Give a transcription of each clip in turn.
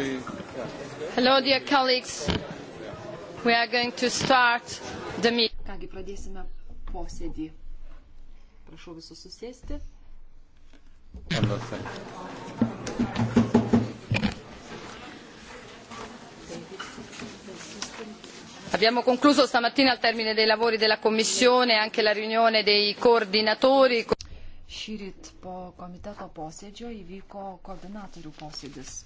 we... Yeah. Hello, dear colleagues. We are going to start the meeting. Kągi, pradėsime posėdį. Prašau visus susėsti. Abbiamo concluso stamattina al termine dei lavori della Commissione anche la riunione dei coordinatori. Šįryt po komiteto posėdžio įvyko koordinatorių posėdis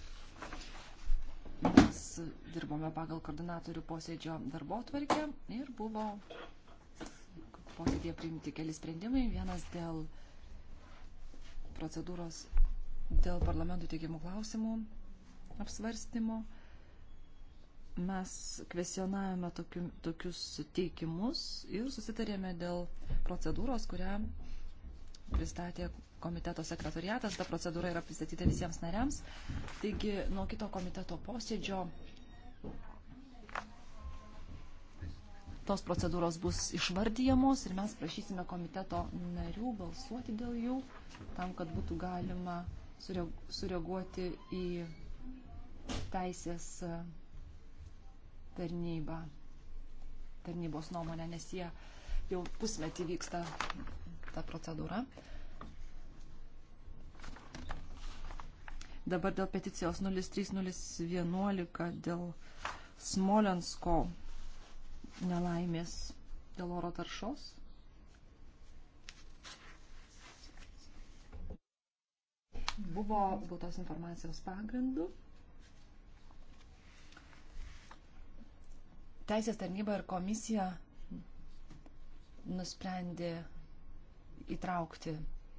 mes dirbome pagal koordinatorių posėdžio darbo tvarkę ir buvo posėdėje priimti keli sprendimai. Vienas dėl procedūros, dėl parlamentų teigiamų klausimų apsvarstymo. Mes kvesionavome tokiu, tokius teikimus ir susitarėme dėl procedūros, kurią pristatė komiteto sekretariatas, ta procedūra yra pristatyta visiems nariams. Taigi nuo kito komiteto posėdžio tos procedūros bus išvardyjamos ir mes prašysime komiteto narių balsuoti dėl jų, tam, kad būtų galima sureaguoti į teisės e, tarnybą, tarnybos nuomonę, nes jie jau pusmetį vyksta ta procedūra. Dabar dėl peticijos 030311 dėl Smolensko nelaimės dėl oro taršos. Buvo gautos informacijos pagrindų. Teisės tarnyba ir komisija nusprendė įtraukti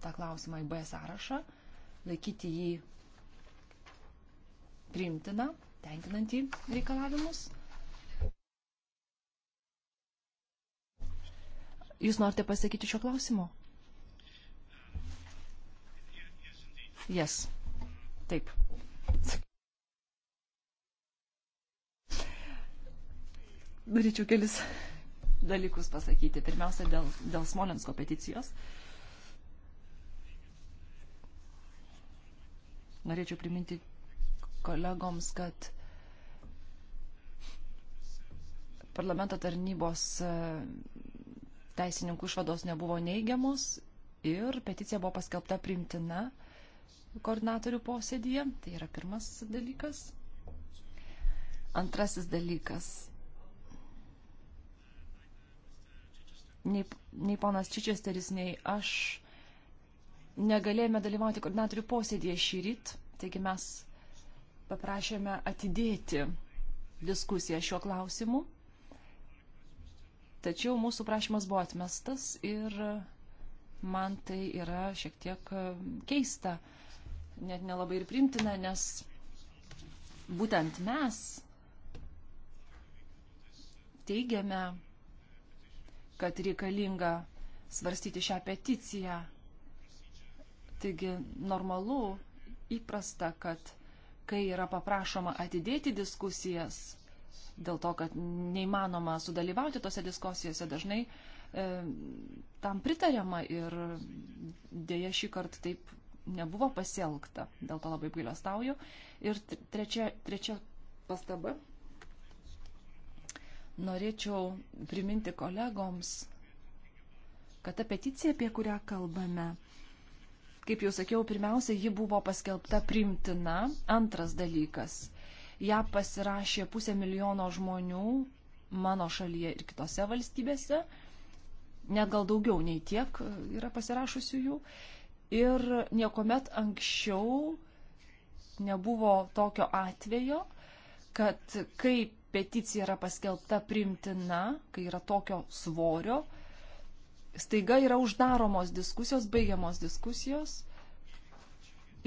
tą klausimą į B sąrašą, laikyti jį priimtiną, tenkinantį reikalavimus. Jūs norite pasakyti šio klausimo? Yes. Taip. Norėčiau kelis dalykus pasakyti. Pirmiausia, dėl, dėl Smolensko peticijos. Norėčiau priminti kolegoms, kad parlamento tarnybos e, teisininkų išvados nebuvo neigiamos ir peticija buvo paskelbta primtina koordinatorių posėdyje. Tai yra pirmas dalykas. Antrasis dalykas. Nei, nei ponas Čičesteris, nei aš negalėjome dalyvauti koordinatorių posėdėje šį ryt, taigi mes paprašėme atidėti diskusiją šiuo klausimu. Tačiau mūsų prašymas buvo atmestas ir man tai yra šiek tiek e, keista, net nelabai ir primtina, nes būtent mes teigiame, kad reikalinga svarstyti šią peticiją. Taigi normalu, įprasta, kad kai yra paprašoma atidėti diskusijas dėl to, kad neįmanoma sudalyvauti tose diskusijose, dažnai e, tam pritariama ir dėja šį kartą taip nebuvo pasielgta. Dėl to labai gailestauju. Ir trečia, trečia pastaba. Norėčiau priminti kolegoms, kad ta peticija, apie kurią kalbame, Kaip jau sakiau, pirmiausia, ji buvo paskelbta primtina. Antras dalykas, ją pasirašė pusę milijono žmonių mano šalyje ir kitose valstybėse. Net gal daugiau nei tiek yra pasirašusių jų. Ir niekuomet anksčiau nebuvo tokio atvejo, kad kai peticija yra paskelbta primtina, kai yra tokio svorio, staiga yra uždaromos diskusijos, baigiamos diskusijos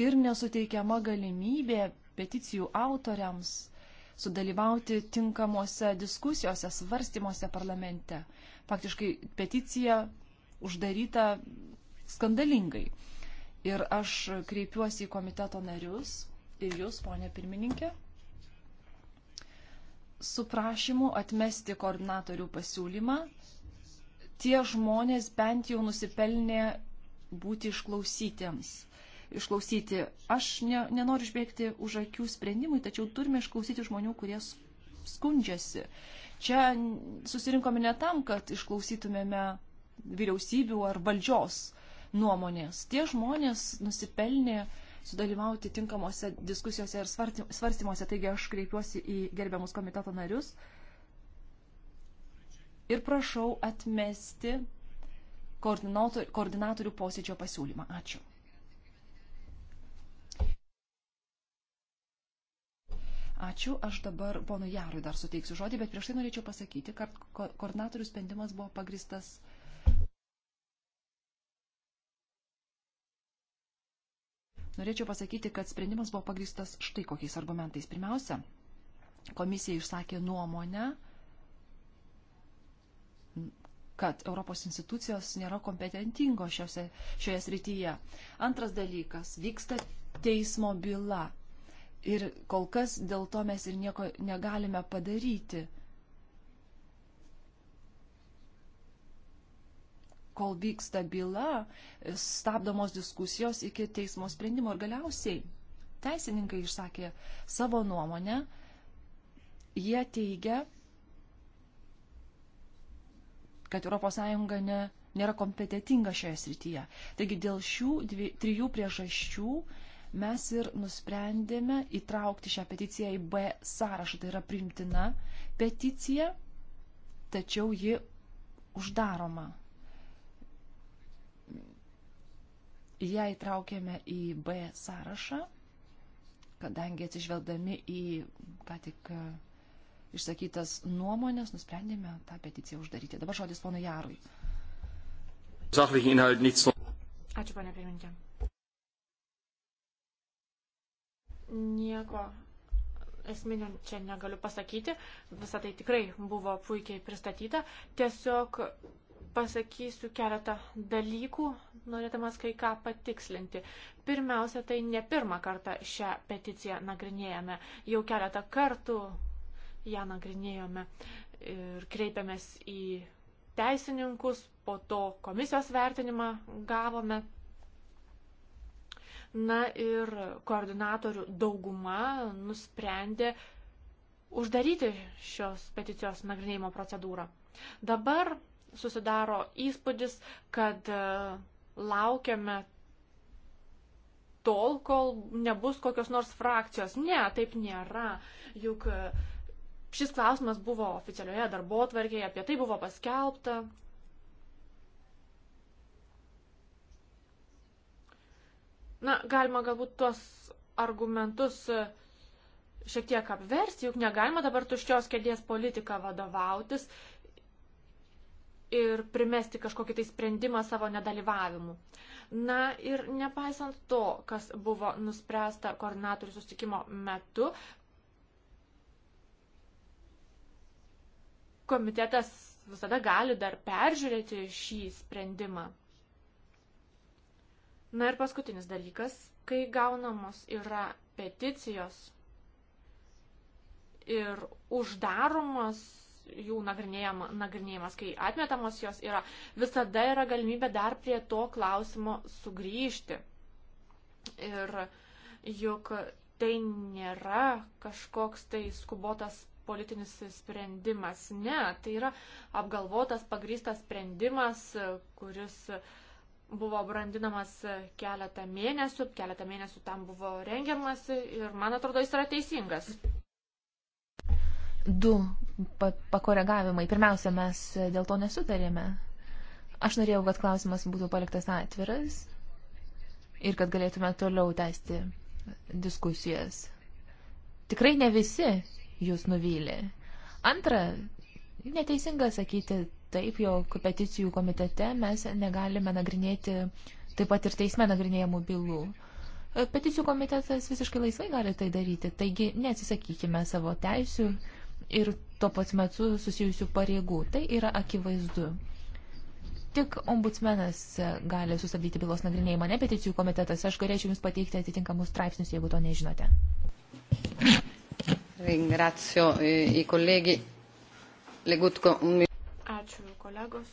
ir nesuteikiama galimybė peticijų autoriams sudalyvauti tinkamuose diskusijose, svarstymuose parlamente. Faktiškai peticija uždaryta skandalingai. Ir aš kreipiuosi į komiteto narius ir jūs, ponė pirmininkė, su prašymu atmesti koordinatorių pasiūlymą tie žmonės bent jau nusipelnė būti išklausytiems. Išklausyti. Aš ne, nenoriu išbėgti už akių sprendimui, tačiau turime išklausyti žmonių, kurie skundžiasi. Čia susirinkome ne tam, kad išklausytumėme vyriausybių ar valdžios nuomonės. Tie žmonės nusipelnė sudalyvauti tinkamuose diskusijose ir svarstymuose. Taigi aš kreipiuosi į gerbiamus komiteto narius ir prašau atmesti koordinatorių posėdžio pasiūlymą. Ačiū. Ačiū, aš dabar ponui Jarui dar suteiksiu žodį, bet prieš tai norėčiau pasakyti, kad ko koordinatorių sprendimas buvo pagristas. Norėčiau pasakyti, kad sprendimas buvo pagristas štai kokiais argumentais. Pirmiausia, komisija išsakė nuomonę, kad Europos institucijos nėra kompetentingos šiose, šioje srityje. Antras dalykas - vyksta teismo byla. Ir kol kas dėl to mes ir nieko negalime padaryti. Kol vyksta byla, stabdomos diskusijos iki teismo sprendimo ir galiausiai teisininkai išsakė savo nuomonę. Jie teigia, kad ES ne, nėra kompetitinga šioje srityje. Taigi dėl šių dvi, trijų priežasčių mes ir nusprendėme įtraukti šią peticiją į B sąrašą. Tai yra primtina peticija, tačiau ji uždaroma. Ją įtraukėme į B sąrašą, kadangi atsižvelgdami į ką tik išsakytas nuomonės, nusprendėme tą peticiją uždaryti. Dabar žodis ponui Jarui. Ačiū, ponė pirmininkė. Nieko esminio čia negaliu pasakyti. Visą tai tikrai buvo puikiai pristatyta. Tiesiog pasakysiu keletą dalykų, norėdamas kai ką patikslinti. Pirmiausia, tai ne pirmą kartą šią peticiją nagrinėjame. Jau keletą kartų ją nagrinėjome ir kreipėmės į teisininkus, po to komisijos vertinimą gavome. Na ir koordinatorių dauguma nusprendė uždaryti šios peticijos nagrinėjimo procedūrą. Dabar susidaro įspūdis, kad e, laukiame tol, kol nebus kokios nors frakcijos. Ne, taip nėra. Juk e, Šis klausimas buvo oficialioje darbo tvarkėje, apie tai buvo paskelbta. Na, galima galbūt tuos argumentus e, šiek tiek apversti, juk negalima dabar tuščios kėdės politiką vadovautis ir primesti kažkokį tai sprendimą savo nedalyvavimu. Na ir nepaisant to, kas buvo nuspręsta koordinatorių sustikimo metu, komitetas visada gali dar peržiūrėti šį sprendimą. Na ir paskutinis dalykas, kai gaunamos yra peticijos ir uždaromos jų nagrinėjama, nagrinėjimas, kai atmetamos jos yra, visada yra galimybė dar prie to klausimo sugrįžti. Ir juk tai nėra kažkoks tai skubotas politinis sprendimas. Ne, tai yra apgalvotas, pagrystas sprendimas, kuris buvo brandinamas keletą mėnesių, keletą mėnesių tam buvo rengiamas ir man atrodo jis yra teisingas. Du pa pakoregavimai. Pirmiausia, mes dėl to nesutarėme. Aš norėjau, kad klausimas būtų paliktas atviras ir kad galėtume toliau tęsti diskusijas. Tikrai ne visi jūs nuvylė. Antra, neteisinga sakyti taip, jog peticijų komitete mes negalime nagrinėti taip pat ir teisme nagrinėjamų bylų. Peticijų komitetas visiškai laisvai gali tai daryti, taigi neatsisakykime savo teisių ir tuo pat metu susijusių pareigų. Tai yra akivaizdu. Tik ombudsmenas gali sustabdyti bylos nagrinėjimą, ne peticijų komitetas. Aš galėčiau Jums pateikti atitinkamus straipsnius, jeigu to nežinote. Ringrazio eh, i colleghi. Legutko. Ačiū kolegos.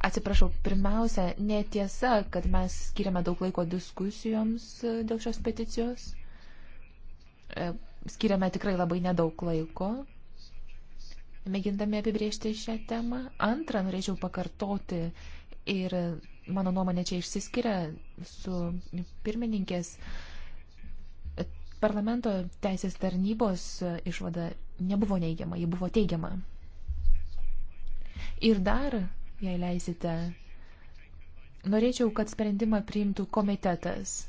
Atsiprašau, pirmiausia, netiesa, kad mes skiriame daug laiko diskusijoms e, dėl šios peticijos. E, skiriame tikrai labai nedaug laiko mėgindami apibriežti šią temą. Antra, norėčiau pakartoti ir mano nuomonė čia išsiskiria su pirmininkės parlamento teisės tarnybos išvada nebuvo neigiama, ji buvo teigiama. Ir dar, jei leisite, norėčiau, kad sprendimą priimtų komitetas,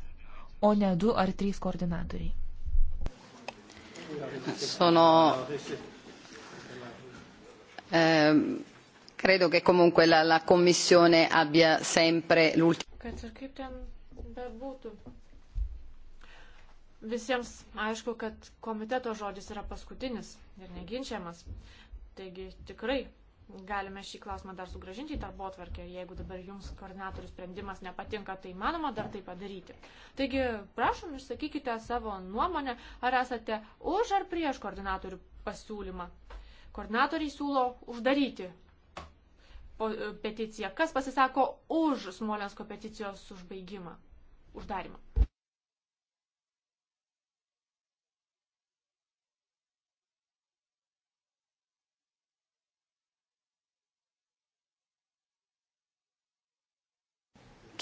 o ne du ar trys koordinatoriai. Sono ehm, credo che comunque la, la Commissione abbia sempre l'ultima. Kad ir kaip ten bebūtų. Visiems aišku, kad komiteto žodis yra paskutinis ir neginčiamas. Taigi tikrai galime šį klausimą dar sugražinti į darbo atvarkę. Jeigu dabar jums koordinatorių sprendimas nepatinka, tai manoma dar tai padaryti. Taigi, prašom, išsakykite savo nuomonę, ar esate už ar prieš koordinatorių pasiūlymą. Koordinatoriai siūlo uždaryti e, peticiją. Kas pasisako už Smolensko peticijos užbaigimą, uždarimą?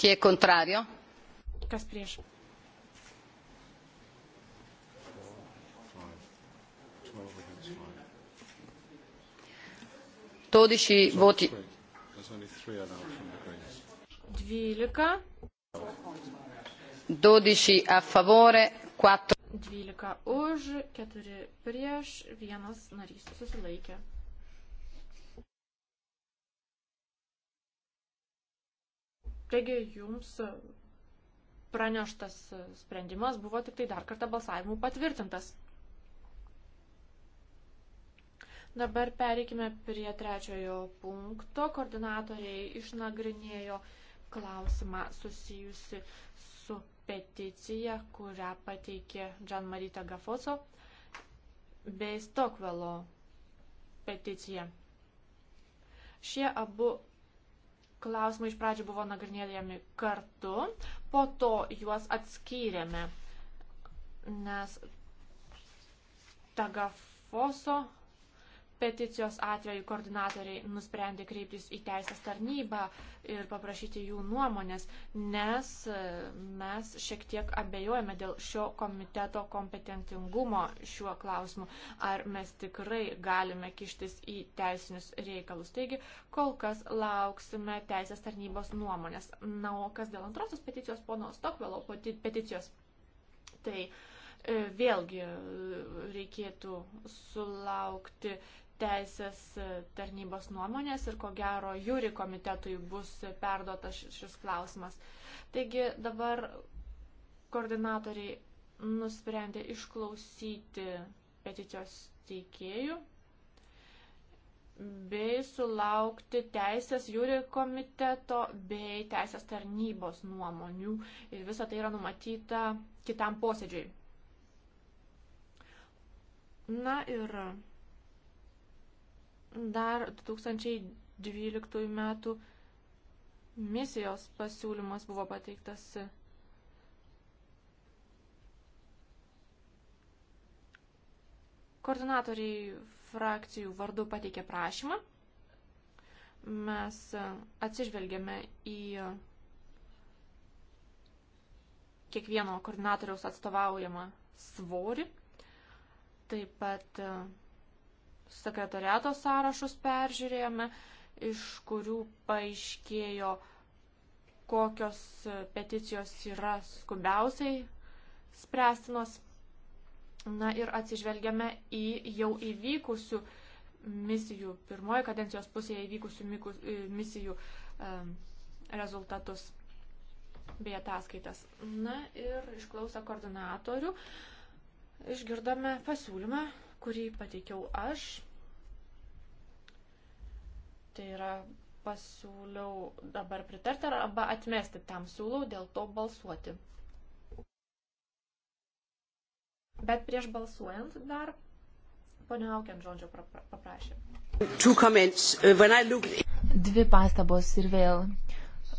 Chi è contrario? Kas prieš? 12 voti. 12. 12 a favore, 4. 12 už, 4 prieš, 1 narys susilaikė. Taigi jums praneštas sprendimas buvo tik tai dar kartą balsavimu patvirtintas. Dabar pereikime prie trečiojo punkto. Koordinatoriai išnagrinėjo klausimą susijusi su peticija, kurią pateikė Džan Marita Gafoso bei Stokvelo peticija. Šie abu klausimai iš pradžių buvo nagrinėjami kartu, po to juos atskyrėme, nes Tagafoso peticijos atveju koordinatoriai nusprendė kreiptis į teisės tarnybą ir paprašyti jų nuomonės, nes e, mes šiek tiek abejojame dėl šio komiteto kompetentingumo šiuo klausimu, ar mes tikrai galime kištis į teisinius reikalus. Taigi, kol kas lauksime teisės tarnybos nuomonės. Na, o kas dėl antrosios peticijos, pono Stokvelo peticijos? Tai e, vėlgi e, reikėtų sulaukti teisės tarnybos nuomonės ir ko gero jūri komitetui bus perduotas šis klausimas. Taigi dabar koordinatoriai nusprendė išklausyti peticijos teikėjų bei sulaukti teisės jūri komiteto bei teisės tarnybos nuomonių. Ir visa tai yra numatyta kitam posėdžiui. Na ir. Yra dar 2012 metų misijos pasiūlymas buvo pateiktas. Koordinatoriai frakcijų vardu pateikė prašymą. Mes atsižvelgėme į kiekvieno koordinatoriaus atstovaujamą svorį. Taip pat sekretariato sąrašus peržiūrėjome, iš kurių paaiškėjo, kokios peticijos yra skubiausiai spręstinos. Na ir atsižvelgiame į jau įvykusių misijų, pirmoje kadencijos pusėje įvykusių e, misijų rezultatus bei ataskaitas. Na ir išklausę koordinatorių, išgirdome pasiūlymą kurį pateikiau aš. Tai yra pasiūliau dabar pritarti arba atmesti tam siūlau, dėl to balsuoti. Bet prieš balsuojant dar ponia Aukiant žodžio paprašė. Uh, Look... Dvi pastabos ir vėl.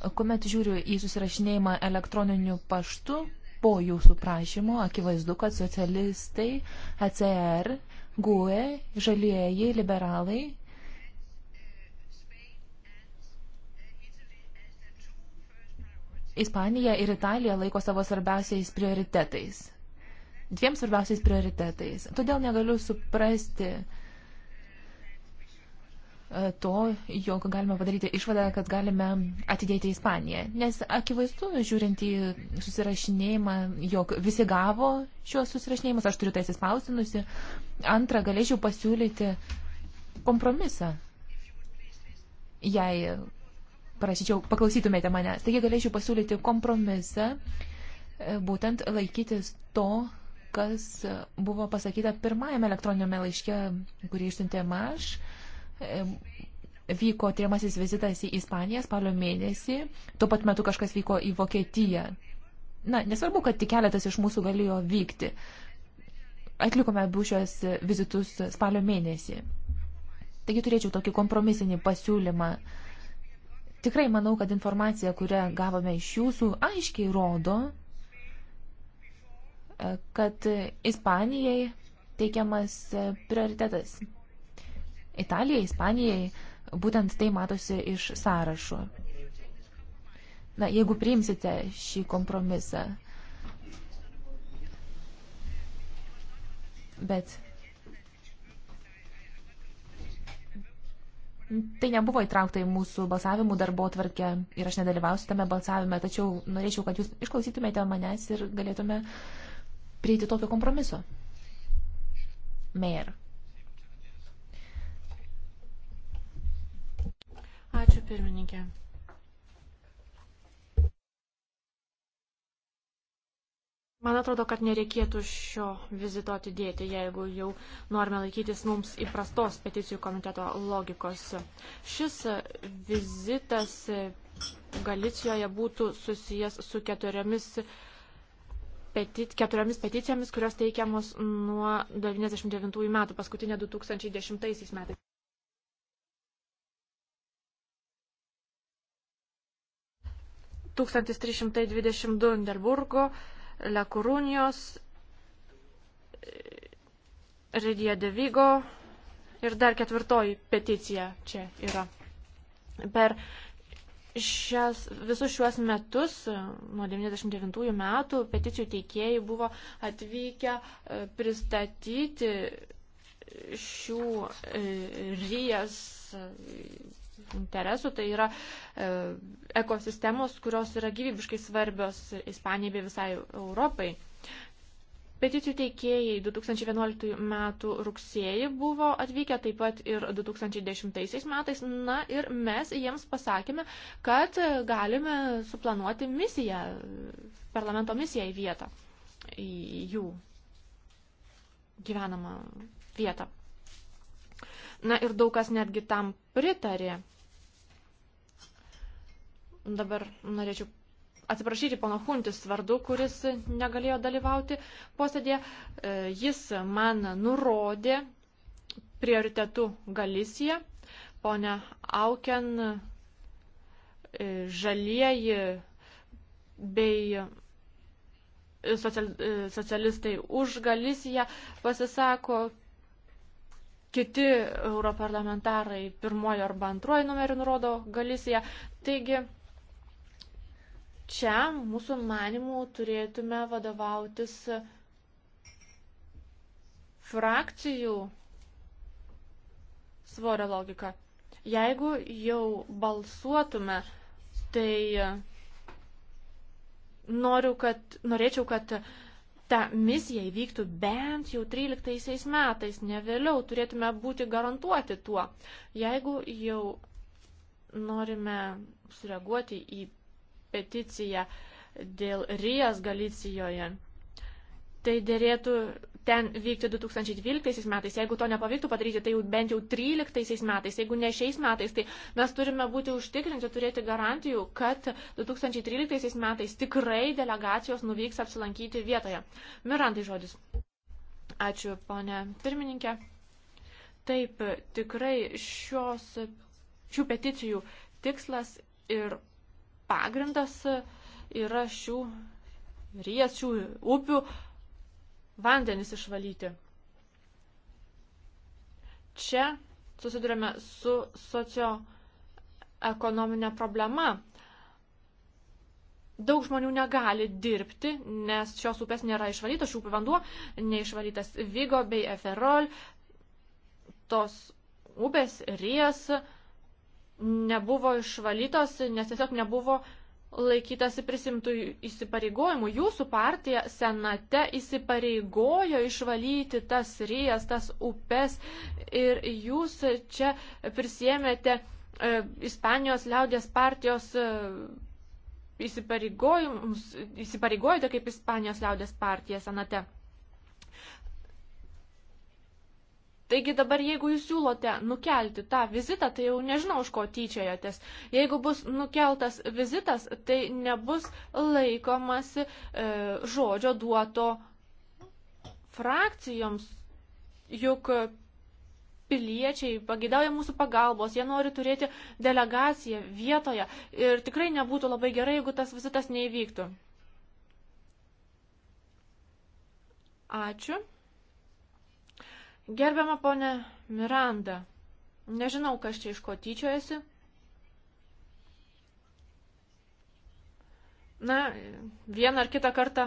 Kuomet žiūriu į susirašinėjimą elektroniniu paštu, po jūsų prašymo akivaizdu, kad socialistai, ACR, GUE, žalieji, liberalai Ispanija ir Italija laiko savo svarbiausiais prioritetais. Dviem svarbiausiais prioritetais. Todėl negaliu suprasti, uh, E, to, jog galime padaryti išvadą, kad galime atidėti Ispaniją. Nes akivaizdu, žiūrint į susirašinėjimą, jog visi gavo šios susirašinėjimus, aš turiu tai įspausinusi. Antra, galėčiau pasiūlyti kompromisą. Jei prašyčiau, paklausytumėte manęs. Taigi galėčiau pasiūlyti kompromisą, e, būtent laikytis to, kas buvo pasakyta pirmajame elektroninėme laiške, kurį išsintė Maš. Ma vyko trimasis vizitas į Ispaniją spalio mėnesį, tuo pat metu kažkas vyko į Vokietiją. Na, nesvarbu, kad tik keletas iš mūsų galėjo vykti. Atlikome abu šios vizitus spalio mėnesį. Taigi turėčiau tokį kompromisinį pasiūlymą. Tikrai manau, kad informacija, kurią gavome iš jūsų, aiškiai rodo, e, kad Ispanijai teikiamas prioritetas Italijai, Ispanijai, būtent tai matosi iš sąrašo. Na, jeigu priimsite šį kompromisą. Bet Tai nebuvo įtraukta į mūsų balsavimų darbo tvarkę ir aš nedalyvausiu tame balsavime, tačiau norėčiau, kad jūs išklausytumėte manęs ir galėtume prieiti tokio kompromiso. Meir. Ačiū pirmininkė. Man atrodo, kad nereikėtų šio vizito atidėti, jeigu jau norime laikytis mums įprastos peticijų komiteto logikos. Šis vizitas Galicijoje būtų susijęs su keturiomis, petit, keturiomis peticijomis, kurios teikiamos nuo 1999 metų, paskutinė 2010 metais. 1322 Underburgo, Lekurunijos, Ridija Devigo ir dar ketvirtoji peticija čia yra. Per šias, visus šiuos metus, nuo 99 metų, peticijų teikėjai buvo atvykę e, pristatyti šių e, ryjas interesų, tai yra e, ekosistemos, kurios yra gyvybiškai svarbios Ispanijai bei visai Europai. Peticijų teikėjai 2011 m. rugsėjį buvo atvykę taip pat ir 2010 metais. Na ir mes jiems pasakėme, kad galime suplanuoti misiją, parlamento misiją į vietą, į jų gyvenamą vietą. Na ir daug kas netgi tam pritarė. Dabar norėčiau atsiprašyti pono Huntis vardu, kuris negalėjo dalyvauti posėdėje. E, jis man nurodė prioritetų Galisiją. Pone Auken, e, žalieji bei social, e, socialistai už Galisiją pasisako, kiti europarlamentarai pirmojo arba antrojo numerį nurodo Galisiją. Taigi, čia mūsų manimų turėtume vadovautis frakcijų svorio logika. Jeigu jau balsuotume, tai noriu, kad, norėčiau, kad ta misija įvyktų bent jau 13 metais, ne vėliau turėtume būti garantuoti tuo. Jeigu jau norime sureaguoti į peticiją dėl Rijas Galicijoje, tai dėrėtų ten vykti 2012 metais. Jeigu to nepavyktų padaryti, tai jau bent jau 13 metais. Jeigu ne šiais metais, tai mes turime būti užtikrinti, turėti garantijų, kad 2013 metais tikrai delegacijos nuvyks apsilankyti vietoje. Mirandai žodis. Ačiū, ponė pirmininkė. Taip, tikrai šios, šių peticijų tikslas ir pagrindas yra šių riesių upių vandenis išvalyti. Čia susidurėme su socioekonominė problema. Daug žmonių negali dirbti, nes šios upės nėra išvalytos, šių upių vanduo neišvalytas Vigo bei Eferol, tos upės Rijas nebuvo išvalytos, nes tiesiog nebuvo uh, laikytasi prisimtų įsipareigojimų. Jūsų partija senate įsipareigojo išvalyti tas rijas, tas upes ir jūs čia prisėmėte e, Ispanijos liaudės partijos e, įsipareigojimus, įsipareigojote kaip Ispanijos liaudės partija senate. Taigi dabar, jeigu jūs siūlote nukelti tą vizitą, tai jau nežinau, už ko tyčiajatės. Jeigu bus nukeltas vizitas, tai nebus laikomasi e, žodžio duoto frakcijoms. Juk piliečiai pagėdauja mūsų pagalbos, jie nori turėti delegaciją vietoje ir tikrai nebūtų labai gerai, jeigu tas vizitas neįvyktų. Ačiū. Gerbiama ponė Miranda, nežinau, kas čia iš ko tyčiojasi. Na, vieną ar kitą kartą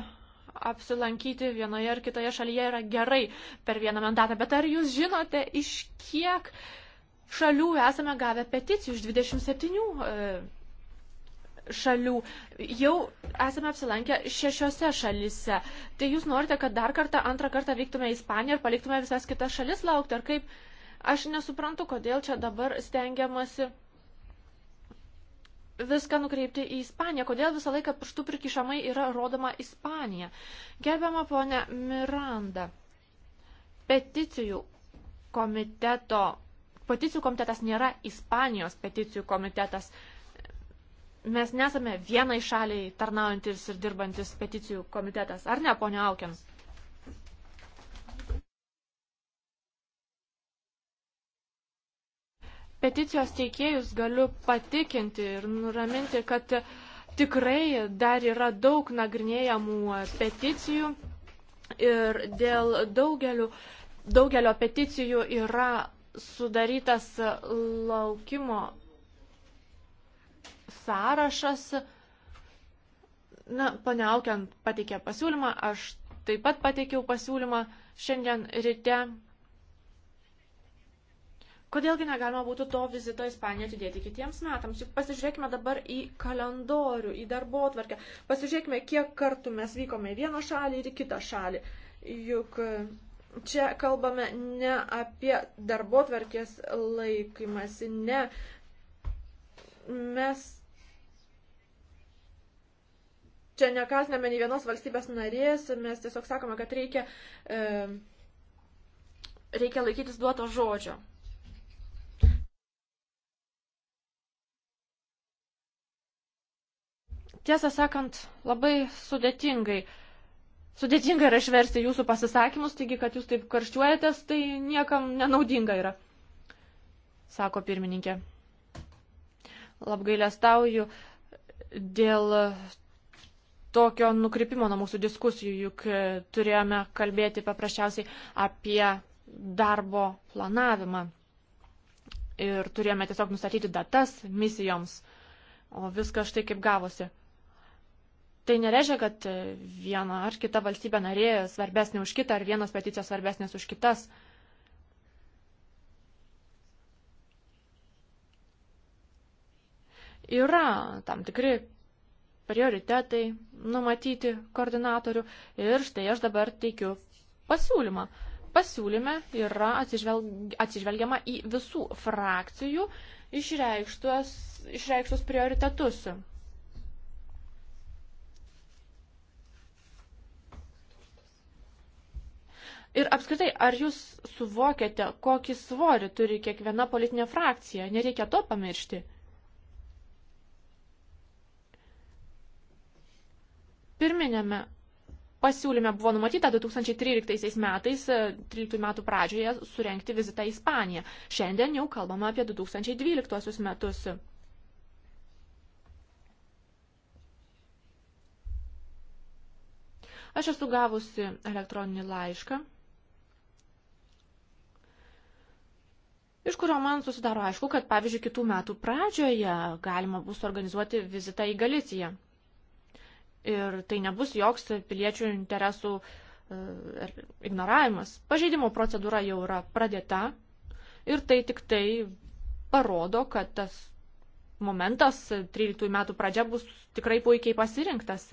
apsilankyti vienoje ar kitoje šalyje yra gerai per vieną mandatą, bet ar jūs žinote, iš kiek šalių esame gavę peticijų, iš 27 e, šalių. Jau esame apsilankę šešiose šalise. Tai jūs norite, kad dar kartą, antrą kartą vyktume į Ispaniją ir paliktume visas kitas šalis laukti, ar kaip? Aš nesuprantu, kodėl čia dabar stengiamasi viską nukreipti į Ispaniją. Kodėl visą laiką pirštų prikišamai yra rodoma Ispanija? Gerbiama ponė Miranda, peticijų komiteto, peticijų komitetas nėra Ispanijos peticijų komitetas mes nesame vienai šaliai tarnaujantis ir dirbantis peticijų komitetas, ar ne, ponio Aukiams? Peticijos teikėjus galiu patikinti ir nuraminti, kad tikrai dar yra daug nagrinėjamų peticijų ir dėl daugelių, daugelio peticijų yra sudarytas laukimo sąrašas. Na, paniaukiant pateikė pasiūlymą, aš taip pat pateikiau pasiūlymą šiandien ryte. Kodėlgi negalima būtų to vizito Ispaniją atidėti kitiems metams? Juk pasižiūrėkime dabar į kalendorių, į darbo atvarkę. Pasižiūrėkime, kiek kartų mes vykome į vieną šalį ir į kitą šalį. Juk e, čia kalbame ne apie darbo atvarkės laikymasi, ne. Mes čia nekaltiname nei vienos valstybės narės, mes tiesiog sakome, kad reikia, e, reikia laikytis duoto žodžio. Tiesą sakant, labai sudėtingai. Sudėtinga yra išversti jūsų pasisakymus, taigi, kad jūs taip karščiuojatės, tai niekam nenaudinga yra, sako pirmininkė. Labgailę stauju dėl tokio nukrypimo nuo mūsų diskusijų, juk e, turėjome kalbėti paprasčiausiai apie darbo planavimą. Ir turėjome tiesiog nustatyti datas misijoms, o viskas štai kaip gavosi. Tai nereiškia, kad e, viena ar kita valstybė narė svarbesnė už kitą, ar vienos peticijos svarbesnės už kitas. Yra tam tikri prioritetai numatyti koordinatorių. Ir štai aš dabar teikiu pasiūlymą. Pasiūlyme yra atsižvelg, atsižvelgiama į visų frakcijų išreikštus, išreikštus prioritetus. Ir apskritai, ar jūs suvokiate, kokį svorį turi kiekviena politinė frakcija? Nereikia to pamiršti. Pirminėme pasiūlyme buvo numatyta 2013 metais, 13 e, metų pradžioje, surenkti vizitą į Ispaniją. Šiandien jau kalbama apie 2012 metus. Aš esu gavusi elektroninį laišką, iš kurio man susidaro aišku, kad pavyzdžiui kitų metų pradžioje galima bus organizuoti vizitą į Galiciją ir tai nebus joks piliečių interesų e, er, ignoravimas. Pažeidimo procedūra jau yra pradėta ir tai tik tai parodo, kad tas momentas 13 metų pradžia bus tikrai puikiai pasirinktas.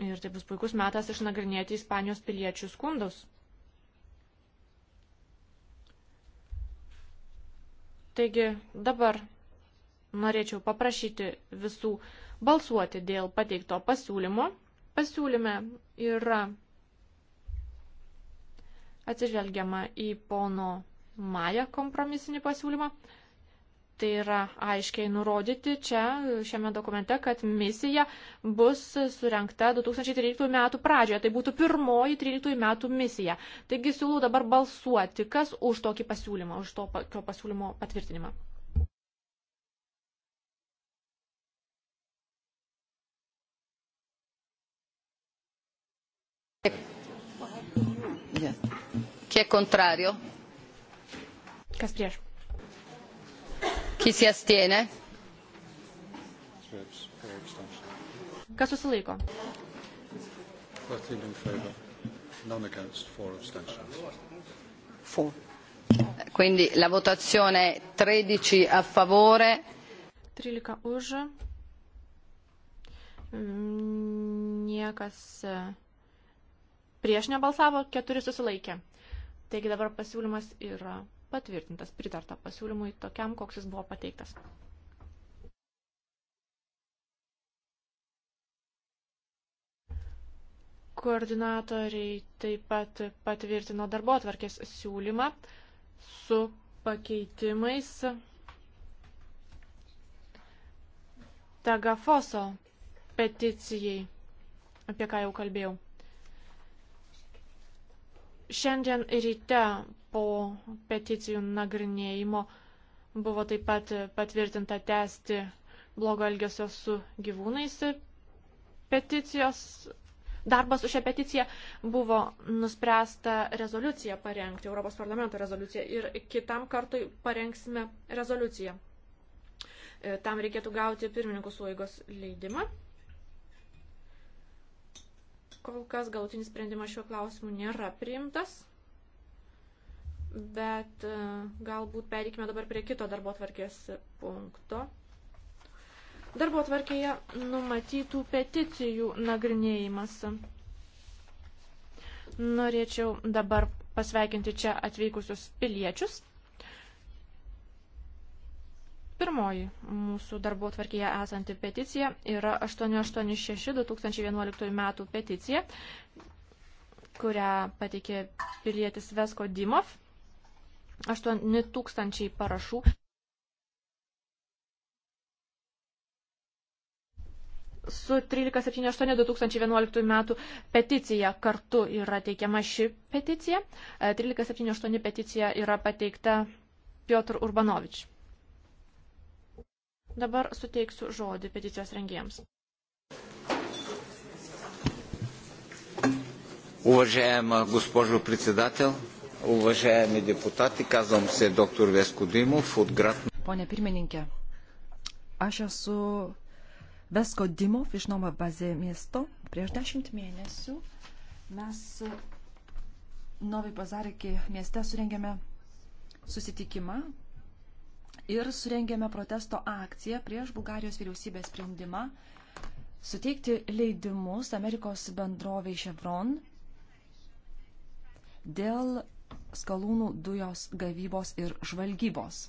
Ir tai bus puikus metas išnagrinėti Ispanijos piliečių skundus. Taigi dabar norėčiau paprašyti visų balsuoti dėl pateikto pasiūlymo. Pasiūlyme yra atsižvelgiama į pono Maja kompromisinį pasiūlymą. Tai yra aiškiai nurodyti čia šiame dokumente, kad misija bus surenkta 2013 metų pradžioje. Tai būtų pirmoji 13 metų misija. Taigi siūlau dabar balsuoti, kas už tokį pasiūlymą, už to pasiūlymo patvirtinimą. Chi è contrario? Kas prieš? Chi si astiene? Kas susilaiko? Fu. Eh, quindi la votazione è 13 a favore. 13 už. Mm, niekas eh, prieš nebalsavo, keturi susilaikė. Taigi dabar pasiūlymas yra patvirtintas, pritarta pasiūlymui tokiam, koks jis buvo pateiktas. Koordinatoriai taip pat patvirtino darbo atvarkės siūlymą su pakeitimais Tagafoso peticijai, apie ką jau kalbėjau. Šiandien ryte po peticijų nagrinėjimo buvo taip pat patvirtinta tęsti blogo elgesio su gyvūnais peticijos. Darbas su šią peticiją buvo nuspręsta rezoliuciją parengti, Europos parlamento rezoliuciją ir kitam kartui parengsime rezoliuciją. E, tam reikėtų gauti pirmininkų suvaigos leidimą. Kol kas galutinis sprendimas šiuo klausimu nėra priimtas, bet e, galbūt pereikime dabar prie kito darbo tvarkės punkto. Darbo tvarkėje numatytų peticijų nagrinėjimas. Norėčiau dabar pasveikinti čia atvykusius piliečius. Pirmoji mūsų darbo tvarkėje esanti peticija yra 886-2011 metų peticija, kurią pateikė pilietis Vesko Dimov. 8000 parašų. Su 1378-2011 metų peticija kartu yra teikiama ši peticija. 1378 peticija yra pateikta Piotr Urbanovič. Dabar suteiksiu žodį peticijos rengėjams. Уважаема госпожо председател, уважаеми депутати, казвам се доктор Веско Димов от град... Поне пирменинке, aš esu Vesko Dimov iš Noma Bazė miesto. Prieš dešimt mėnesių mes Novai Bazarikį mieste surengėme susitikimą, ir surengėme protesto akciją prieš Bulgarijos vyriausybės sprendimą suteikti leidimus Amerikos bendroviai Chevron dėl skalūnų dujos gavybos ir žvalgybos.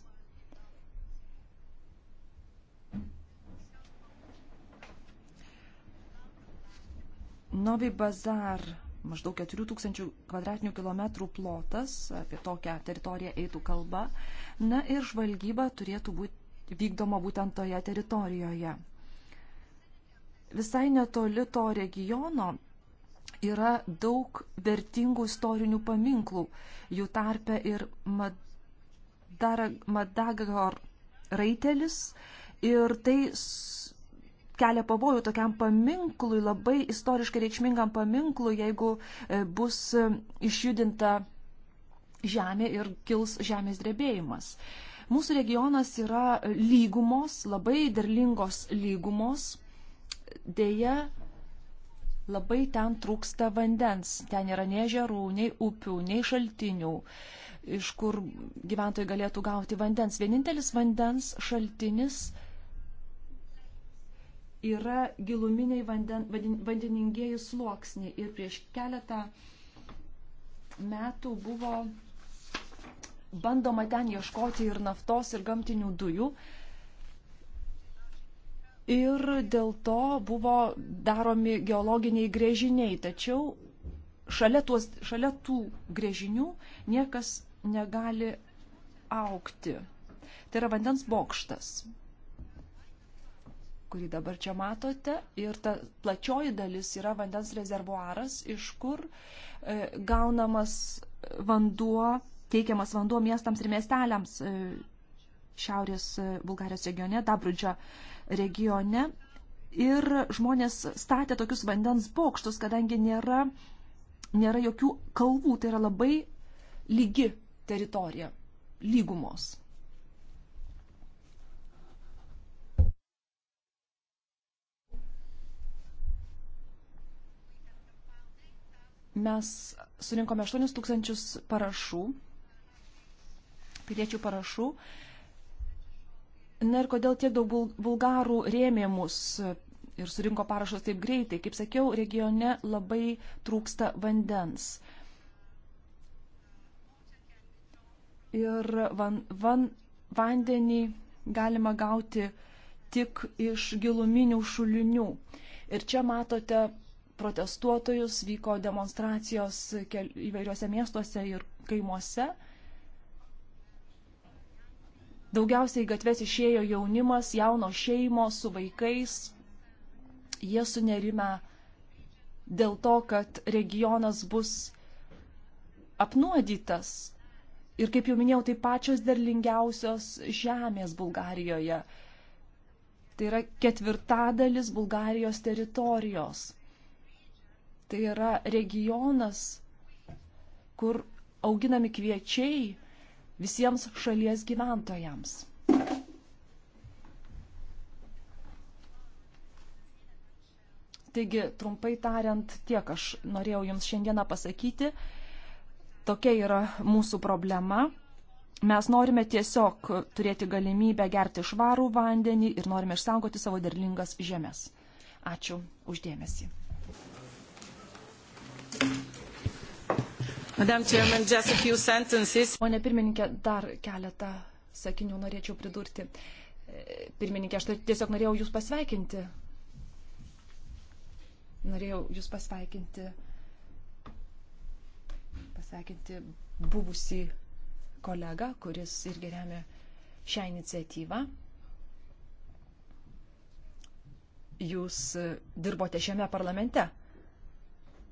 Novi Bazar maždaug 4000 kvadratinių kilometrų plotas, apie tokią teritoriją eitų kalba. Na ir žvalgyba turėtų būti vykdoma būtent toje teritorijoje. Visai netoli to regiono yra daug vertingų istorinių paminklų, jų tarpe ir Madagor raitelis ir tai kelia pavojų tokiam paminklui, labai istoriškai reikšmingam paminklui, jeigu e, bus e, išjudinta žemė ir kils žemės drebėjimas. Mūsų regionas yra lygumos, labai derlingos lygumos. Deja, labai ten trūksta vandens. Ten yra nei žerų, nei upių, nei šaltinių, iš kur gyventojai galėtų gauti vandens. Vienintelis vandens šaltinis yra giluminiai vanden, vandeningieji sluoksniai. Ir prieš keletą metų buvo bandoma ten ieškoti ir naftos, ir gamtinių dujų. Ir dėl to buvo daromi geologiniai grėžiniai. Tačiau šalia, tuos, šalia tų grėžinių niekas negali aukti. Tai yra vandens bokštas kurį dabar čia matote. Ir ta plačioji dalis yra vandens rezervuaras, iš kur e, gaunamas vanduo, teikiamas vanduo miestams ir miesteliams e, šiaurės e, Bulgarijos regione, Dabrudžio regione. Ir žmonės statė tokius vandens bokštus, kadangi nėra, nėra jokių kalvų, tai yra labai lygi teritorija, lygumos. Mes surinkome 8 tūkstančius parašų, piliečių parašų. Na ir kodėl tiek daug bulgarų rėmė mus ir surinko parašus taip greitai? Kaip sakiau, regione labai trūksta vandens. Ir van, van, vandenį galima gauti tik iš giluminių šulinių. Ir čia matote protestuotojus, vyko demonstracijos įvairiuose miestuose ir kaimuose. Daugiausiai gatves išėjo jaunimas, jauno šeimos su vaikais. Jie sunerime dėl to, kad regionas bus apnuodytas. Ir kaip jau minėjau, tai pačios derlingiausios žemės Bulgarijoje. Tai yra ketvirtadalis Bulgarijos teritorijos. Tai yra regionas, kur auginami kviečiai visiems šalies gyventojams. Taigi, trumpai tariant, tiek aš norėjau Jums šiandieną pasakyti. Tokia yra mūsų problema. Mes norime tiesiog turėti galimybę gerti švarų vandenį ir norime išsaugoti savo derlingas žemės. Ačiū uždėmesį. Pone pirmininkė, dar keletą sakinių norėčiau pridurti. E, pirmininkė, aš tiesiog norėjau Jūs pasveikinti. Norėjau Jūs pasveikinti, pasveikinti buvusi kolega, kuris irgi remia šią iniciatyvą. Jūs dirbote šiame parlamente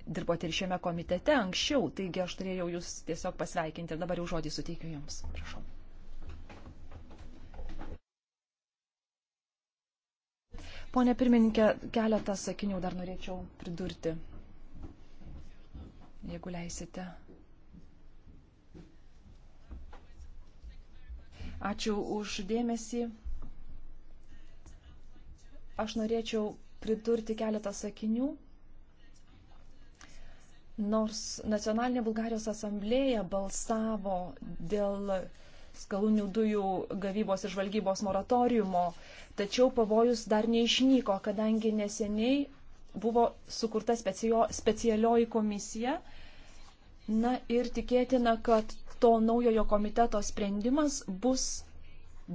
dirbote ir šiame komitete anksčiau, taigi aš turėjau jūs tiesiog pasveikinti ir dabar jau žodį suteikiu jums. Prašau. Pone pirmininkė, keletą sakinių dar norėčiau pridurti, jeigu leisite. Ačiū už dėmesį. Aš norėčiau pridurti keletą sakinių Nors nacionalinė Bulgarijos asamblėja balsavo dėl skalūnių dujų gavybos ir žvalgybos moratoriumo, tačiau pavojus dar neišnyko, kadangi neseniai buvo sukurta specijo, specialioji komisija. Na ir tikėtina, kad to naujojo komiteto sprendimas bus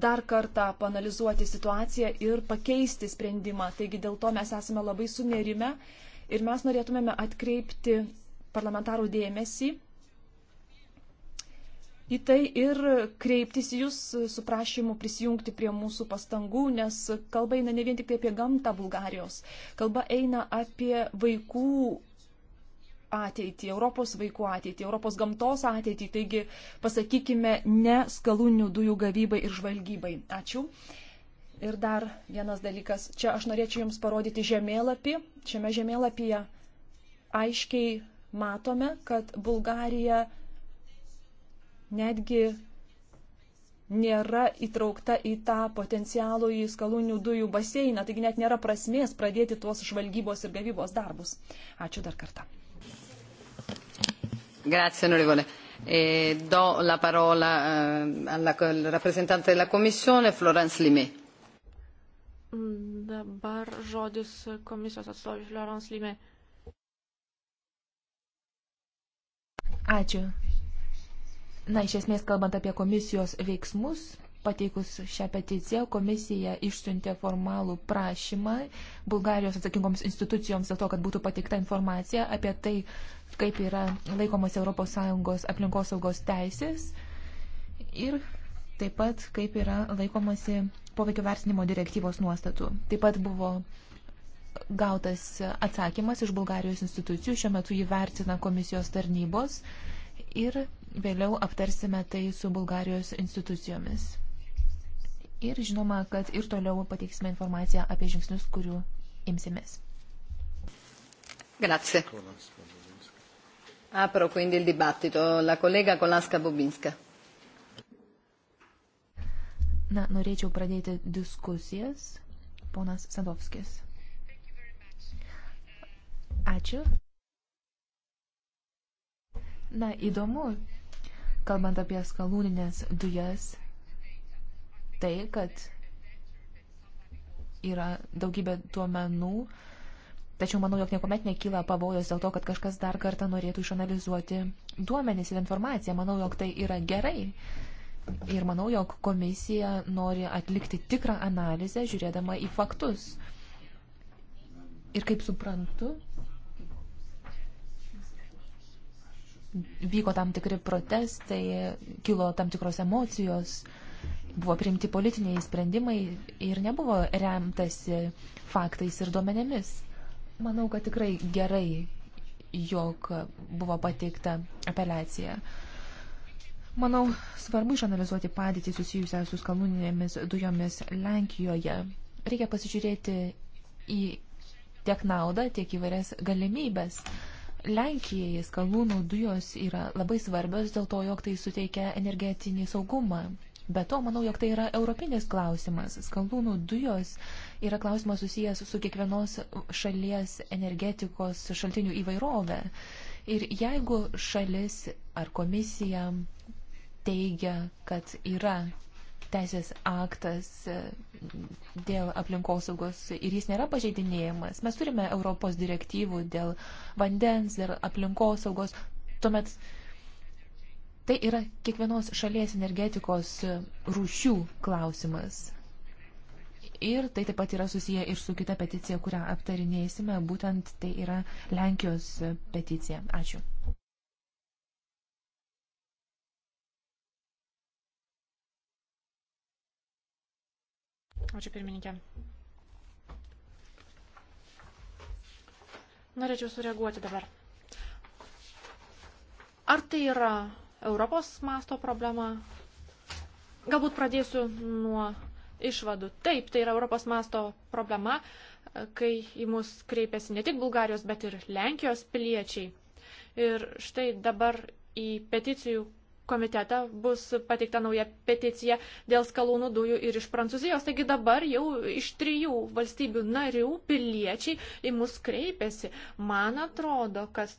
dar kartą panalizuoti situaciją ir pakeisti sprendimą. Taigi dėl to mes esame labai sunerime ir mes norėtumėme atkreipti parlamentarų dėmesį į tai ir kreiptis į jūs su prašymu prisijungti prie mūsų pastangų, nes kalba eina ne vien tik apie gamtą Bulgarijos, kalba eina apie vaikų ateitį, Europos vaikų ateitį, Europos gamtos ateitį, taigi pasakykime ne skalūnių dujų gavybai ir žvalgybai. Ačiū. Ir dar vienas dalykas, čia aš norėčiau Jums parodyti žemėlapį, šiame žemėlapyje aiškiai matome, kad Bulgarija netgi nėra įtraukta į tą potencialų į skalūnių dujų baseiną, taigi net nėra prasmės pradėti tuos žvalgybos ir gavybos darbus. Ačiū dar kartą. Grazie, onorevole. E do la parola eh, alla rappresentante della Commissione, Florence Limet. Mm, dabar žodis komisijos atstovė Florence Limet. Ačiū. Na, iš esmės, kalbant apie komisijos veiksmus, pateikus šią peticiją, komisija išsiuntė formalų prašymą Bulgarijos atsakingoms institucijoms dėl to, kad būtų pateikta informacija apie tai, kaip yra laikomas ES aplinkosaugos teisės ir taip pat kaip yra laikomasi poveikio vertinimo direktyvos nuostatų. Taip pat buvo gautas atsakymas iš Bulgarijos institucijų, šiuo metu jį vertina komisijos tarnybos ir vėliau aptarsime tai su Bulgarijos institucijomis. Ir žinoma, kad ir toliau pateiksime informaciją apie žingsnius, kurių imsimės. Grazie. Apro quindi il dibattito. La collega Kolaska Bobinska. Na, norėčiau pradėti diskusijas. Ponas Sadovskis. Ačiū. Na, įdomu, kalbant apie skalūninės dujas, tai, kad yra daugybė duomenų, tačiau manau, jog niekuomet nekyla pavojus dėl to, kad kažkas dar kartą norėtų išanalizuoti duomenys ir informaciją. Manau, jog tai yra gerai. Ir manau, jog komisija nori atlikti tikrą analizę, žiūrėdama į faktus. Ir kaip suprantu, vyko tam tikri protestai, kilo tam tikros emocijos, buvo priimti politiniai sprendimai ir nebuvo remtasi faktais ir duomenėmis. Manau, kad tikrai gerai, jog buvo pateikta apeliacija. Manau, svarbu išanalizuoti padėtį susijusią su skalūninėmis dujomis Lenkijoje. Reikia pasižiūrėti į tiek naudą, tiek įvairias galimybės. Uh, Lenkijai skalūnų dujos yra labai svarbios dėl to, jog tai suteikia energetinį saugumą. Be to, manau, jog tai yra europinis klausimas. Skalūnų dujos yra klausimas susijęs su kiekvienos šalies energetikos šaltinių įvairovė. Ir jeigu šalis ar komisija teigia, kad yra teisės aktas e, dėl aplinkosaugos ir jis nėra pažeidinėjimas. Mes turime Europos direktyvų dėl vandens, dėl aplinkosaugos. Tuomet tai yra kiekvienos šalies energetikos rūšių klausimas. Ir tai taip pat yra susiję ir su kita peticija, kurią aptarinėsime. Būtent tai yra Lenkijos peticija. Ačiū. Ačiū pirmininkė. Norėčiau sureaguoti dabar. Ar tai yra Europos masto problema? Galbūt pradėsiu nuo išvadų. Taip, tai yra Europos masto problema, kai į mus kreipiasi ne tik Bulgarijos, bet ir Lenkijos piliečiai. Ir štai dabar į peticijų komitetą bus pateikta nauja peticija dėl skalūnų dujų ir iš Prancūzijos. Taigi dabar jau iš trijų valstybių narių piliečiai į mus kreipiasi. Man atrodo, kad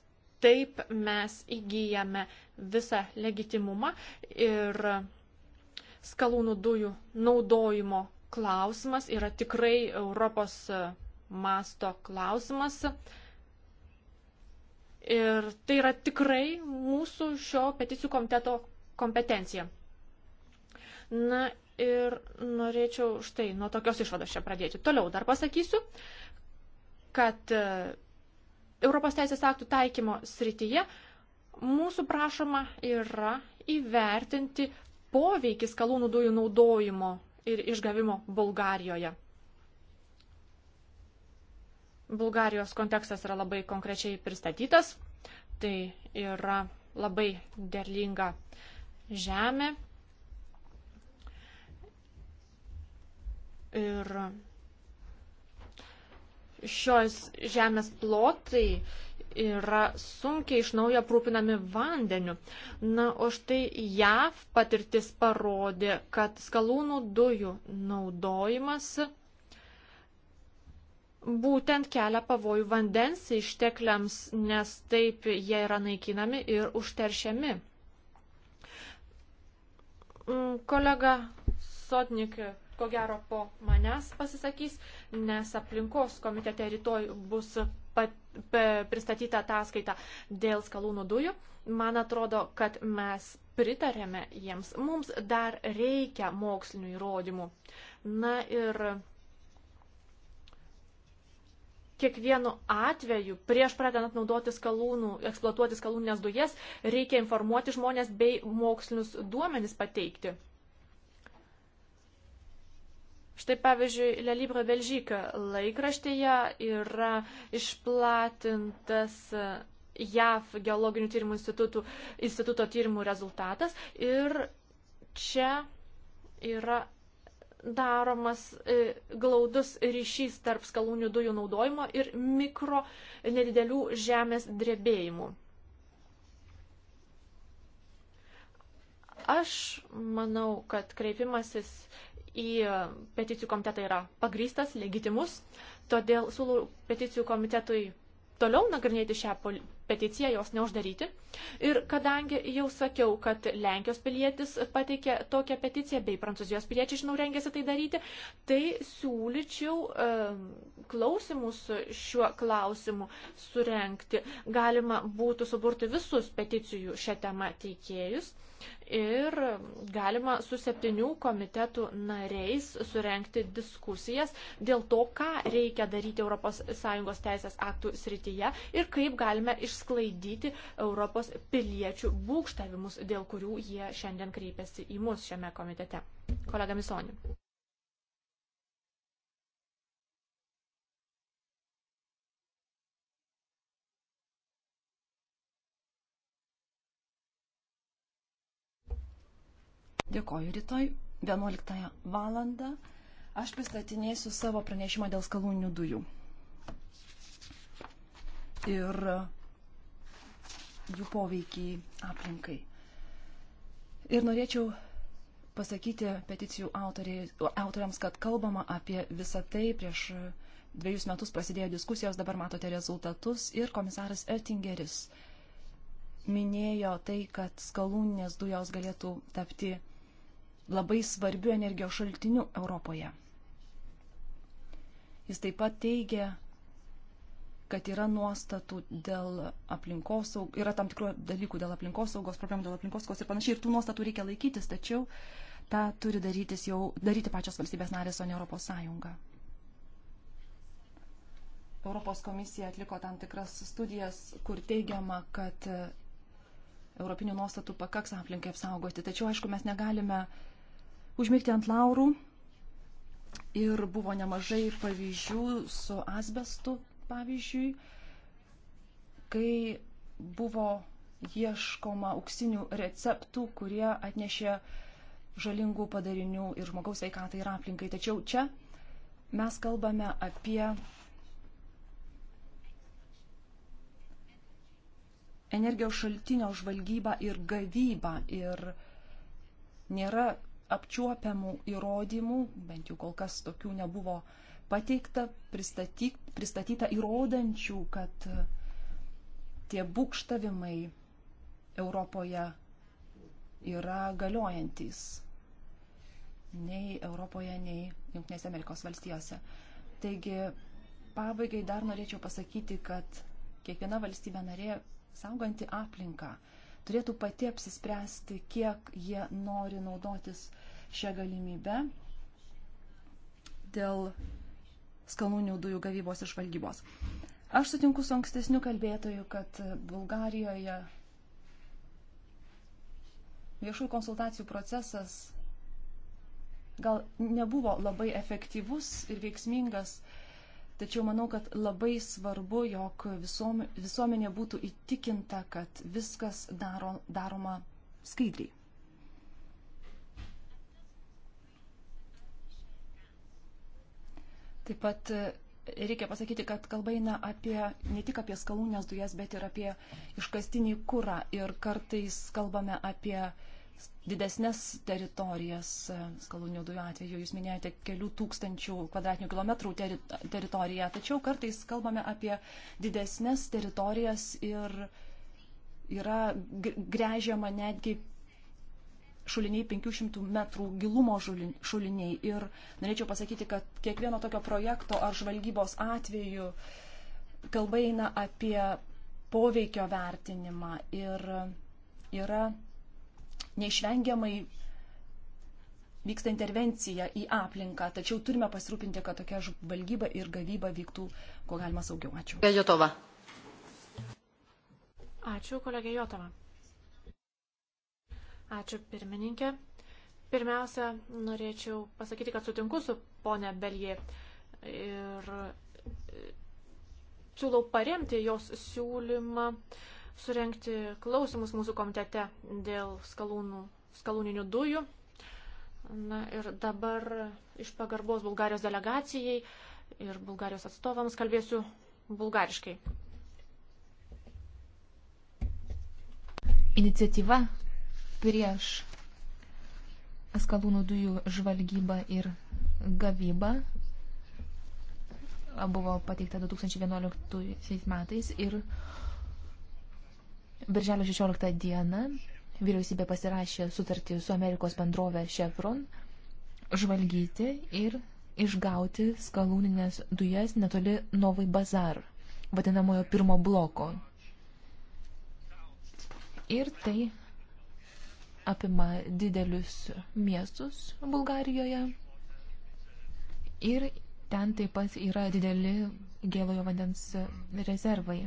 taip mes įgyjame visą legitimumą ir skalūnų dujų naudojimo klausimas yra tikrai Europos masto klausimas. Ir tai yra tikrai mūsų šio peticijų komiteto kompetencija. Na ir norėčiau štai nuo tokios išvados čia pradėti. Toliau dar pasakysiu, kad e, Europos teisės aktų taikymo srityje mūsų prašoma yra įvertinti poveikį skalūnų dujų naudojimo ir išgavimo Bulgarijoje. Bulgarijos kontekstas yra labai konkrečiai pristatytas. Tai yra labai derlinga žemė. Ir šios žemės plotai yra sunkiai iš naujo aprūpinami vandeniu. Na, o štai JAV patirtis parodė, kad skalūnų dujų naudojimas būtent kelia pavojų vandens ištekliams, nes taip jie yra naikinami ir užteršiami. Mm, kolega Sotnik, ko gero, po manęs pasisakys, nes aplinkos komitete rytoj bus pristatyta ataskaita dėl skalūnų dujų. Man atrodo, kad mes pritarėme jiems. Mums dar reikia mokslinių įrodymų. Na ir kiekvienu atveju, prieš pradedant naudoti skalūnų, eksploatuoti skalūnės dujas, reikia informuoti žmonės bei mokslinius duomenis pateikti. Štai pavyzdžiui, Le Libre Belgique laikraštyje yra išplatintas JAV geologinių tyrimų instituto tyrimų rezultatas ir čia yra daromas e, glaudus ryšys tarp skalūnių dujų naudojimo ir mikro nedidelių žemės drebėjimų. Aš manau, kad kreipimasis į peticijų komitetą yra pagrystas, legitimus, todėl siūlau peticijų komitetui toliau nagrinėti šią peticiją, jos neuždaryti. Ir kadangi jau sakiau, kad Lenkijos pilietis pateikė tokią peticiją, bei Prancūzijos piliečiai, žinau, rengėsi tai daryti, tai siūlyčiau e, klausimus šiuo klausimu surenkti. Galima būtų suburti visus peticijų šią temą teikėjus ir galima su septynių komitetų nariais surenkti diskusijas dėl to, ką reikia daryti ES teisės aktų srityje ir kaip galime išsklaidyti Europos piliečių būkštavimus, dėl kurių jie šiandien kreipiasi į mus šiame komitete. Kolega Misoni. Dėkoju rytoj 11 valandą. Aš pristatinėsiu savo pranešimą dėl skalūninių dujų. Ir jų poveikį aplinkai. Ir norėčiau pasakyti peticijų autoriams, kad kalbama apie visą tai. Prieš dviejus metus prasidėjo diskusijos, dabar matote rezultatus. Ir komisaras Ertingeris minėjo tai, kad skalūninės dujos galėtų tapti labai svarbiu energijos šaltiniu Europoje. Jis taip pat teigia, kad yra nuostatų dėl aplinkosaugos, yra tam tikrų dalykų dėl aplinkosaugos, problemų dėl aplinkosaugos ir panašiai, ir tų nuostatų reikia laikytis, tačiau tą turi darytis jau, daryti pačios valstybės narės, o ne Europos Sąjunga. Europos komisija atliko tam tikras studijas, kur teigiama, kad europinių nuostatų pakaks aplinkai apsaugoti, tačiau aišku, mes negalime uh, užmigti ant laurų. Ir buvo nemažai pavyzdžių su asbestu, pavyzdžiui, kai buvo ieškoma auksinių receptų, kurie atnešė žalingų padarinių ir žmogaus veikatai ir aplinkai. Tačiau čia mes kalbame apie energijos šaltinio žvalgybą ir gavybą ir nėra apčiuopiamų įrodymų, bent jau kol kas tokių nebuvo pateikta, pristatyk, pristatyta įrodančių, kad e, tie būkštavimai Europoje yra galiojantis nei Europoje, nei Junktinėse Amerikos valstijose. Taigi, pabaigai dar norėčiau pasakyti, kad kiekviena valstybė narė sauganti aplinką turėtų pati apsispręsti, kiek jie nori naudotis šią galimybę dėl skalūnių dujų gavybos ir žvalgybos. Aš sutinku su ankstesniu kalbėtoju, kad Bulgarijoje viešųjų konsultacijų procesas gal nebuvo labai efektyvus ir veiksmingas, Tačiau manau, kad labai svarbu, jog visom, visuomenė būtų įtikinta, kad viskas daro, daroma skaidriai. Taip pat e, reikia pasakyti, kad kalba eina apie, ne tik apie skalūnės dujas, bet ir apie iškastinį kurą. Ir kartais kalbame apie uh, didesnės teritorijas, e, skalūnių dujų atveju jūs minėjote kelių tūkstančių kvadratinių kilometrų teri teritoriją, tačiau kartais kalbame apie didesnės teritorijas ir yra grežiama netgi šuliniai 500 metrų gilumo šuliniai. Ir norėčiau pasakyti, kad kiekvieno tokio projekto ar žvalgybos atveju kalba eina apie poveikio vertinimą ir yra neišvengiamai vyksta intervencija į aplinką, tačiau turime pasirūpinti, kad tokia žvalgyba ir gavyba vyktų kuo galima saugiau. Ačiū. Jotova. Ačiū, kolegė Jotova. Ačiū, pirmininkė. Pirmiausia, norėčiau pasakyti, kad sutinku su ponė Belie ir e, siūlau paremti jos siūlymą uh, surenkti klausimus mūsų komitete dėl skalūnų, skalūninių dujų. Na ir dabar iš pagarbos Bulgarijos delegacijai ir Bulgarijos atstovams kalbėsiu bulgariškai. Iniciatyva prieš skalūnų dujų žvalgybą ir gavybą buvo pateikta 2011 metais ir Birželio 16 dieną vyriausybė pasirašė sutartį su Amerikos bendrovė Chevron žvalgyti ir išgauti skalūninės dujas netoli Novai Bazar, vadinamojo pirmo bloko. Ir tai apima didelius miestus Bulgarijoje. Ir ten taip pat yra dideli gėlojo vandens rezervai.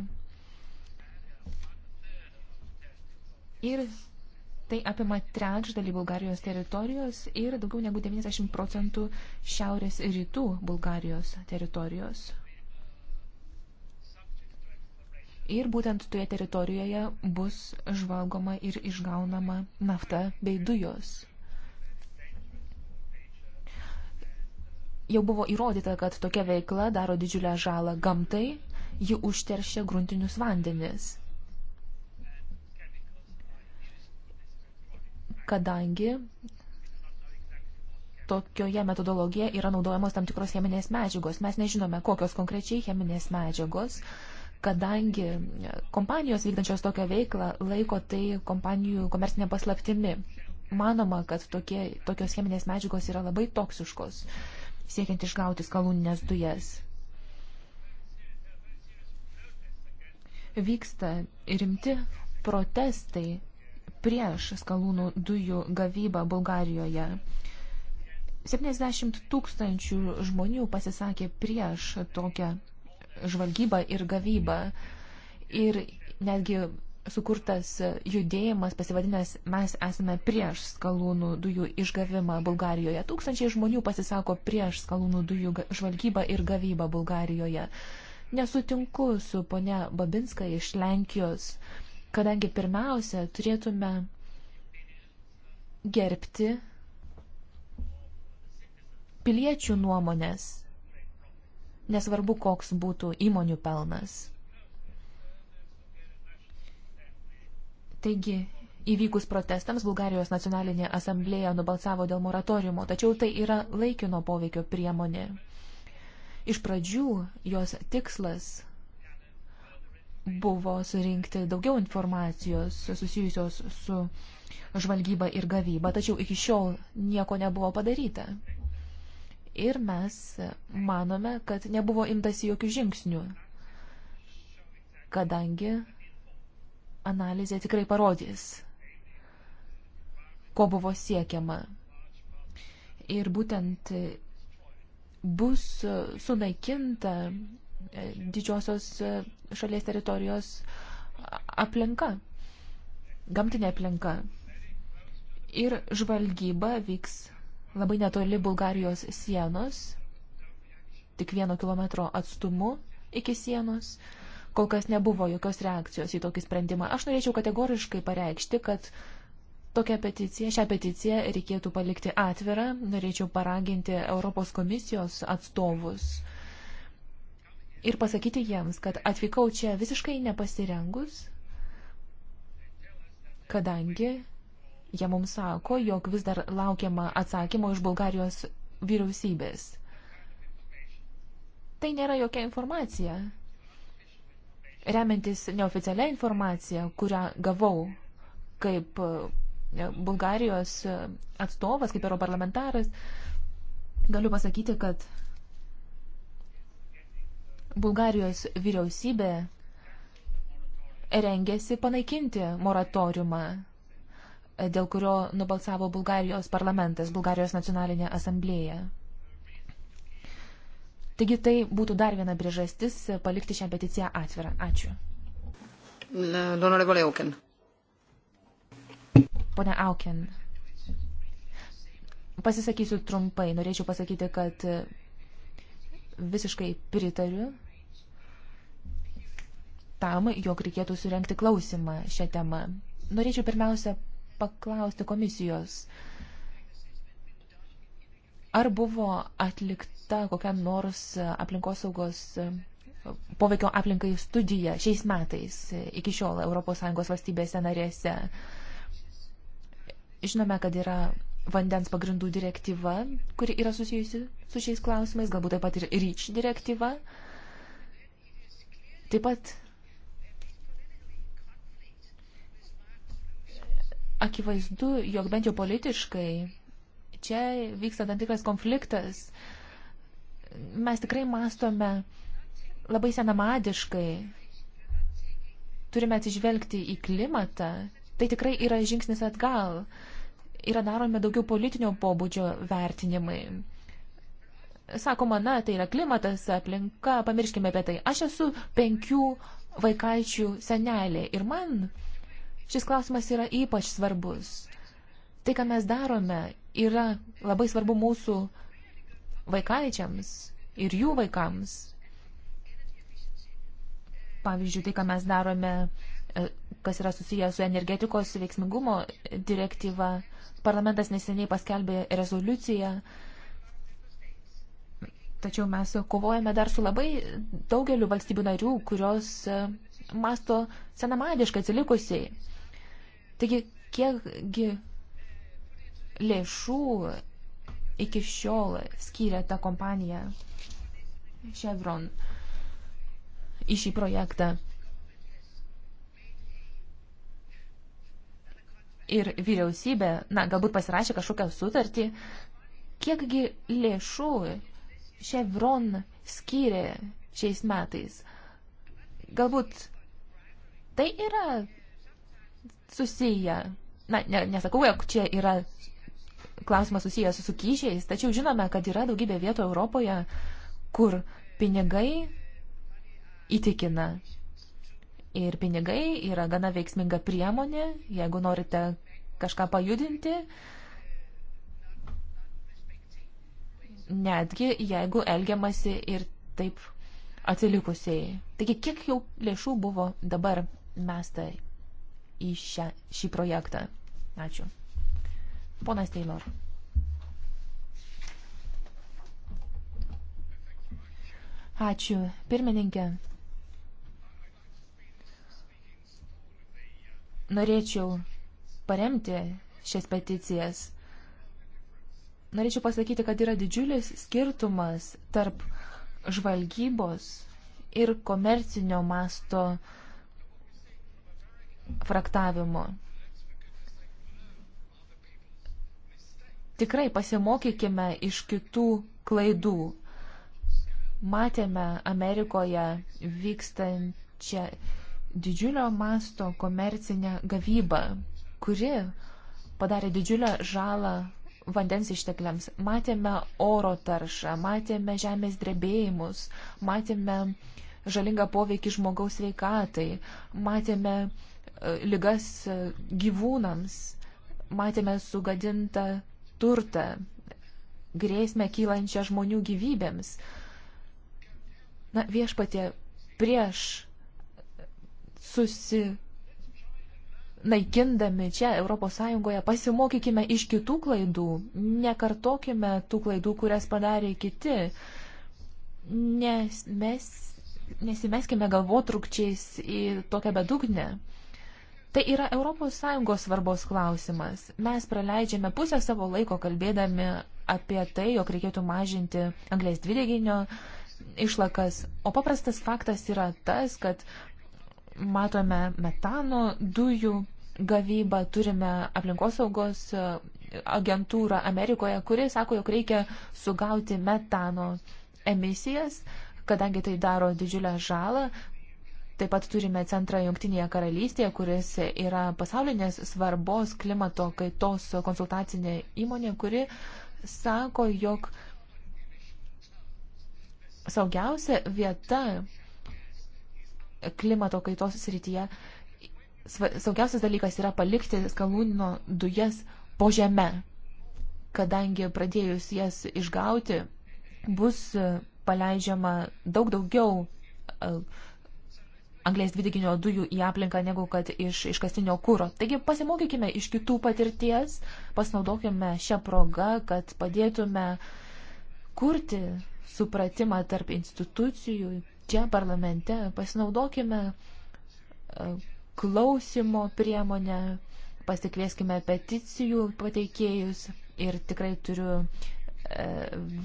ir tai apima trečdalį Bulgarijos teritorijos ir daugiau negu 90 procentų šiaurės rytų Bulgarijos teritorijos. Ir būtent toje teritorijoje bus žvalgoma ir išgaunama nafta bei dujos. Jau buvo įrodyta, kad tokia veikla daro didžiulę žalą gamtai, ji užteršia gruntinius vandenis kadangi tokioje metodologijoje yra naudojamos tam tikros cheminės medžiagos. Mes nežinome, kokios konkrečiai cheminės medžiagos, kadangi kompanijos vykdančios tokią veiklą laiko tai kompanijų komercinė paslaptimi. Manoma, kad tokie, tokios cheminės medžiagos yra labai toksiškos, siekiant išgauti skalūninės dujas. Vyksta rimti protestai prieš skalūnų dujų gavybą Bulgarijoje. 70 tūkstančių žmonių pasisakė prieš tokią žvalgybą ir gavybą. Ir netgi sukurtas judėjimas pasivadinęs Mes esame prieš skalūnų dujų išgavimą Bulgarijoje. Tūkstančiai žmonių pasisako prieš skalūnų dujų žvalgybą ir gavybą Bulgarijoje. Nesutinku su ponia Babinska iš Lenkijos. Uh, kadangi pirmiausia turėtume gerbti piliečių nuomonės, nesvarbu koks būtų įmonių pelnas. Taigi, įvykus protestams, Bulgarijos nacionalinė asamblėja nubalsavo dėl moratoriumo, tačiau tai yra laikino poveikio priemonė. Iš pradžių jos tikslas buvo surinkti daugiau informacijos susijusios su žvalgyba ir gavyba, tačiau iki šiol nieko nebuvo padaryta. Ir mes manome, kad nebuvo imtasi jokių žingsnių, kadangi analizė tikrai parodys, ko buvo siekiama. Ir būtent bus sunaikinta E, didžiosios e, šalies teritorijos aplinka, gamtinė aplinka. Ir žvalgyba vyks labai netoli Bulgarijos sienos, tik vieno kilometro atstumu iki sienos. Kol kas nebuvo jokios reakcijos į tokį sprendimą. Aš norėčiau kategoriškai pareikšti, kad Tokią peticiją, šią peticiją reikėtų palikti atvirą. Norėčiau paraginti Europos komisijos atstovus ir pasakyti jiems, kad atvykau čia visiškai nepasirengus, kadangi jie mums sako, jog vis dar laukiama atsakymo iš Bulgarijos vyriausybės. Tai nėra jokia informacija. Remiantis neoficialia informacija, kurią gavau kaip e, Bulgarijos atstovas, kaip europarlamentaras, galiu pasakyti, kad Bulgarijos vyriausybė rengėsi panaikinti moratoriumą, dėl kurio nubalsavo Bulgarijos parlamentas, Bulgarijos nacionalinė asamblėja. Taigi tai būtų dar viena priežastis palikti šią peticiją atvirą. Ačiū. L'onorevole Auken. Pone Auken. Pasisakysiu trumpai. Norėčiau pasakyti, kad visiškai pritariu tam, jog reikėtų surenkti klausimą šią temą. Norėčiau pirmiausia paklausti komisijos, ar buvo atlikta kokia nors aplinkosaugos poveikio aplinkai studija šiais metais iki šiol ES valstybėse narėse. Žinome, kad yra vandens pagrindų direktyva, kuri yra susijusi su šiais klausimais, galbūt taip pat ir REACH direktyva. Taip pat akivaizdu, jog bent jau politiškai čia vyksta tam tikras konfliktas. Mes tikrai mastome labai senamadiškai. Turime atsižvelgti į klimatą. Tai tikrai yra žingsnis atgal. Uh, yra daromi daugiau politinio pobūdžio vertinimai. Sakoma, na, tai yra klimatas, aplinka, pamirškime apie tai. Aš esu penkių vaikaičių senelė ir man šis klausimas yra ypač svarbus. Tai, ką mes darome, yra labai svarbu mūsų vaikaičiams ir jų vaikams. Pavyzdžiui, tai, ką mes darome, e, kas yra susijęs su energetikos veiksmingumo direktyva Parlamentas neseniai paskelbė rezoliuciją, tačiau mes kovojame dar su labai daugeliu valstybių narių, kurios e, masto senamadiškai atsilikusiai. Taigi, kiekgi lėšų iki šiol skyrė ta kompanija Chevron į šį projektą. ir vyriausybė, na, galbūt pasirašė kažkokią sutartį, kiekgi lėšų Chevron skyrė šiais metais. Galbūt tai yra susiję, na, ne, nesakau, jog čia yra klausimas susijęs su kyšiais, tačiau žinome, kad yra daugybė vietų Europoje, kur pinigai įtikina ir pinigai yra gana veiksminga priemonė, jeigu norite kažką pajudinti, netgi jeigu elgiamasi ir taip atsilikusiai. Taigi, kiek jau lėšų buvo dabar mesta į šią, šį projektą? Ačiū. Ponas Taylor. Ačiū, pirmininkė. norėčiau paremti šias peticijas. Norėčiau pasakyti, kad yra didžiulis skirtumas tarp žvalgybos ir komercinio masto fraktavimo. Tikrai pasimokykime iš kitų klaidų. Matėme Amerikoje vykstančią didžiulio masto komercinę gavybą, kuri padarė didžiulę žalą vandens ištekliams. Matėme oro taršą, matėme žemės drebėjimus, matėme žalingą poveikį žmogaus veikatai, matėme e, lygas e, gyvūnams, matėme sugadintą turtą, grėsmę kylančią žmonių gyvybėms. Na, viešpatė, prieš Susinaikindami čia ES pasimokykime iš kitų klaidų, nekartokime tų klaidų, kurias padarė kiti, nes mes nesimeskime galvotrukčiais į tokią bedugnę. Tai yra ES svarbos klausimas. Mes praleidžiame pusę savo laiko kalbėdami apie tai, jog reikėtų mažinti anglės dvideginio išlakas, o paprastas faktas yra tas, kad matome metano dujų gavybą, turime aplinkosaugos e, agentūrą Amerikoje, kuri sako, jog reikia sugauti metano emisijas, kadangi tai daro didžiulę žalą. Taip pat turime centrą Junktinėje karalystėje, kuris yra pasaulinės svarbos klimato kaitos konsultacinė įmonė, kuri sako, jog saugiausia vieta klimato kaitos srityje saugiausias dalykas yra palikti skalūnino dujas po žeme, kadangi pradėjus jas išgauti bus e, paleidžiama daug daugiau e, anglės dvideginio dujų į aplinką negu kad iš iškastinio kūro. Taigi pasimokykime iš kitų patirties, pasinaudokime šią progą, kad padėtume kurti supratimą tarp institucijų, čia parlamente pasinaudokime e, klausimo priemonę, pasikvieskime peticijų pateikėjus ir tikrai turiu e,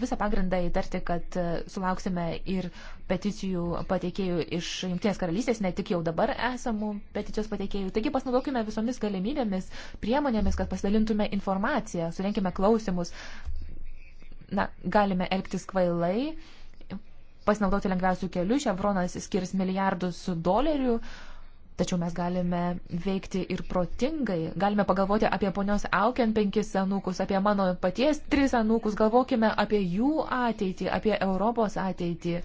visą pagrindą įtarti, kad e, sulauksime ir peticijų pateikėjų iš Junktinės karalystės, ne tik jau dabar esamų peticijos pateikėjų. Taigi pasinaudokime visomis galimybėmis, priemonėmis, kad pasidalintume informaciją, surenkime klausimus. Na, galime elgtis kvailai, pasinaudoti lengviausių kelių. Ševronas skirs milijardus dolerių. Tačiau mes galime veikti ir protingai, galime pagalvoti apie ponios Aukian penkis anūkus, apie mano paties tris anūkus, galvokime apie jų ateitį, apie Europos ateitį.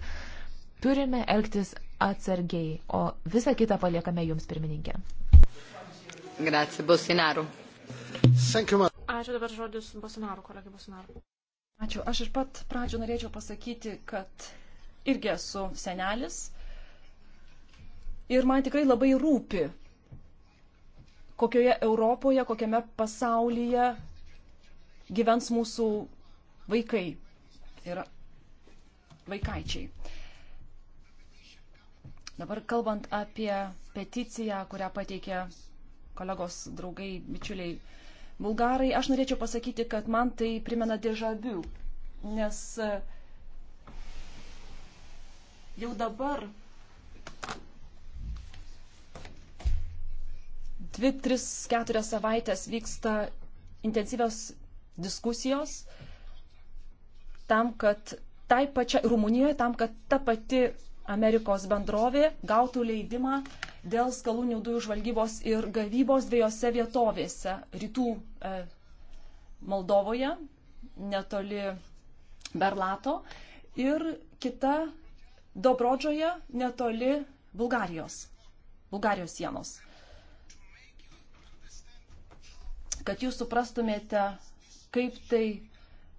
Turime elgtis atsargiai, o visą kitą paliekame jums, pirmininkė. Grazie, Bosinaru. Ačiū dabar žodis Bosinaru, kolegė Bosinaru. Ačiū. Aš ir pat pradžio norėčiau pasakyti, kad irgi esu senelis. Ir man tikrai labai rūpi, kokioje Europoje, kokiame pasaulyje gyvens mūsų vaikai ir vaikaičiai. Dabar kalbant apie peticiją, kurią pateikė kolegos draugai, bičiuliai bulgarai, aš norėčiau pasakyti, kad man tai primena dėžabių, nes uh, Jau dabar dvi, tris, keturias savaitės vyksta intensyvios diskusijos tam, kad tai pačia Rumunijoje, tam, kad ta pati Amerikos bendrovė gautų leidimą dėl skalūnių dujų žvalgybos ir gavybos dviejose vietovėse - rytų e, Moldovoje, netoli Berlato, ir kita Dobrodžoje netoli Bulgarijos, Bulgarijos sienos. Kad jūs suprastumėte, kaip tai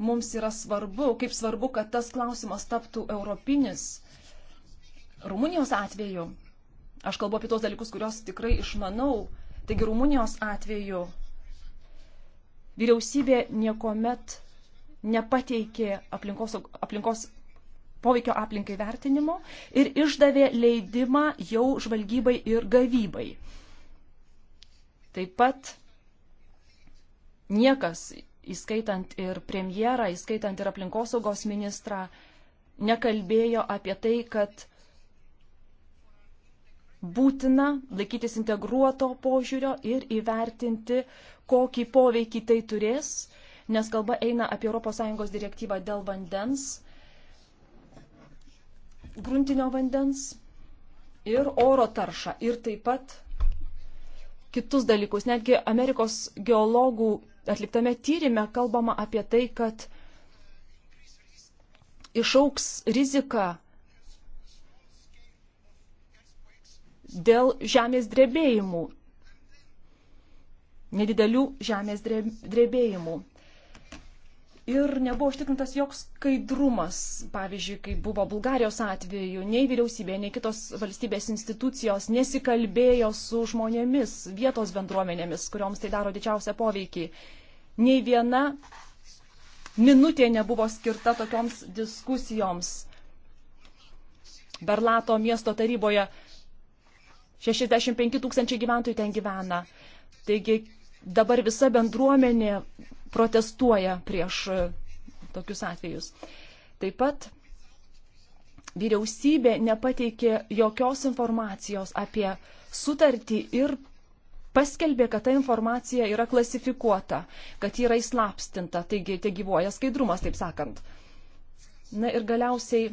mums yra svarbu, kaip svarbu, kad tas klausimas taptų europinis. Rumunijos atveju, aš kalbu apie tos dalykus, kuriuos tikrai išmanau, taigi Rumunijos atveju vyriausybė niekuomet nepateikė aplinkos, aplinkos poveikio aplinkai vertinimo ir išdavė leidimą jau žvalgybai ir gavybai. Taip pat niekas, įskaitant ir premjerą, įskaitant ir aplinkosaugos ministrą, nekalbėjo apie tai, kad būtina laikytis integruoto požiūrio ir įvertinti, kokį poveikį tai turės, nes kalba eina apie ES direktyvą dėl vandens gruntinio vandens ir oro taršą ir taip pat kitus dalykus. Netgi Amerikos geologų atliktame tyrimė kalbama apie tai, kad išauks rizika dėl žemės drebėjimų, nedidelių žemės drebėjimų ir nebuvo užtikrintas joks skaidrumas, pavyzdžiui, kai buvo Bulgarijos atveju, nei vyriausybė, nei kitos valstybės institucijos nesikalbėjo su žmonėmis, vietos bendruomenėmis, kurioms tai daro didžiausią poveikį. Nei viena minutė nebuvo skirta tokioms diskusijoms. Berlato miesto taryboje 65 tūkstančiai gyventojų ten gyvena. Taigi dabar visa bendruomenė protestuoja prieš e, tokius atvejus. Taip pat vyriausybė nepateikė jokios informacijos apie sutartį ir paskelbė, kad ta informacija yra klasifikuota, kad ji yra įslapstinta, taigi te tai gyvoja skaidrumas, taip sakant. Na ir galiausiai,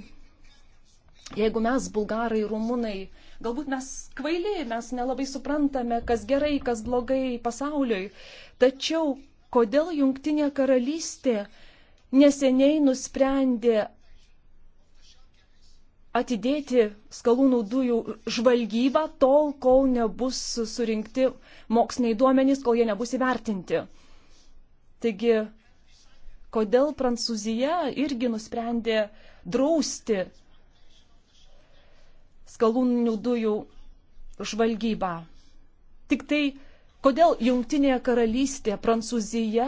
jeigu mes, bulgarai, rumunai, galbūt mes kvailiai, mes nelabai suprantame, kas gerai, kas blogai pasauliui, tačiau kodėl Junktinė karalystė neseniai nusprendė atidėti skalūnų dujų žvalgybą tol, kol nebus surinkti moksliniai duomenys, kol jie nebus įvertinti. Taigi, kodėl Prancūzija irgi nusprendė drausti skalūnų dujų žvalgybą. Tik tai Kodėl Jungtinė karalystė, Prancūzija,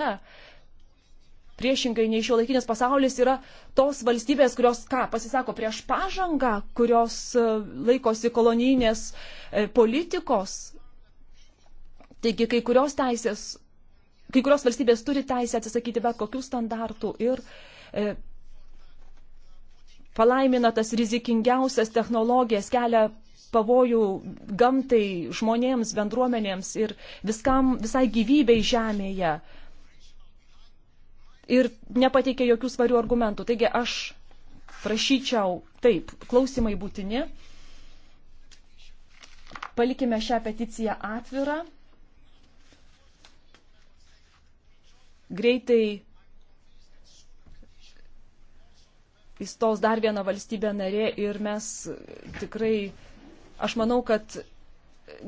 priešingai nei šiuolaikinis pasaulis, yra tos valstybės, kurios ką, pasisako prieš pažangą, kurios e, laikosi kolonijinės e, politikos. Taigi kai kurios teisės, kai kurios valstybės turi teisę atsisakyti bet kokių standartų ir e, palaimina tas rizikingiausias technologijas, kelia pavojų gamtai, žmonėms, bendruomenėms ir viskam, visai gyvybei žemėje. Ir nepateikė jokių svarių argumentų. Taigi aš prašyčiau, taip, klausimai būtini. Palikime šią peticiją atvirą. Greitai įstos dar viena valstybė narė ir mes tikrai Aš manau, kad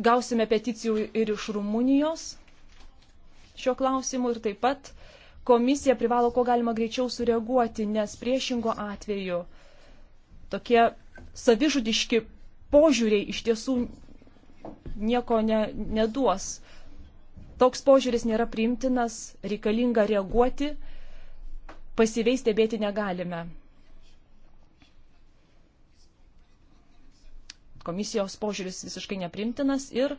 gausime peticijų ir iš Rumunijos šio klausimu ir taip pat komisija privalo kuo galima greičiau sureaguoti, nes priešingo atveju tokie savižudiški požiūriai iš tiesų nieko ne, neduos. Toks požiūris nėra priimtinas, reikalinga reaguoti, pasyviai stebėti negalime. komisijos požiūris visiškai neprimtinas ir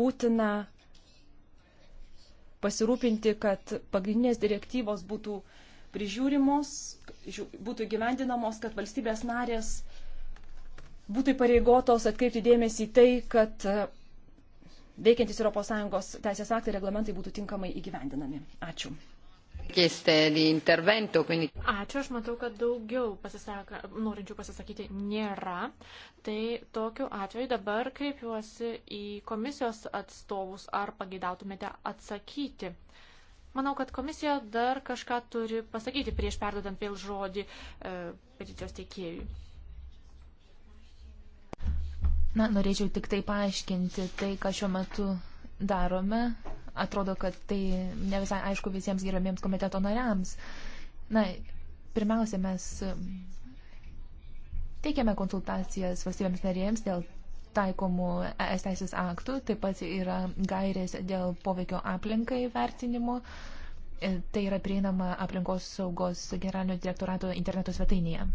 būtina pasirūpinti, kad pagrindinės direktyvos būtų prižiūrimos, būtų gyvendinamos, kad valstybės narės būtų įpareigotos atkreipti dėmesį į tai, kad veikiantis ES teisės aktai reglamentai būtų tinkamai įgyvendinami. Ačiū. Ačiū, aš matau, kad daugiau pasisaka, norinčių pasisakyti nėra. Tai tokiu atveju dabar kreipiuosi į komisijos atstovus, ar pagidautumėte atsakyti. Manau, kad komisija dar kažką turi pasakyti prieš perdodant vėl žodį e, peticijos teikėjui. Na, norėčiau tik tai paaiškinti tai, ką šiuo metu darome atrodo, kad tai ne visai aišku visiems gerbėms komiteto nariams. Na, pirmiausia, mes mm, teikiame konsultacijas valstybėms narėms dėl taikomų ES teisės aktų, taip pat yra gairės dėl poveikio aplinkai vertinimo. E, tai yra prieinama aplinkos saugos generalinio direktorato interneto svetainėje.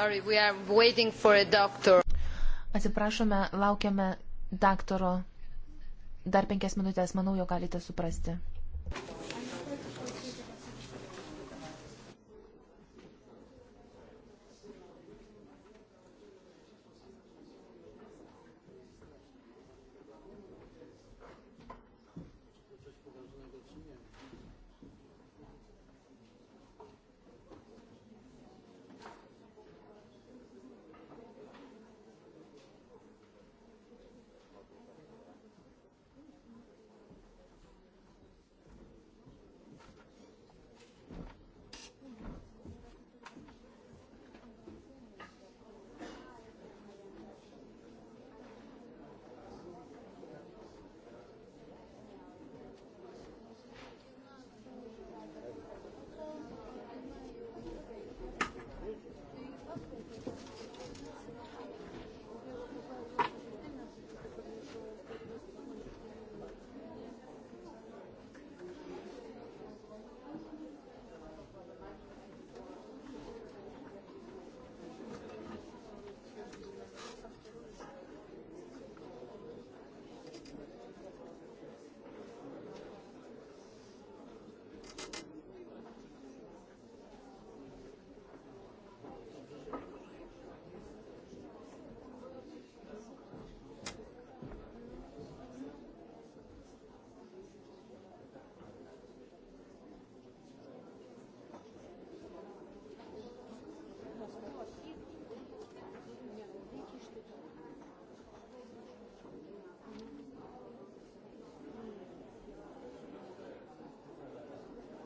sorry, we are waiting for a doctor. Atsiprašome, laukiame daktaro. Dar penkias minutės, manau, jo galite suprasti.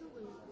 tačiau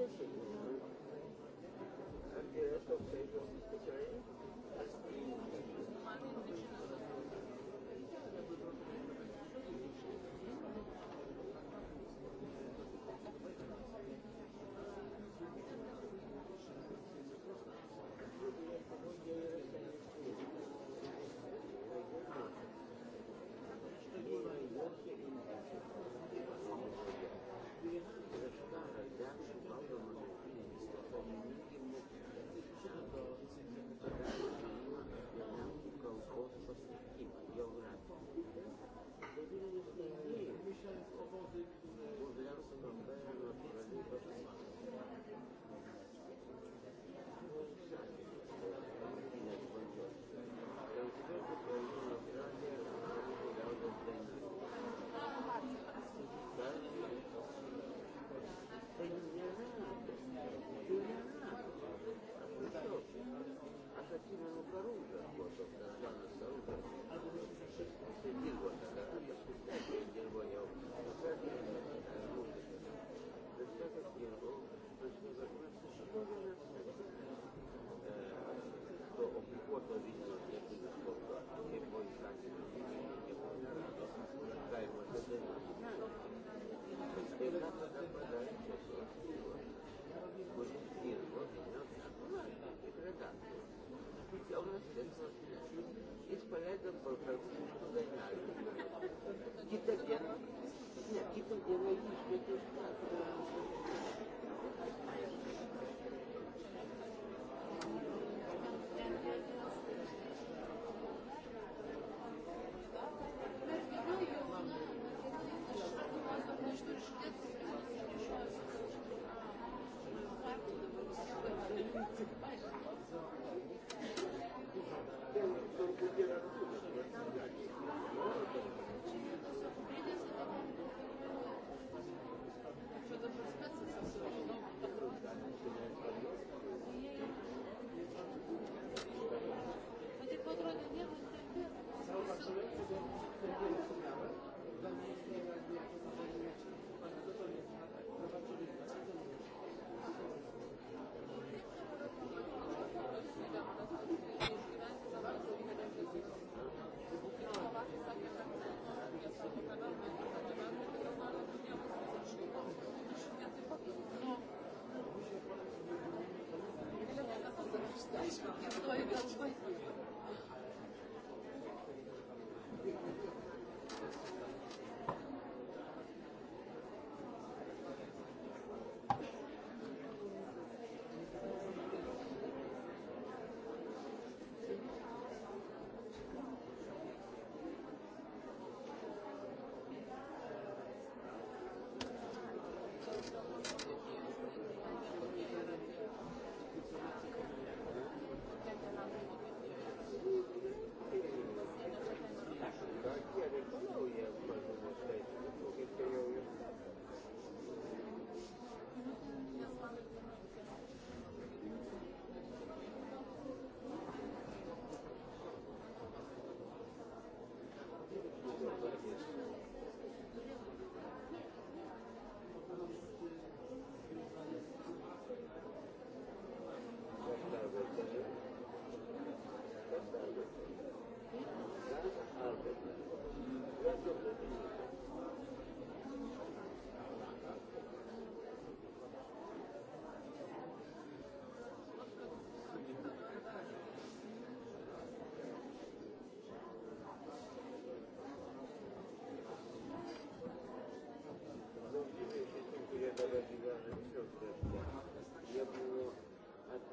Thank you. diena išmetė iš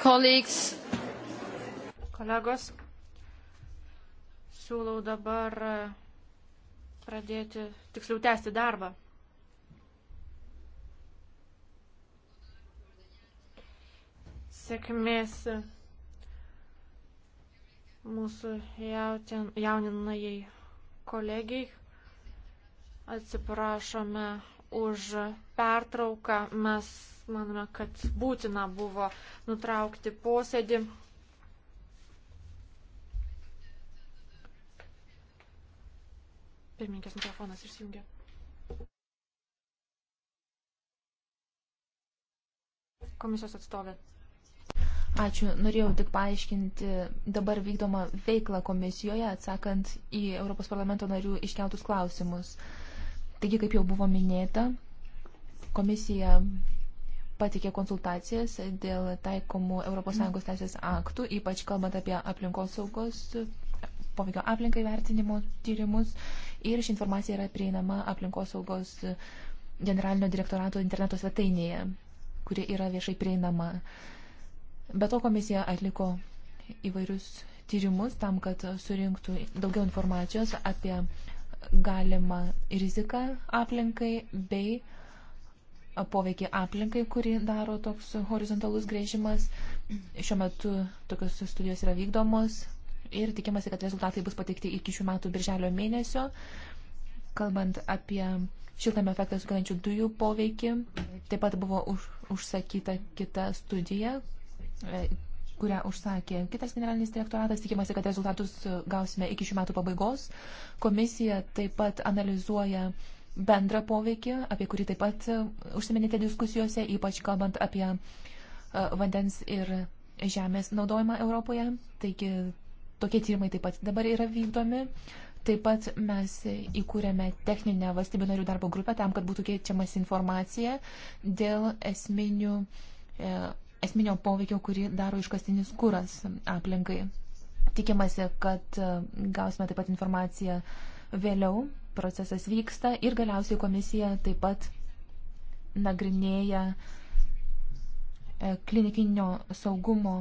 Colleagues. Kolegos, siūlau dabar e, pradėti, tiksliau tęsti darbą. Sėkmės mūsų jauninajai kolegijai. Atsiprašome už pertrauką. Mes manome, kad būtina buvo nutraukti posėdį. Pirmininkės mikrofonas išsijungia. Komisijos atstovė. Ačiū. Norėjau tik paaiškinti dabar vykdomą veiklą komisijoje, atsakant į Europos parlamento narių iškeltus klausimus. Uh, Taigi, kaip jau buvo minėta, komisija patikė konsultacijas dėl taikomų ES teisės aktų, ypač kalbant apie aplinkos saugos poveikio aplinkai vertinimo tyrimus. Ir ši informacija yra prieinama aplinkos saugos generalinio direktorato interneto svetainėje, kuri yra viešai prieinama. Be to komisija atliko įvairius tyrimus tam, kad surinktų daugiau informacijos apie galimą riziką aplinkai bei poveikį aplinkai, kurį daro toks horizontalus grėžimas. Šiuo metu tokios studijos yra vykdomos ir tikimasi, kad rezultatai bus pateikti iki šių metų birželio mėnesio. Kalbant apie šiltame efektą sukeliančių dujų poveikį, taip pat buvo už, užsakyta kita studija, kurią užsakė kitas generalinis direktoratas. Tikimasi, kad rezultatus e, gausime iki šių metų pabaigos. Komisija taip pat analizuoja bendrą poveikį, apie kurį taip pat e, užsiminėte diskusijose, ypač kalbant apie e, vandens ir žemės naudojimą Europoje. Taigi tokie tyrimai taip pat dabar yra vykdomi. Taip pat mes įkūrėme techninę valstybių narių darbo grupę tam, kad būtų keičiamas informacija dėl esminių esminio poveikio, kurį daro iškastinis kuras aplinkai. Tikimasi, kad e, gausime taip pat informaciją vėliau, procesas vyksta ir galiausiai komisija taip pat nagrinėja e, klinikinio saugumo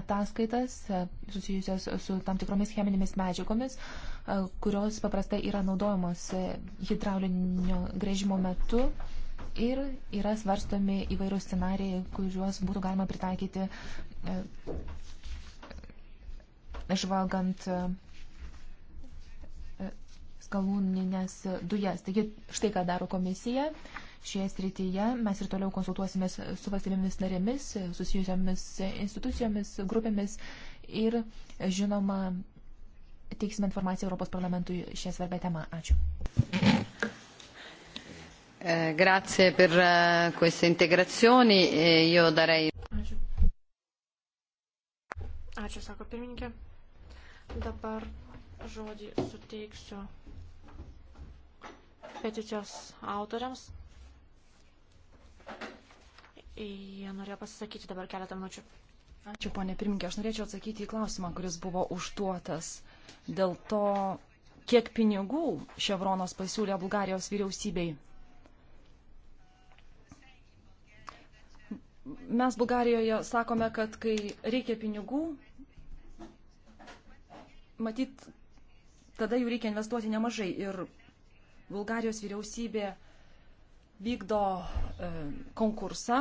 ataskaitas e, susijusios su tam tikromis cheminėmis medžiagomis, kurios paprastai yra naudojamos hidraulinio grėžimo metu ir yra svarstomi įvairūs scenarijai, kuriuos būtų galima pritaikyti e, žvalgant e, skalūninės dujas. Taigi štai ką daro komisija. Šioje srityje mes ir toliau konsultuosimės su valstybėmis narėmis, susijusiamis institucijomis, grupėmis ir, žinoma, teiksime informaciją Europos parlamentui šią svarbę temą. Ačiū. Eh, grazie per uh, queste integrazioni e io darei. Ačiū. Ačiū, sako pirmininkė. Dabar žodį suteiksiu peticijos autoriams. Jie norėjo pasisakyti dabar keletą minučių. Ačiū, ponė pirmininkė. Aš norėčiau atsakyti į klausimą, kuris buvo užduotas dėl to, kiek pinigų Ševronas pasiūlė Bulgarijos vyriausybei Mes Bulgarijoje sakome, kad kai reikia pinigų, matyt, tada jų reikia investuoti nemažai. Ir Bulgarijos vyriausybė vykdo e, konkursą.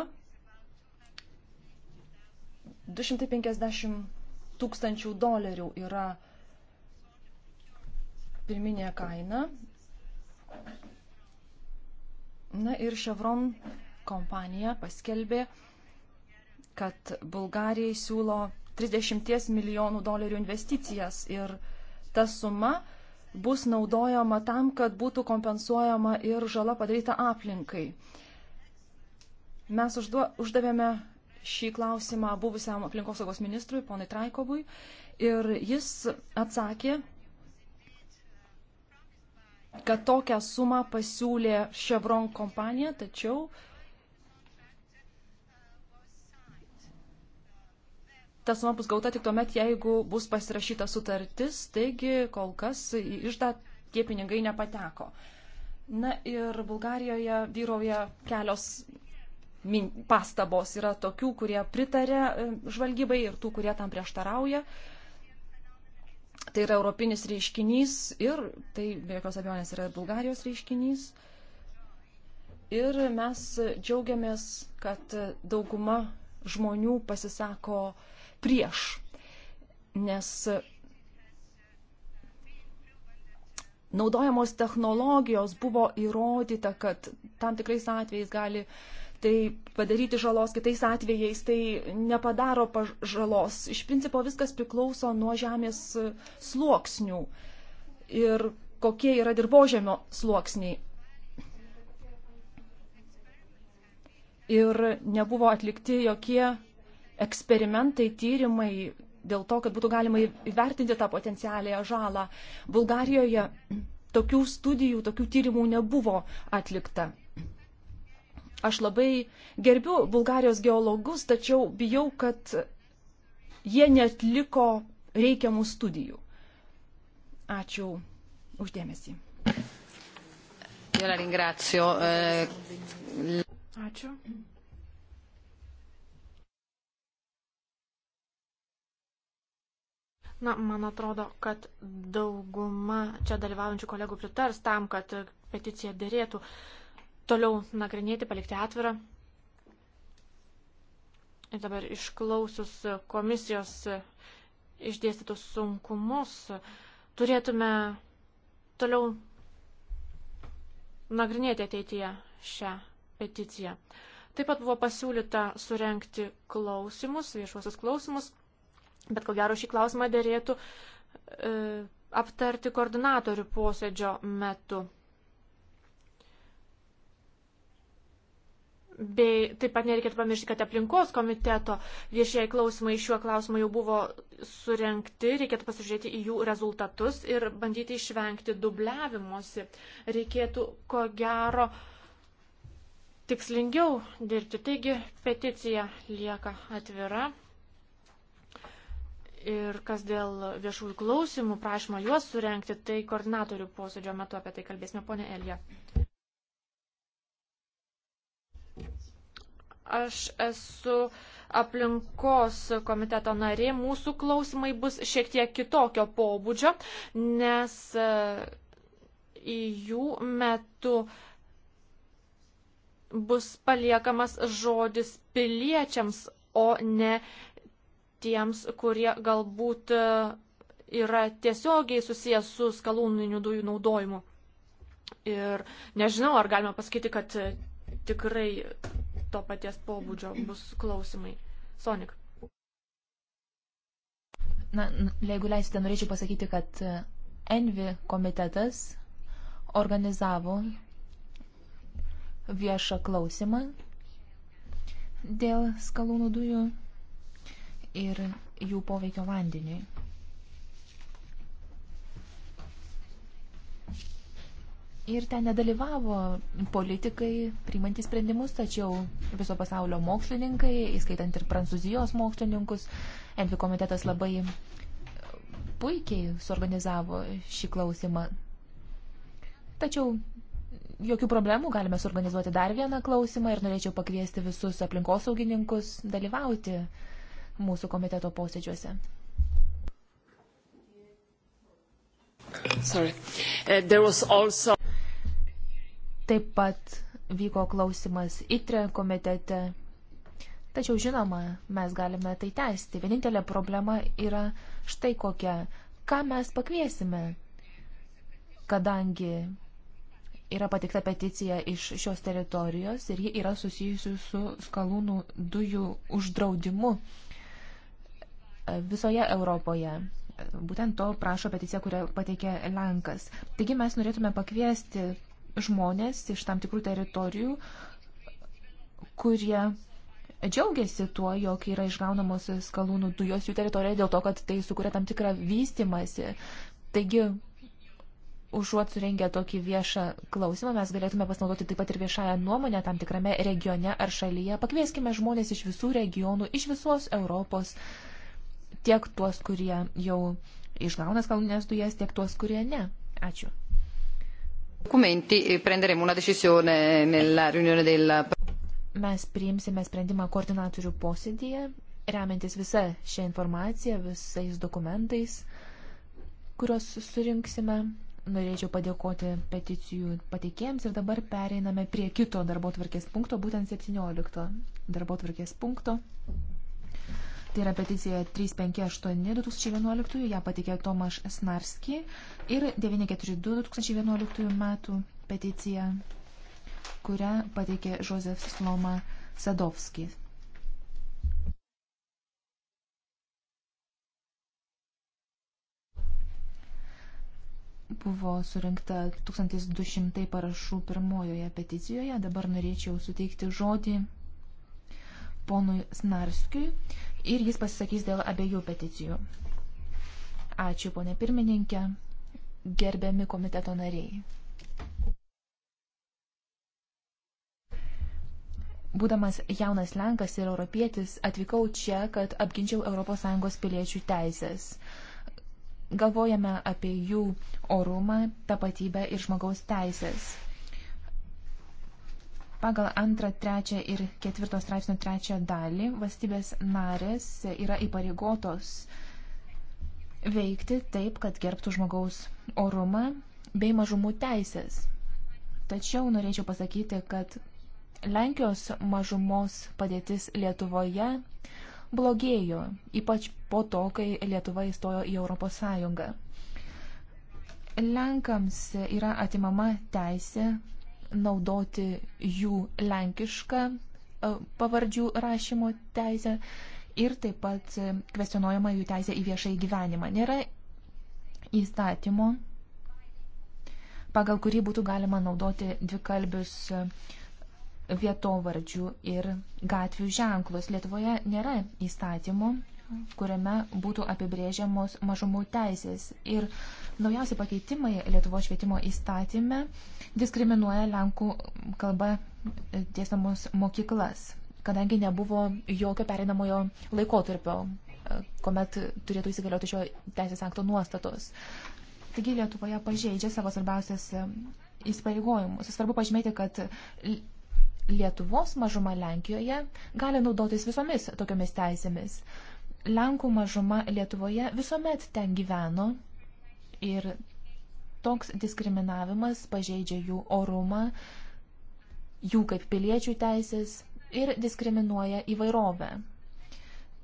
250 tūkstančių dolerių yra pirminė kaina. Na ir Chevron kompanija paskelbė kad Bulgarijai siūlo 30 milijonų dolerių investicijas ir ta suma bus naudojama tam, kad būtų kompensuojama ir žala padaryta aplinkai. Mes užduo, uždavėme šį klausimą buvusiam aplinkosaugos ministrui, ponai Traikovui, ir jis atsakė, kad tokią sumą pasiūlė Chevron kompanija, tačiau uh, ta suma bus gauta tik tuomet, jeigu bus pasirašyta sutartis, taigi kol kas į išdą tie pinigai nepateko. Na ir Bulgarijoje vyrauja kelios pastabos. Yra tokių, kurie pritarė e, žvalgybai ir tų, kurie tam prieštarauja. Tai yra europinis reiškinys ir tai be jokios abejonės yra ir Bulgarijos reiškinys. Ir mes džiaugiamės, kad dauguma žmonių pasisako uh, prieš. Nes naudojamos technologijos buvo įrodyta, kad tam tikrais atvejais gali tai padaryti žalos, kitais atvejais tai nepadaro žalos. Iš principo viskas priklauso nuo žemės sluoksnių ir kokie yra dirbožėmio sluoksniai. Ir nebuvo atlikti jokie eksperimentai, tyrimai dėl to, kad būtų galima įvertinti tą potencialę žalą. Bulgarijoje tokių studijų, tokių tyrimų nebuvo atlikta. Aš labai gerbiu Bulgarijos geologus, tačiau bijau, kad jie netliko reikiamų studijų. Ačiū uždėmesį. Eh, Ačiū. Na, man atrodo, kad dauguma čia dalyvaujančių kolegų pritars tam, kad peticiją dėrėtų toliau nagrinėti, palikti atvirą. Ir dabar išklausus komisijos išdėstytus sunkumus, turėtume toliau nagrinėti ateityje šią peticiją. Taip pat buvo pasiūlyta surenkti klausimus, viešuosius klausimus Bet ko gero šį klausimą dėrėtų e, aptarti koordinatorių posėdžio metu. Bei taip pat nereikėtų pamiršti, kad aplinkos komiteto viešieji klausimai šiuo klausimu jau buvo surenkti, reikėtų pasižiūrėti į jų rezultatus ir bandyti išvengti dubliavimuose. Reikėtų, ko gero, tikslingiau dirbti. Taigi peticija lieka atvira. Ir kas dėl viešųjų klausimų, prašymo juos surenkti, tai koordinatorių posėdžio metu apie tai kalbėsime, ponė Elija. Aš esu aplinkos komiteto narė, mūsų klausimai bus šiek tiek kitokio pobūdžio, nes e, į jų metu bus paliekamas žodis piliečiams, o ne piliečiams tiems, kurie galbūt e, yra tiesiogiai susijęs su skalūninių dujų naudojimu. Ir nežinau, ar galima pasakyti, kad e, tikrai to paties pobūdžio bus klausimai. Sonik. Na, jeigu leisite, norėčiau pasakyti, kad e, Envi komitetas organizavo viešą klausimą dėl skalūnų dujų ir jų poveikio vandeniui. Ir ten nedalyvavo politikai, priimantys sprendimus, tačiau viso pasaulio mokslininkai, įskaitant ir prancūzijos mokslininkus, Envi komitetas labai puikiai suorganizavo šį klausimą. Tačiau jokių problemų galime suorganizuoti dar vieną klausimą ir norėčiau pakviesti visus aplinkosaugininkus dalyvauti mūsų komiteto posėdžiuose. Uh, also... Taip pat vyko klausimas ITRE komitete, tačiau žinoma, mes galime tai tęsti. Vienintelė problema yra štai kokia, ką mes pakviesime, kadangi yra patikta peticija iš šios teritorijos ir ji yra susijusi su skalūnų dujų uždraudimu visoje Europoje. Būtent to prašo peticija, kurią pateikė Lenkas. Taigi mes norėtume pakviesti žmonės iš tam tikrų teritorijų, kurie džiaugiasi tuo, jog yra išgaunamos skalūnų dujos jų teritorijoje dėl to, kad tai sukuria tam tikrą vystimąsi. Taigi, užuot surengę tokį viešą klausimą, mes galėtume pasinaudoti taip pat ir viešąją nuomonę tam tikrame regione ar šalyje. Pakvieskime žmonės iš visų regionų, iš visos Europos tiek tuos, kurie jau išgauna skalūnės dujas, tiek tuos, kurie ne. Ačiū. E, Mes priimsime sprendimą koordinatorių posėdėje, remiantis visą šią informaciją, visais dokumentais, kuriuos surinksime. Norėčiau padėkoti peticijų pateikėjams ir dabar pereiname prie kito darbo tvarkės punkto, būtent 17 darbo tvarkės punkto. Tai yra peticija 358-2011, ją patikė Tomaš Snarski ir 942-2011 metų peticija, kurią patikė Žozef Sloma Sadovski. Buvo surinkta 1200 parašų pirmojoje peticijoje. Dabar norėčiau suteikti žodį ponui Snarskiui ir jis pasisakys dėl abiejų peticijų. Ačiū, ponė pirmininkė, gerbiami komiteto nariai. Būdamas jaunas Lenkas ir europietis, atvykau čia, kad apginčiau ES piliečių teisės. Galvojame apie jų orumą, tapatybę ir žmogaus teisės. Pagal antrą, trečią ir ketvirto straipsnio trečią dalį valstybės narės yra įpareigotos veikti taip, kad gerbtų žmogaus orumą bei mažumų teisės. Tačiau norėčiau pasakyti, kad Lenkijos mažumos padėtis Lietuvoje blogėjo, ypač po to, kai Lietuva įstojo į Europos Sąjungą. Lenkams yra atimama teisė naudoti jų lenkišką e, pavardžių rašymo teisę ir taip pat e, kvestionuojama jų teisė į viešai gyvenimą. Nėra įstatymo, pagal kurį būtų galima naudoti dvikalbius e, vietovardžių ir gatvių ženklus. Lietuvoje nėra įstatymo kuriame būtų apibrėžiamos mažumų teisės. Ir naujausi pakeitimai Lietuvo švietimo įstatyme diskriminuoja Lenkų kalbą tiesamos mokyklas, kadangi nebuvo jokio pereinamojo laikotarpio, kuomet turėtų įsigalioti šio teisės akto nuostatos. Taigi Lietuvoje pažeidžia savo svarbiausias įsipareigojimus. Svarbu pažymėti, kad Lietuvos mažuma Lenkijoje gali naudotis visomis tokiamis teisėmis. Lenkų mažuma Lietuvoje visuomet ten gyveno ir toks diskriminavimas pažeidžia jų orumą, jų kaip piliečių teisės ir diskriminuoja įvairovę.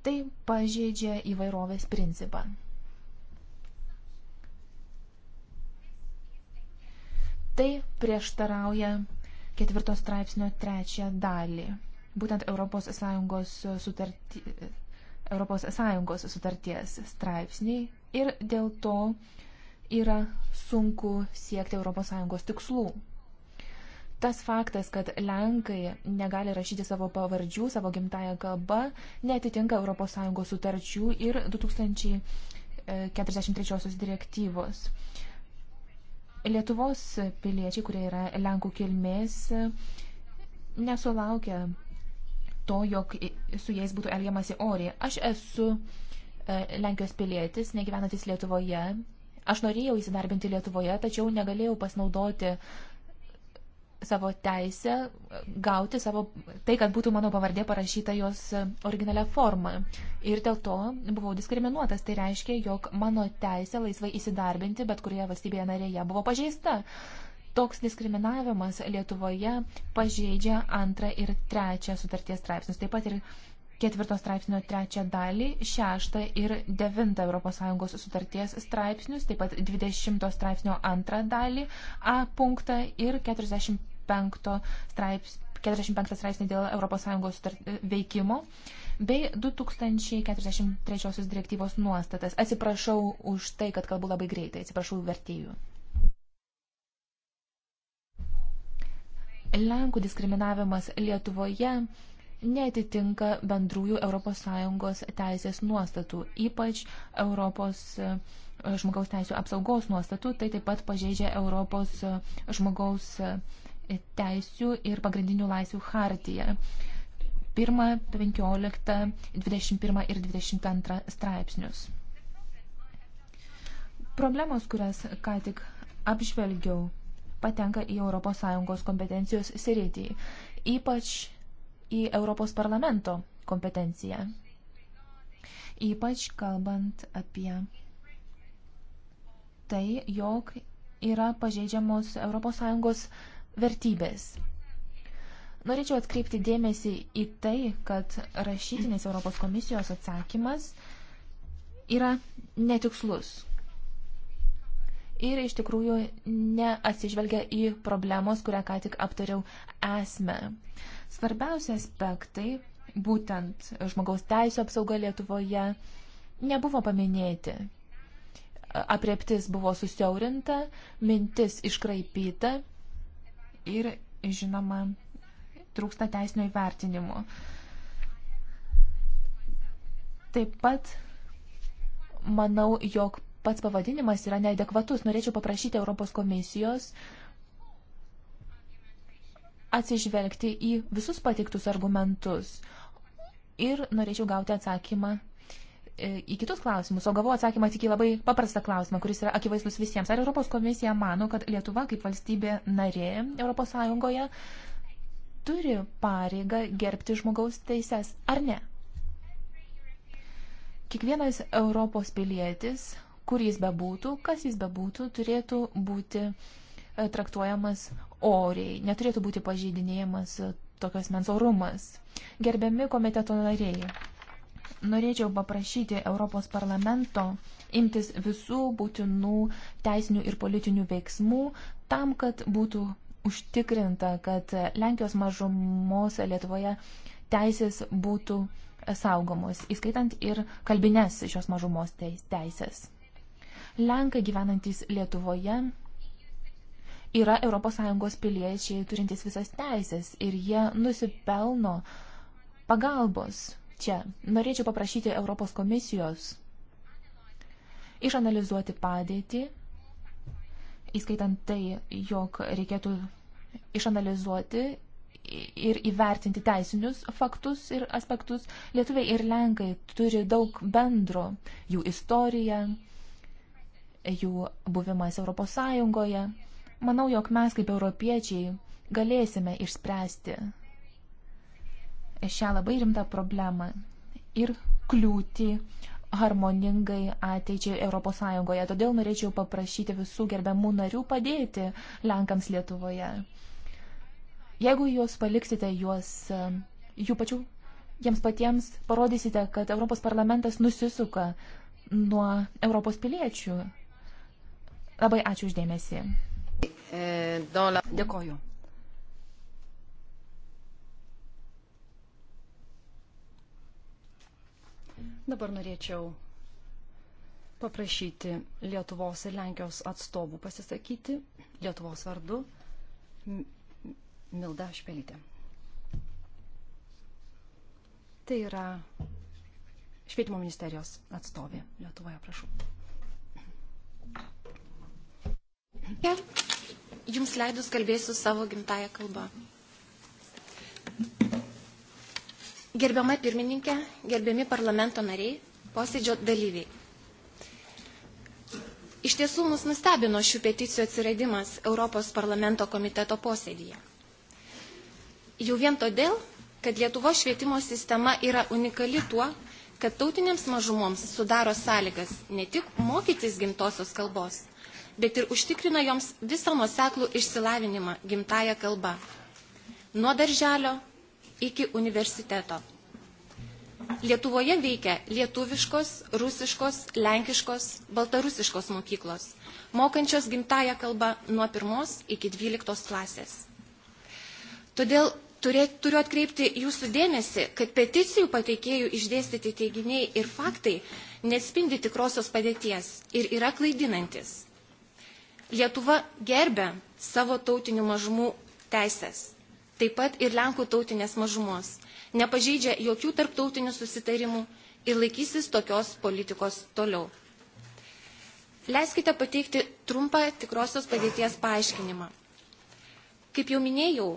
Tai pažeidžia įvairovės principą. Tai prieštarauja ketvirtos straipsnio trečią dalį. Būtent ES sutartį ES sutarties straipsniai ir dėl to yra sunku siekti ES tikslų. Tas faktas, kad Lenkai negali rašyti savo pavardžių savo gimtają kalbą, netitinka ES sutarčių ir 2043 direktyvos. Lietuvos piliečiai, kurie yra Lenkų kilmės, nesulaukia to, jog su jais būtų elgiamasi oriai. Aš esu e, Lenkijos pilietis, negyvenantis Lietuvoje. Aš norėjau įsidarbinti Lietuvoje, tačiau negalėjau pasinaudoti savo teisę e, gauti savo, tai, kad būtų mano pavardė parašyta jos e, originalią formą. Ir dėl to buvau diskriminuotas. Tai reiškia, jog mano teisė laisvai įsidarbinti bet kurioje valstybėje narėje buvo pažeista. Toks diskriminavimas Lietuvoje pažeidžia antrą ir trečią sutarties straipsnius, taip pat ir ketvirto straipsnio trečią dalį, šeštą ir devintą ES sutarties straipsnius, taip pat dvidešimto straipsnio antrą dalį, A punktą ir 45 straips, 45 straipsnį dėl ES veikimo bei 2043 direktyvos nuostatas. Atsiprašau už tai, kad kalbu labai greitai, atsiprašau vertėjų. Lenkų diskriminavimas Lietuvoje netitinka bendrųjų ES teisės nuostatų, ypač Europos e, žmogaus teisų apsaugos nuostatų, tai taip pat pažeidžia Europos e, žmogaus e, teisų ir pagrindinių laisvių hartiją. 1, 15, 21 ir 22 straipsnius. Problemos, kurias ką tik apžvelgiau, patenka į ES kompetencijos sritį, ypač į Europos parlamento kompetenciją. Ypač kalbant apie tai, jog yra pažeidžiamos ES vertybės. Norėčiau atkreipti dėmesį į tai, kad rašytinis Europos komisijos atsakymas yra netikslus ir iš tikrųjų neatsižvelgia į problemos, kurią ką tik aptariau, esmę. Svarbiausi aspektai, būtent žmogaus teisų apsauga Lietuvoje, nebuvo paminėti. Apreptis buvo susiaurinta, mintis iškraipyta ir, žinoma, trūksta teisinio įvertinimo. Taip pat manau, jog pats pavadinimas yra neadekvatus. Norėčiau paprašyti Europos komisijos atsižvelgti į visus patiktus argumentus ir norėčiau gauti atsakymą e, į kitus klausimus, o gavau atsakymą tik į labai paprastą klausimą, kuris yra akivaizdus visiems. Ar Europos komisija mano, kad Lietuva kaip valstybė narė Europos Sąjungoje turi pareigą gerbti žmogaus teises, ar ne? Kiekvienas Europos pilietis kur jis bebūtų, kas jis bebūtų, turėtų būti e, traktuojamas oriai, neturėtų būti pažeidinėjamas e, tokios mens orumas. Gerbiami komiteto nariai, norėčiau paprašyti Europos parlamento imtis visų būtinų teisinių ir politinių veiksmų tam, kad būtų užtikrinta, kad Lenkijos mažumos Lietuvoje teisės būtų saugomos, įskaitant ir kalbinės šios mažumos teisės. Lenkai gyvenantis Lietuvoje yra ES piliečiai turintys visas teisės ir jie nusipelno pagalbos čia. Norėčiau paprašyti Europos komisijos išanalizuoti padėtį, įskaitant tai, jog reikėtų išanalizuoti ir įvertinti teisinius faktus ir aspektus. Lietuviai ir Lenkai turi daug bendro jų istorija, jų buvimas Europos Sąjungoje. Manau, jog mes kaip europiečiai galėsime išspręsti šią labai rimtą problemą ir kliūti harmoningai ateičiai Europos Sąjungoje. Todėl norėčiau paprašyti visų gerbiamų narių padėti Lenkams Lietuvoje. Jeigu juos paliksite, juos, jų pačių, jiems patiems parodysite, kad Europos parlamentas nusisuka nuo Europos piliečių Labai ačiū uždėmesi. E, Dėkoju. Dabar norėčiau paprašyti Lietuvos ir Lenkijos atstovų pasisakyti Lietuvos vardu Milda Špelytė. Tai yra švietimo ministerijos atstovė Lietuvoje, prašau. Jums leidus kalbėsiu savo gimtają kalbą. Gerbiama pirmininkė, gerbiami parlamento nariai, posėdžio dalyviai. Iš tiesų mus nustebino šių peticijų atsiradimas Europos parlamento komiteto posėdyje. Jau vien todėl, kad Lietuvos švietimo sistema yra unikali tuo, kad tautinėms mažumoms sudaro sąlygas ne tik mokytis gimtosios kalbos, bet ir užtikrina joms visą nuoseklų išsilavinimą gimtają kalbą. Nuo darželio iki universiteto. Lietuvoje veikia lietuviškos, rusiškos, lenkiškos, baltarusiškos mokyklos, mokančios gimtają kalbą nuo 1 iki 12 klasės. Todėl turėt, turiu atkreipti jūsų dėmesį, kad peticijų pateikėjų išdėstyti teiginiai ir faktai nespindi tikrosios padėties ir yra klaidinantis. Lietuva gerbė savo tautinių mažumų teisės, taip pat ir Lenkų tautinės mažumos, nepažeidžia jokių tarptautinių susitarimų ir laikysis tokios politikos toliau. Leiskite pateikti trumpą tikrosios padėties paaiškinimą. Kaip jau minėjau,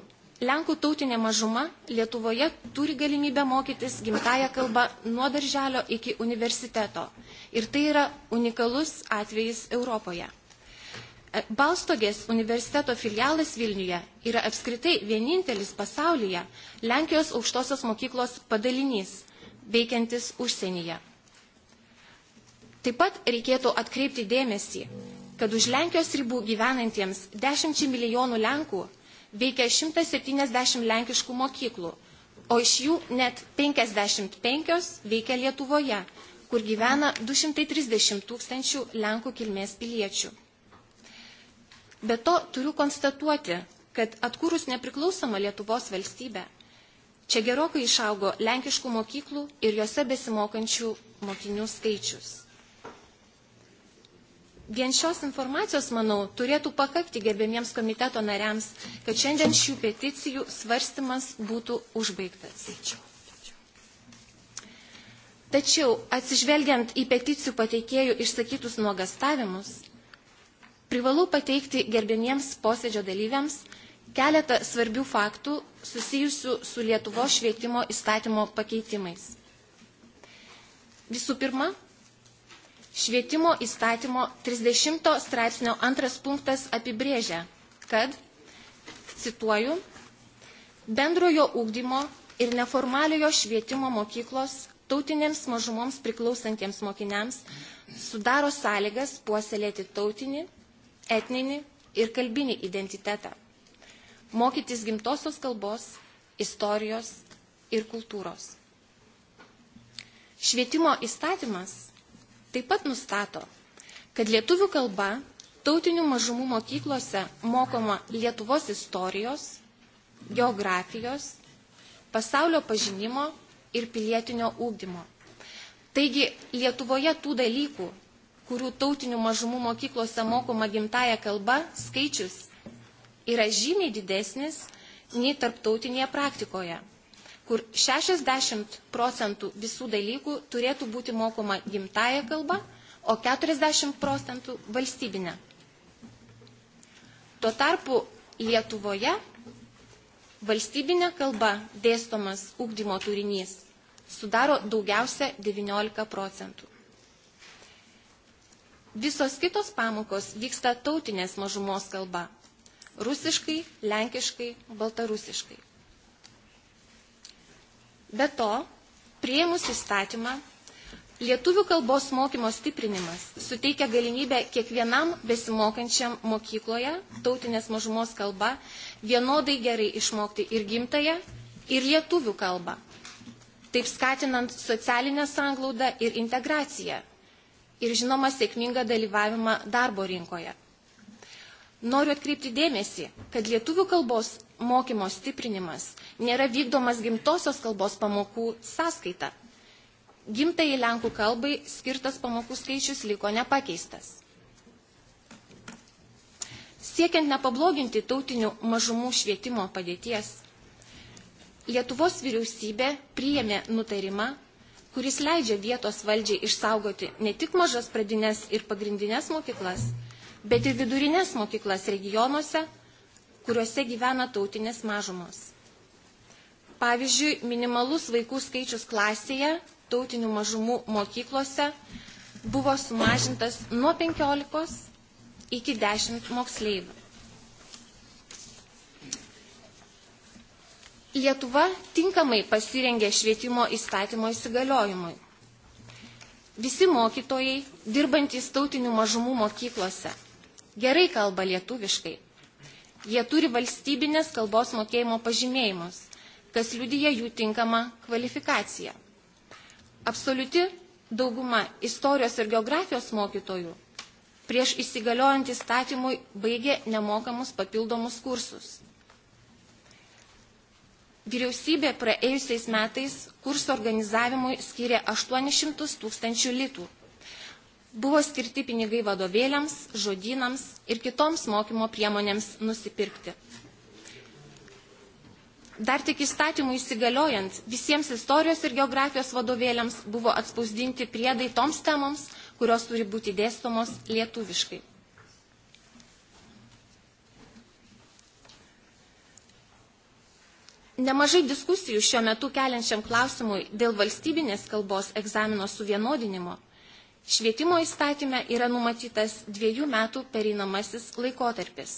Lenkų tautinė mažuma Lietuvoje turi galimybę mokytis gimtają kalbą nuo darželio iki universiteto. Ir tai yra unikalus atvejis Europoje. E, Balstogės universiteto filialas Vilniuje yra apskritai vienintelis pasaulyje Lenkijos aukštosios mokyklos padalinys, veikiantis užsienyje. Taip pat reikėtų atkreipti dėmesį, kad už Lenkijos ribų gyvenantiems 10 milijonų Lenkų veikia 170 lenkiškų mokyklų, o iš jų net 55 veikia Lietuvoje, kur gyvena 230 tūkstančių Lenkų kilmės piliečių. Be to turiu konstatuoti, kad atkūrus nepriklausomą Lietuvos valstybę, čia gerokai išaugo lenkiškų mokyklų ir juose besimokančių mokinių skaičius. Vien šios informacijos, manau, turėtų pakakti gerbėmiems komiteto nariams, kad šiandien šių peticijų svarstymas būtų užbaigtas. Tačiau, atsižvelgiant į peticijų pateikėjų išsakytus nuogastavimus, privalau pateikti gerbėmiems posėdžio dalyviams keletą svarbių faktų susijusių su Lietuvo švietimo įstatymo pakeitimais. Visų pirma, švietimo įstatymo 30 straipsnio antras punktas apibrėžia, kad, cituoju, bendrojo ūkdymo ir neformaliojo švietimo mokyklos tautinėms mažumoms priklausantiems mokiniams sudaro sąlygas puoselėti tautinį etninį ir kalbinį identitetą, mokytis gimtosios kalbos, istorijos ir kultūros. Švietimo įstatymas taip pat nustato, kad lietuvių kalba tautinių mažumų mokyklose mokoma Lietuvos istorijos, geografijos, pasaulio pažinimo ir pilietinio ūkdymo. Taigi Lietuvoje tų dalykų kurių tautinių mažumų mokyklose mokoma gimtaja kalba, skaičius yra žymiai didesnis nei tarptautinėje praktikoje, kur 60 procentų visų dalykų turėtų būti mokoma gimtaja kalba, o 40 procentų valstybinė. Tuo tarpu Lietuvoje valstybinė kalba dėstomas ūkdymo turinys sudaro daugiausia 19 procentų. Visos kitos pamokos vyksta tautinės mažumos kalba – rusiškai, lenkiškai, baltarusiškai. Be to, prieimus įstatymą, lietuvių kalbos mokymo stiprinimas suteikia galimybę kiekvienam besimokančiam mokykloje tautinės mažumos kalba vienodai gerai išmokti ir gimtają, ir lietuvių kalbą, taip skatinant socialinę sanglaudą ir integraciją ir žinoma sėkmingą dalyvavimą darbo rinkoje. Noriu atkreipti dėmesį, kad lietuvių kalbos mokymo stiprinimas nėra vykdomas gimtosios kalbos pamokų sąskaita. Gimtai lenkų kalbai skirtas pamokų skaičius liko nepakeistas. Siekiant nepabloginti tautinių mažumų švietimo padėties, Lietuvos vyriausybė priėmė nutarimą kuris leidžia vietos valdžiai išsaugoti ne tik mažas pradinės ir pagrindinės mokyklas, bet ir vidurinės mokyklas regionuose, kuriuose gyvena tautinės mažumos. Pavyzdžiui, minimalus vaikų skaičius klasėje tautinių mažumų mokyklose buvo sumažintas nuo 15 iki 10 moksleivių. Lietuva tinkamai pasirengė švietimo įstatymo įsigaliojimui. Visi mokytojai, dirbantys tautinių mažumų mokyklose, gerai kalba lietuviškai. Jie turi valstybinės kalbos mokėjimo pažymėjimus, kas liudyja jų tinkamą kvalifikaciją. Absoliuti dauguma istorijos ir geografijos mokytojų prieš įsigaliojant įstatymui baigė nemokamus papildomus kursus. Vyriausybė praėjusiais metais kurso organizavimui skyrė 800 tūkstančių litų. Buvo skirti pinigai vadovėliams, žodynams ir kitoms mokymo priemonėms nusipirkti. Dar tik įstatymų įsigaliojant, visiems istorijos ir geografijos vadovėliams buvo atspausdinti priedai toms temoms, kurios turi būti dėstomos lietuviškai. nemažai diskusijų šiuo metu keliančiam klausimui dėl valstybinės kalbos egzamino suvienodinimo. Švietimo įstatymė yra numatytas dviejų metų pereinamasis laikotarpis.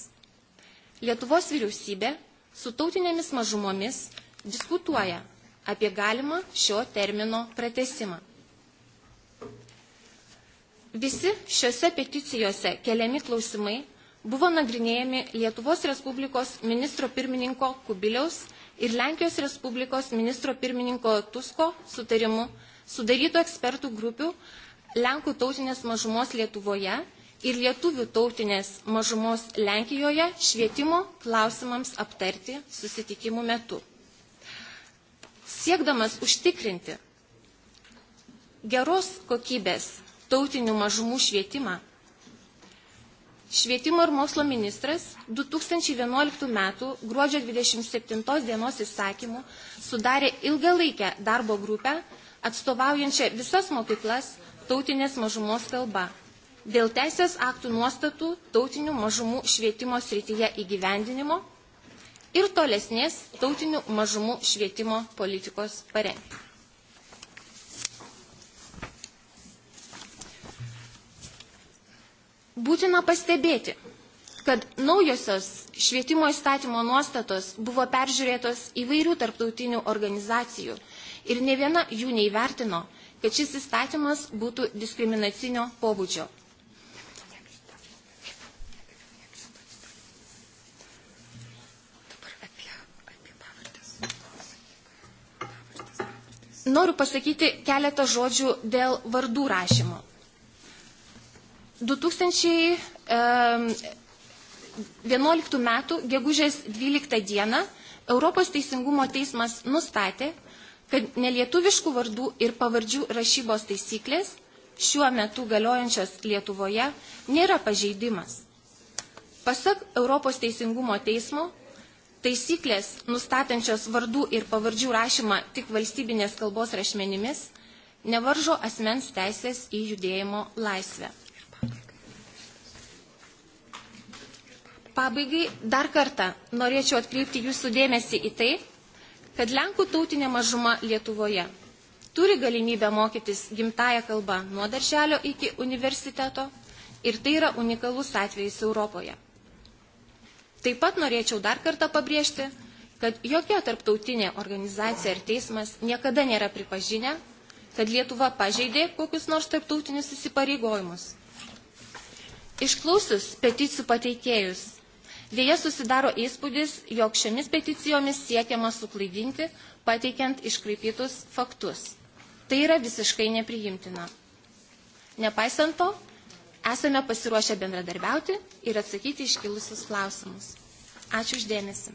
Lietuvos vyriausybė su tautinėmis mažumomis diskutuoja apie galimą šio termino pratesimą. Visi šiuose peticijose keliami klausimai buvo nagrinėjami Lietuvos Respublikos ministro pirmininko Kubiliaus ir Lenkijos Respublikos ministro pirmininko Tusko sutarimu sudarytų ekspertų grupių Lenkų tautinės mažumos Lietuvoje ir lietuvių tautinės mažumos Lenkijoje švietimo klausimams aptarti susitikimų metu. Siekdamas užtikrinti geros kokybės tautinių mažumų švietimą, Švietimo ir mokslo ministras 2011 m. gruodžio 27 dienos įsakymu sudarė ilgalaikę darbo grupę, atstovaujančią visas mokyklas tautinės mažumos kalba dėl teisės aktų nuostatų tautinių mažumų švietimo srityje įgyvendinimo ir tolesnės tautinių mažumų švietimo politikos parengti. Būtina pastebėti, kad naujosios švietimo įstatymo nuostatos buvo peržiūrėtos įvairių tarptautinių organizacijų ir ne viena jų neįvertino, kad šis įstatymas būtų diskriminacinio pobūdžio. Noriu pasakyti keletą žodžių dėl vardų rašymo. 2011 m. gegužės 12 d. Europos Teisingumo teismas nustatė, kad nelietuviškų vardų ir pavardžių rašybos taisyklės šiuo metu galiojančios Lietuvoje nėra pažeidimas. Pasak Europos Teisingumo teismo, taisyklės nustatančios vardų ir pavardžių rašymą tik valstybinės kalbos rašmenimis nevaržo asmens teisės į judėjimo laisvę. Pabaigai dar kartą norėčiau atkreipti jūsų dėmesį į tai, kad Lenkų tautinė mažuma Lietuvoje turi galimybę mokytis gimtają kalbą nuo darželio iki universiteto ir tai yra unikalus atvejis Europoje. Taip pat norėčiau dar kartą pabrėžti, kad jokia tarptautinė organizacija ar teismas niekada nėra pripažinę, kad Lietuva pažeidė kokius nors tarptautinius įsipareigojimus. Išklausus peticijų pateikėjus Dėja susidaro įspūdis, jog šiomis peticijomis siekiama suklaidinti, pateikiant iškreipytus faktus. Tai yra visiškai nepriimtina. Nepaisant to, esame pasiruošę bendradarbiauti ir atsakyti iškilusius klausimus. Ačiū uždėmesi.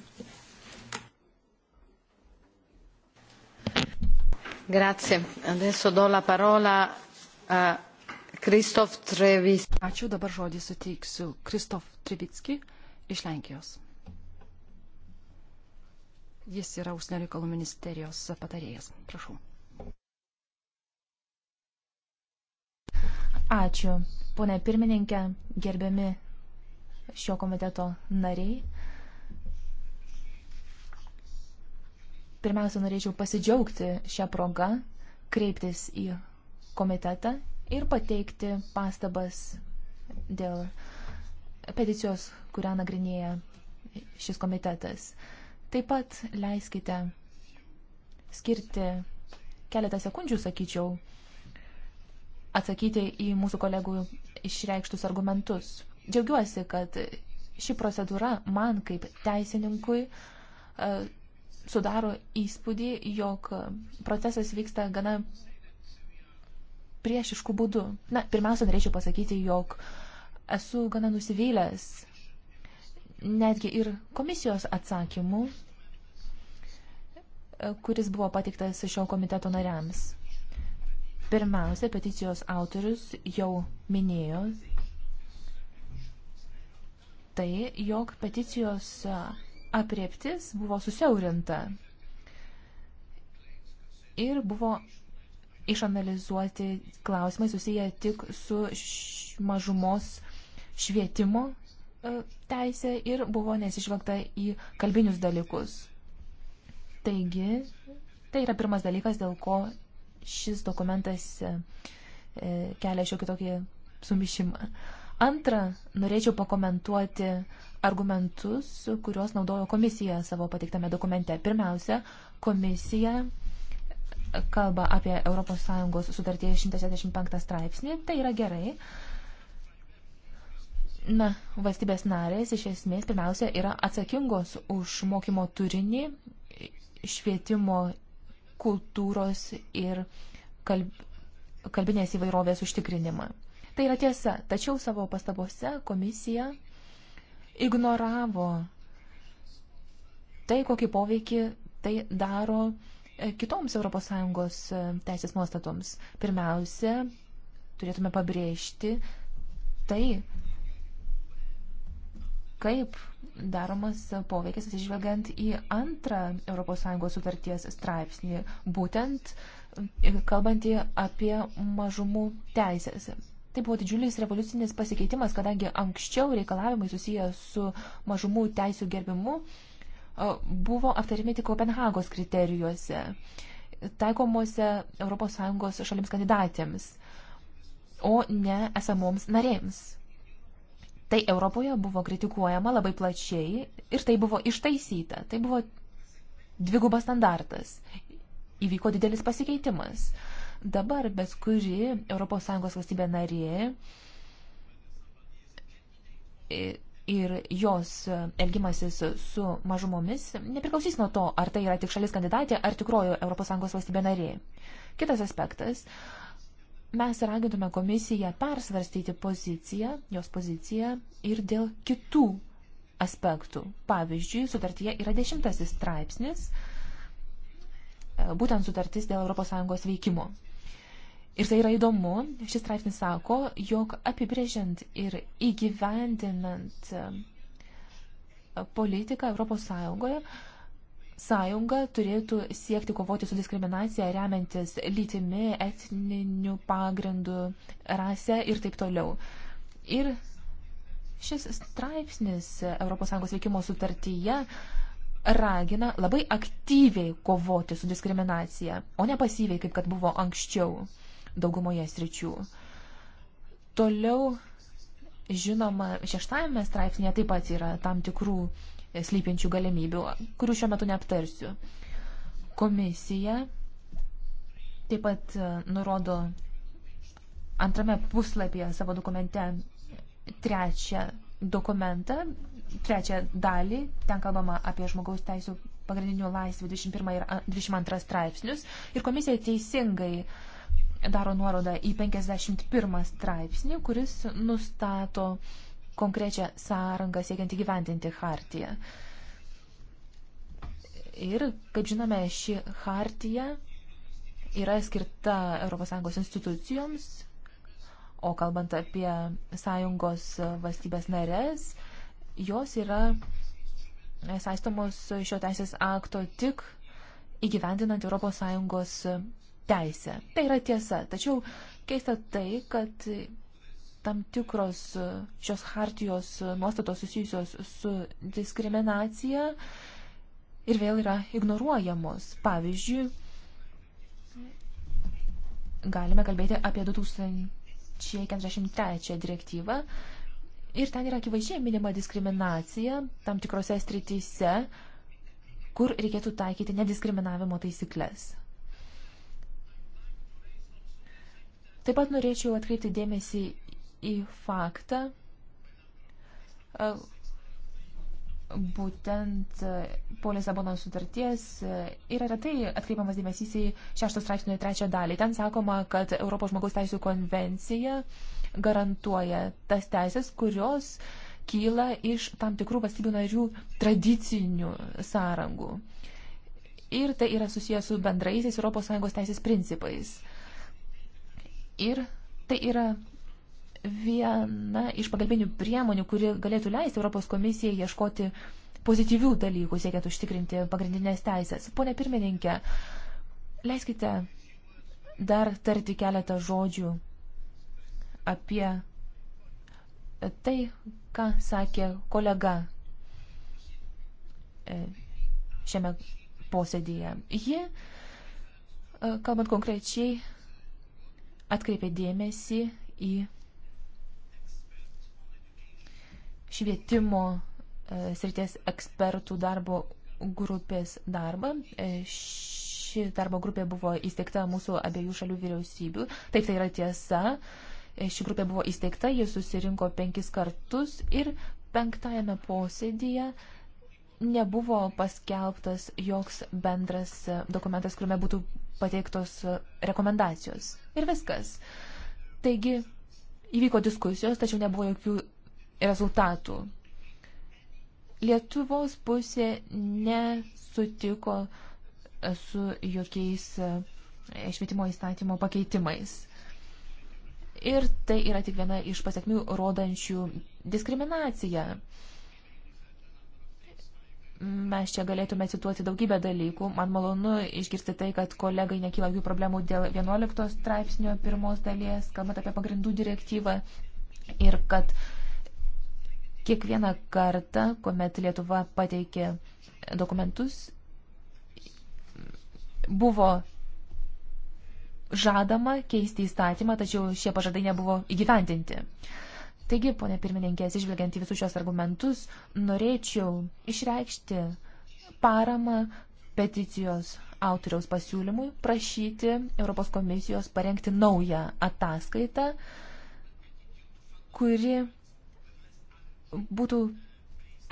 Grazie. Adesso do la parola a Kristof Trevis. Ačiū, dabar žodį suteiksiu Kristof Trevitski, iš Lenkijos. Jis yra užsienio reikalų ministerijos patarėjas. Prašau. Ačiū. Pone pirmininkė, gerbiami šio komiteto nariai. Pirmiausia, norėčiau pasidžiaugti šią progą, kreiptis į komitetą ir pateikti pastabas dėl uh, peticijos, kurią nagrinėja šis komitetas. Taip pat leiskite skirti keletą sekundžių, sakyčiau, atsakyti į mūsų kolegų išreikštus argumentus. Džiaugiuosi, kad ši procedūra man kaip teisininkui e, sudaro įspūdį, jog procesas vyksta gana priešiškų būdų. Na, pirmiausia, norėčiau pasakyti, jog uh, esu gana nusivylęs netgi ir komisijos atsakymu, kuris buvo patiktas šio komiteto nariams. Pirmiausia, peticijos autorius jau minėjo tai, jog peticijos apriektis buvo susiaurinta ir buvo išanalizuoti klausimai susiję tik su mažumos švietimo e, teisę ir buvo nesižvelgta į kalbinius dalykus. Taigi, tai yra pirmas dalykas, dėl ko šis dokumentas e, e, kelia šiokį tokį sumišimą. Antra, norėčiau pakomentuoti argumentus, kuriuos naudojo komisija savo pateiktame dokumente. Pirmiausia, komisija kalba apie ES sutarties 165 straipsnį, tai yra gerai, Na, valstybės narės iš esmės pirmiausia yra atsakingos už mokymo turinį, švietimo kultūros ir kalb... kalbinės įvairovės užtikrinimą. Tai yra tiesa, tačiau savo pastabose komisija ignoravo tai, kokį poveikį tai daro e, kitoms ES e, teisės nuostatoms. Pirmiausia, turėtume pabrėžti tai, kaip daromas poveikis atsižvelgiant į antrą ES sutarties straipsnį, būtent e, kalbantį apie mažumų teisės. Tai buvo didžiulis revoliucinis pasikeitimas, kadangi anksčiau reikalavimai susiję su mažumų teisų gerbimu e, buvo aptarimi tik Kopenhagos kriterijuose, taikomuose ES šalims kandidatėms, o ne esamoms narėms. Tai Europoje buvo kritikuojama labai plačiai ir tai buvo ištaisyta. Tai buvo dvigubas standartas. Įvyko didelis pasikeitimas. Dabar bet kuri ES valstybė narė ir jos elgimasis su mažumomis nepriklausys nuo to, ar tai yra tik šalis kandidatė, ar tikrojo ES valstybė narė. Kitas aspektas mes ragintume komisiją persvarstyti poziciją, jos poziciją ir dėl kitų aspektų. Pavyzdžiui, sutartyje yra dešimtasis straipsnis, e, būtent sutartis dėl ES veikimo. Ir tai yra įdomu, šis straipsnis sako, jog apibrėžiant ir įgyvendinant e, politiką ES, sąjunga turėtų siekti kovoti su diskriminacija remiantis lytimi, etniniu pagrindu, rase ir taip toliau. Ir šis straipsnis ES veikimo sutartyje ragina labai aktyviai kovoti su diskriminacija, o ne pasyviai, kaip kad buvo anksčiau daugumoje sričių. Toliau, žinoma, šeštajame straipsnėje taip pat yra tam tikrų uh, slypinčių galimybių, kurių šiuo metu neaptarsiu. Komisija taip pat e, nurodo antrame puslapyje savo dokumente trečią dokumentą, trečią dalį, ten kalbama apie žmogaus teisų pagrindinių laisvių 21 ir 22 straipsnius ir komisija teisingai daro nuorodą į 51 straipsnį, kuris nustato uh, konkrečią sąrangą siekiant įgyvendinti hartiją. Ir, kaip žinome, ši hartija yra skirta ES institucijoms, o kalbant apie sąjungos valstybės narės, jos yra saistomos šio teisės akto tik įgyvendinant ES teisę. Tai yra tiesa. Tačiau keista tai, kad tam tikros e, šios hartijos e, nuostatos susijusios su diskriminacija ir vėl yra ignoruojamos. Pavyzdžiui, galime kalbėti apie 2043 direktyvą ir ten yra akivaizdžiai minima diskriminacija tam tikrose strityse, kur reikėtų taikyti nediskriminavimo taisyklės. Taip pat norėčiau atkreipti dėmesį į faktą, būtent po Lisabonos sutarties yra retai atkreipiamas dėmesys į šešto straipsnio trečią dalį. Ten sakoma, kad Europos žmogaus teisų konvencija garantuoja tas teisės, kurios kyla iš tam tikrų valstybių narių tradicinių sąrangų. Ir tai yra susijęs su bendraisiais ES teisės principais. Ir tai yra viena iš pagalbinių priemonių, kuri galėtų leisti Europos komisijai ieškoti pozityvių dalykų, siekiant užtikrinti pagrindinės teisės. Pone pirmininkė, leiskite dar tarti keletą žodžių apie tai, ką sakė kolega e, šiame posėdėje. Ji, e, kalbant konkrečiai, atkreipė dėmesį į švietimo e, srities ekspertų darbo grupės darbą. E, ši darbo grupė buvo įsteigta mūsų abiejų šalių vyriausybių. Taip tai yra tiesa. E, ši grupė buvo įsteigta, jis susirinko penkis kartus ir penktajame posėdėje nebuvo paskelbtas joks bendras dokumentas, kuriame būtų pateiktos rekomendacijos. Ir viskas. Taigi įvyko diskusijos, tačiau nebuvo jokių rezultatų. Lietuvos pusė nesutiko e, su jokiais e, švietimo įstatymo pakeitimais. Ir tai yra tik viena iš pasiekmių rodančių diskriminaciją. Mes čia galėtume cituoti daugybę dalykų. Man malonu išgirsti tai, kad kolegai nekyla jų problemų dėl 11 straipsnio pirmos dalies, kalbant apie pagrindų direktyvą ir kad uh, Kiekvieną kartą, kuomet Lietuva pateikė dokumentus, buvo žadama keisti įstatymą, tačiau šie pažadai nebuvo įgyvendinti. Taigi, ponė pirmininkė, išvelgiant į visus šios argumentus, norėčiau išreikšti paramą peticijos autoriaus pasiūlymui prašyti Europos komisijos parengti naują ataskaitą, kuri būtų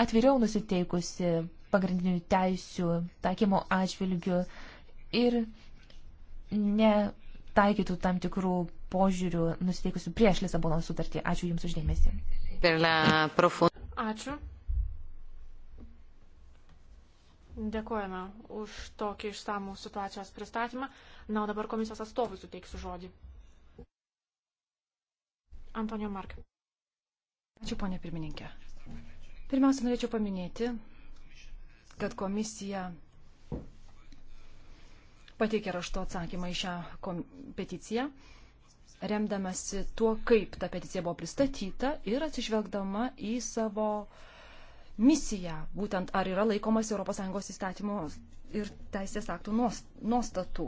atviriau nusiteikusi pagrindinių teisių taikymo atžvilgių ir netaikytų tam tikrų požiūrių nusiteikusių prieš Lisabono sutartį. Ačiū Jums uždėmesi. Ačiū. Dėkojame už tokį išsamų situacijos pristatymą. Na, o dabar komisijos atstovui suteiksiu žodį. Antonio Mark. Ačiū, ponė pirmininkė. Pirmiausia, norėčiau paminėti, kad komisija pateikė raštu atsakymą į šią peticiją, remdamasi tuo, kaip ta peticija buvo pristatyta ir atsižvelgdama į savo misiją, būtent ar yra laikomas ES įstatymo ir teisės aktų nuostatų.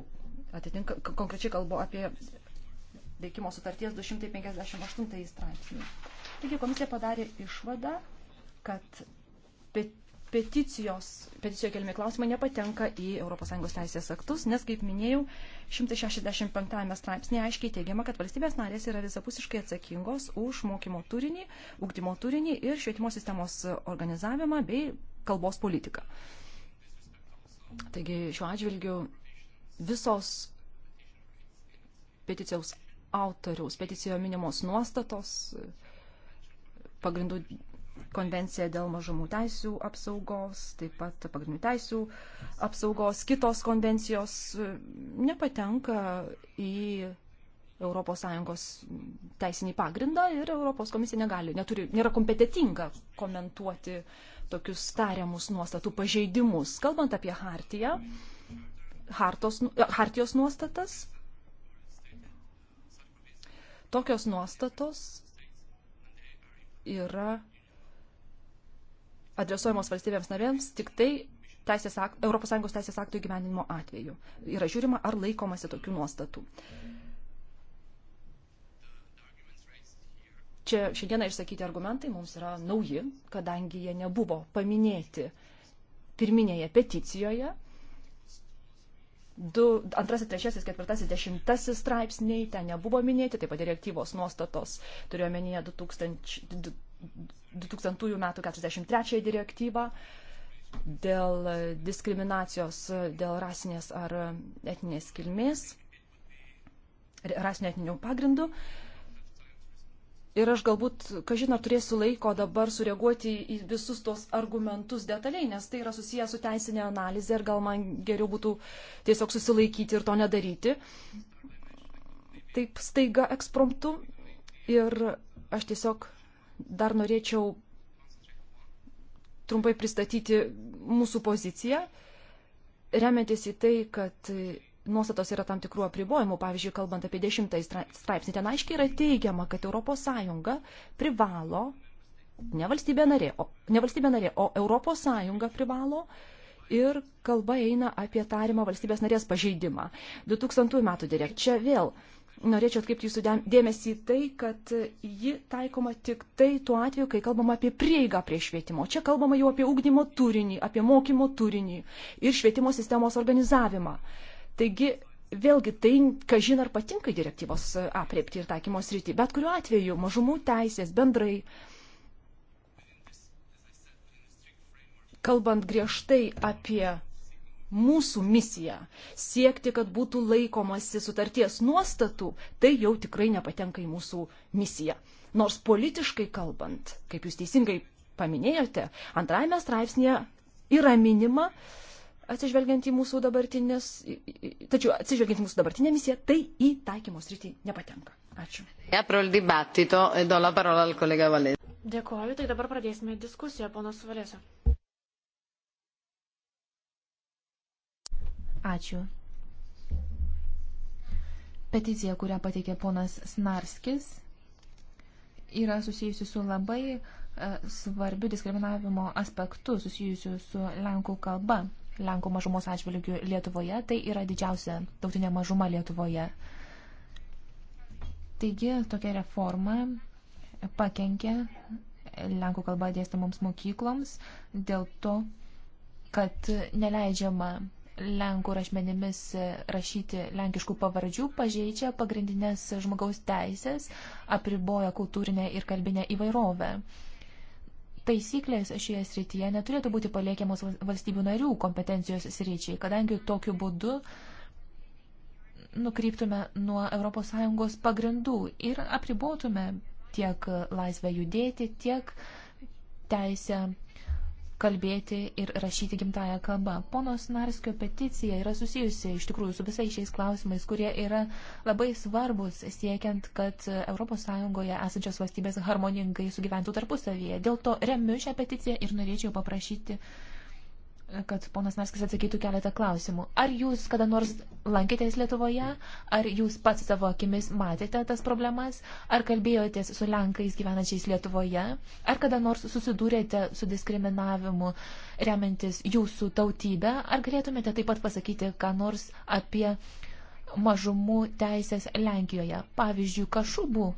Atitinka, konkrečiai kalbu apie veikimo sutarties 258 straipsnį. Taigi komisija padarė išvadą, kad peticijos, peticijoje keliami klausimai nepatenka į ES teisės aktus, nes, kaip minėjau, 165 straipsnėje aiškiai teigiama, kad valstybės narės yra visapusiškai atsakingos už mokymo turinį, ūkdymo turinį ir švietimo sistemos organizavimą bei kalbos politiką. Taigi šiuo atžvilgiu visos peticijos autoriaus peticijoje minimos nuostatos, pagrindų konvencija dėl mažumų teisų apsaugos, taip pat pagrindinių teisų apsaugos, kitos konvencijos e, nepatenka į ES teisinį pagrindą ir ES komisija negali, neturi, nėra kompetitinga komentuoti tokius tariamus nuostatų pažeidimus. Kalbant apie hartiją, hartos, hartijos nuostatas, tokios nuostatos yra adresuojamos valstybėms narėms tik tai teisės ak, ES teisės aktų įgyvendinimo atveju. Yra žiūrima, ar laikomasi tokių nuostatų. Čia šiandieną išsakyti argumentai mums yra nauji, kadangi jie nebuvo paminėti pirminėje peticijoje, du, antrasis, trečiasis, ketvirtasis, dešimtasis straipsniai ten nebuvo minėti, taip pat direktyvos nuostatos turiu omenyje 2000, 2000 metų 43 direktyvą dėl diskriminacijos dėl rasinės ar etinės kilmės, rasinio etinių pagrindų. Uh, Ir aš galbūt, kažina, turėsiu laiko dabar sureaguoti į visus tos argumentus detaliai, nes tai yra susiję su teisinė analizė ir gal man geriau būtų tiesiog susilaikyti ir to nedaryti. Taip staiga ekspromptu. Ir aš tiesiog dar norėčiau trumpai pristatyti mūsų poziciją, remiantis į tai, kad nuostatos yra tam tikrų apribojimų, pavyzdžiui, kalbant apie dešimtąjį straipsnį, ten aiškiai yra teigiama, kad ES privalo, ne valstybė narė, o, ne valstybė narė, o ES privalo ir kalba eina apie tarimą valstybės narės pažeidimą. 2000 metų direkt. Čia vėl norėčiau atkreipti jūsų dėmesį į tai, kad ji taikoma tik tai tuo atveju, kai kalbama apie prieigą prie švietimo. Čia kalbama jau apie ugdymo turinį, apie mokymo turinį ir švietimo sistemos organizavimą. Taigi, vėlgi, tai, kažin ar patinka direktyvos e, apriepti ir taikymos rytį, bet kuriuo atveju mažumų teisės bendrai, kalbant griežtai apie mūsų misiją siekti, kad būtų laikomasi sutarties nuostatų, tai jau tikrai nepatenka į mūsų misiją. Nors politiškai kalbant, kaip jūs teisingai paminėjote, antrajame straipsnėje yra minima, uh, atsižvelgiant į mūsų dabartinės, tačiau atsižvelgiant į mūsų dabartinę misiją, tai į taikymo sritį nepatenka. Ačiū. E Dėkuoju, tai dabar pradėsime diskusiją, ponas Valėsa. Ačiū. Peticija, kurią pateikė ponas Snarskis, yra susijusi su labai e, svarbiu diskriminavimo aspektu susijusiu su lenkų kalba. Lenkų mažumos atžvilgių Lietuvoje, tai yra didžiausia tautinė mažuma Lietuvoje. Taigi tokia reforma pakenkė Lenkų kalba dėstamoms mokykloms dėl to, kad neleidžiama Lenkų rašmenimis rašyti lenkiškų pavardžių, pažeidžia pagrindinės žmogaus teisės, apriboja kultūrinę ir kalbinę įvairovę taisyklės šioje srityje neturėtų būti paliekiamos valstybių narių kompetencijos sričiai, kadangi tokiu būdu nukryptume nuo ES pagrindų ir apribotume tiek laisvę judėti, tiek teisę kalbėti ir rašyti gimtają kalbą. Ponos Narskio peticija yra susijusi iš tikrųjų su visais šiais klausimais, kurie yra labai svarbus siekiant, kad ES esančios valstybės harmoningai sugyventų tarpusavyje. Dėl to remiu šią peticiją ir norėčiau paprašyti uh, kad ponas Merskis atsakytų keletą klausimų. Ar jūs kada nors lankėtės Lietuvoje, ar jūs pats savo akimis matėte tas problemas, ar kalbėjotės su Lenkais gyvenančiais Lietuvoje, ar kada nors susidūrėte su diskriminavimu remiantis jūsų tautybę, ar galėtumėte taip pat pasakyti, ką nors apie mažumų teisės Lenkijoje, pavyzdžiui, kašubų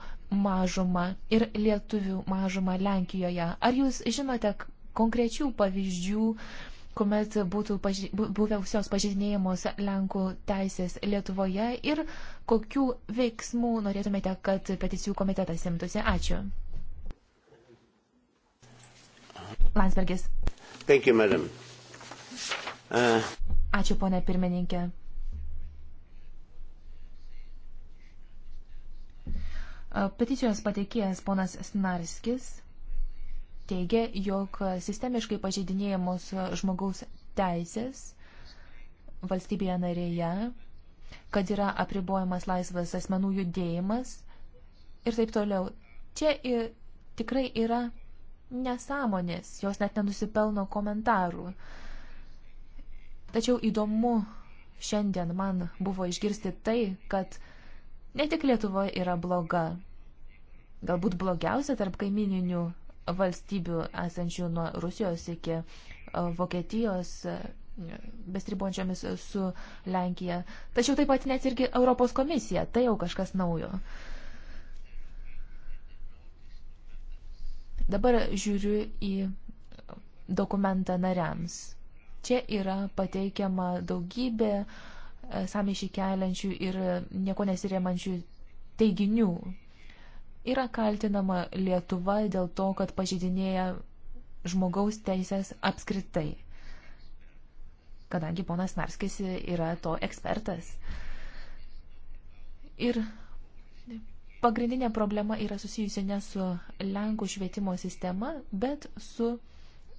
mažumą ir lietuvių mažumą Lenkijoje. Ar jūs žinote konkrečių pavyzdžių, uh, kuomet būtų paži... buvusios pažydinėjimos Lenkų teisės Lietuvoje ir kokių veiksmų norėtumėte, kad peticijų komitetas imtųsi. Ačiū. Landsbergis. Thank you, madam. Uh... Ačiū, ponė pirmininkė. Peticijos pateikėjas ponas Snarskis teigia, jog sistemiškai pažeidinėjamos žmogaus teisės valstybėje narėje, kad yra apribojamas laisvas asmenų judėjimas ir taip toliau. Čia ir, tikrai yra nesąmonės, jos net nenusipelno komentarų. Tačiau įdomu šiandien man buvo išgirsti tai, kad ne tik Lietuva yra bloga, galbūt blogiausia tarp kaimininių valstybių esančių nuo Rusijos iki e, Vokietijos e, bestribuojančiomis su Lenkija. Tačiau taip pat net irgi Europos komisija. Tai jau kažkas naujo. Dabar žiūriu į dokumentą nariams. Čia yra pateikiama daugybė e, samišį keliančių ir nieko nesirėmančių teiginių Yra kaltinama Lietuva dėl to, kad pažydinėja žmogaus teisės apskritai, kadangi ponas Narskis yra to ekspertas. Ir pagrindinė problema yra susijusi ne su Lenkų švietimo sistema, bet su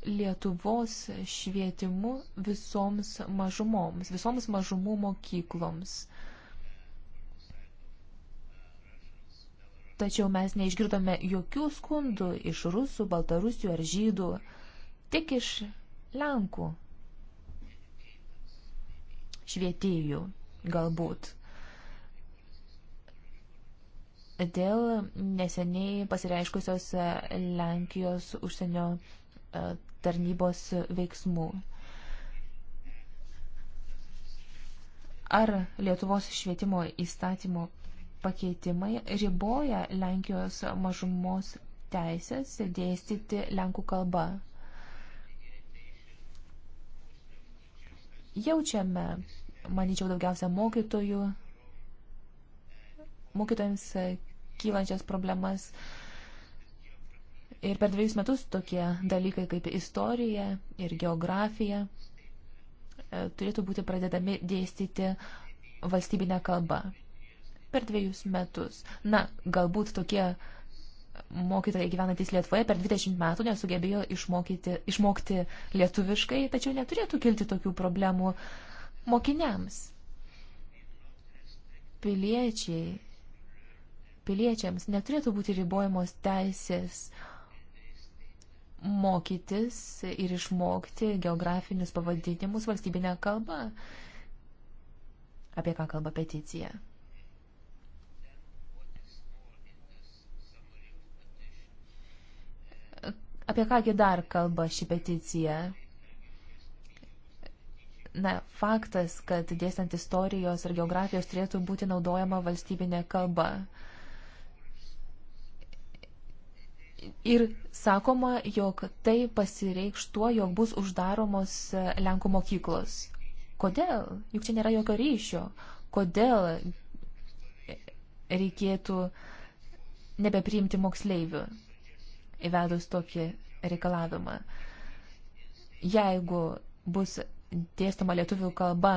Lietuvos švietimu visoms mažumoms, visoms mažumų mokykloms. Tačiau mes neišgirdome jokių skundų iš rusų, baltarusių ar žydų, tik iš lenkų švietėjų galbūt. Dėl neseniai pasireiškusios Lenkijos užsienio e, tarnybos veiksmų. Ar Lietuvos švietimo įstatymo pakeitimai riboja Lenkijos mažumos teisės dėstyti Lenkų kalbą. Jaučiame, manyčiau, daugiausia mokytojų, mokytojams kylančias problemas. Ir per dviejus metus tokie dalykai kaip istorija ir geografija e, turėtų būti pradedami dėstyti valstybinę kalbą per dviejus metus. Na, galbūt tokie mokytojai gyvenantis Lietuvoje per 20 metų nesugebėjo išmokyti, išmokti lietuviškai, tačiau neturėtų kilti tokių problemų mokiniams. Piliečiai, piliečiams neturėtų būti ribojamos teisės mokytis ir išmokti geografinius pavadinimus valstybinę kalbą, apie ką kalba peticija. Apie kągi dar kalba ši peticija? Na, faktas, kad dėstant istorijos ir geografijos turėtų būti naudojama valstybinė kalba. Ir sakoma, jog tai pasireikš tuo, jog bus uždaromos Lenkų mokyklos. Kodėl? Juk čia nėra jokio ryšio. Kodėl reikėtų nebepriimti moksleivių? įvedus tokį reikalavimą. Jeigu bus dėstama lietuvių kalba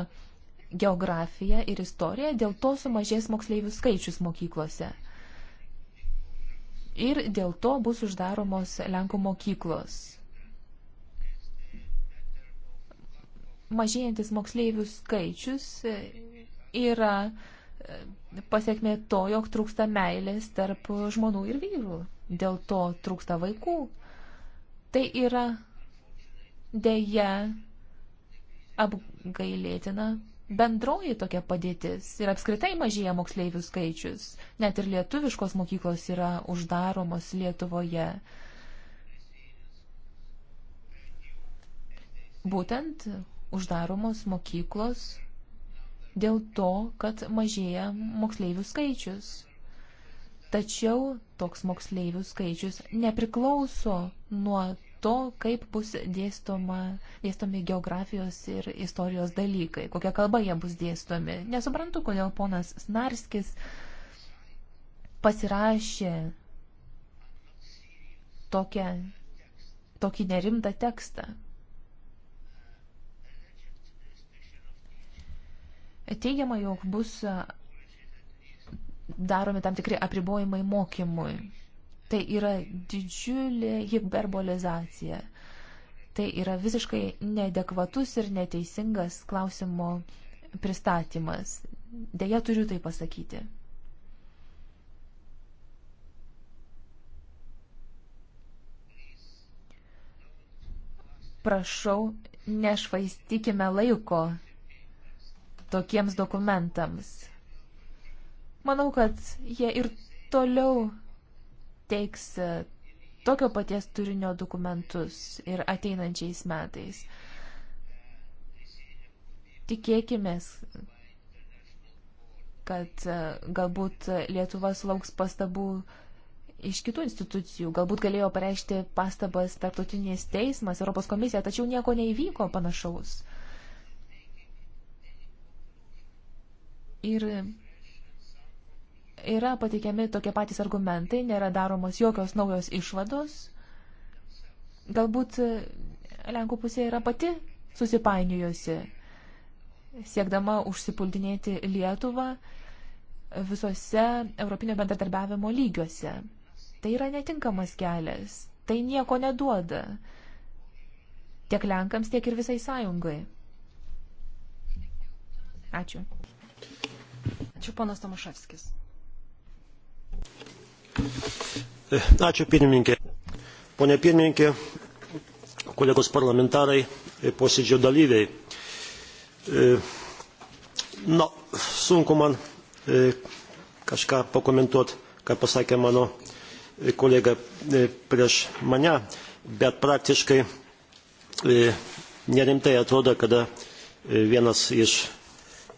geografija ir istorija, dėl to sumažės moksleivių skaičius mokyklose. Ir dėl to bus uždaromos Lenkų mokyklos. Mažėjantis moksleivių skaičius yra e, pasiekmė to, jog trūksta meilės tarp žmonų ir vyrų dėl to trūksta vaikų, tai yra dėja apgailėtina bendroji tokia padėtis ir apskritai mažėja moksleivių skaičius. Net ir lietuviškos mokyklos yra uždaromos Lietuvoje. Būtent uždaromos mokyklos dėl to, kad mažėja moksleivių skaičius. Tačiau toks moksleivių skaičius nepriklauso nuo to, kaip bus dėstoma, dėstomi geografijos ir istorijos dalykai, kokia kalba jie bus dėstomi. Nesuprantu, kodėl ponas Snarskis pasirašė tokią, tokį nerimtą tekstą. Teigiama, jog bus daromi tam tikri apribojimai mokymui. Tai yra didžiulė hiperbolizacija. Tai yra visiškai neadekvatus ir neteisingas klausimo pristatymas. Deja, turiu tai pasakyti. Prašau, nešvaistykime laiko tokiems dokumentams Manau, kad jie ir toliau teiks e, tokio paties turinio dokumentus ir ateinančiais metais. Tikėkime, kad e, galbūt Lietuva sulauks pastabų iš kitų institucijų. Galbūt galėjo pareikšti pastabas tarptautinės teismas, Europos komisija, tačiau nieko neįvyko panašaus. Ir yra pateikiami tokie patys argumentai, nėra daromos jokios naujos išvados. Galbūt e, Lenkų pusė yra pati susipainiojusi, siekdama užsipuldinėti Lietuvą visose Europinio bendradarbiavimo lygiuose. Tai yra netinkamas kelias, tai nieko neduoda tiek Lenkams, tiek ir visai sąjungai. Ačiū. Ačiū, ponas Tomaševskis. Ačiū pirmininkė. Pone pirmininkė, kolegos parlamentarai, posėdžio dalyviai. E, na, sunku man e, kažką pakomentuoti, ką pasakė mano e, kolega prieš mane, bet praktiškai nerimtai atrodo, kada vienas iš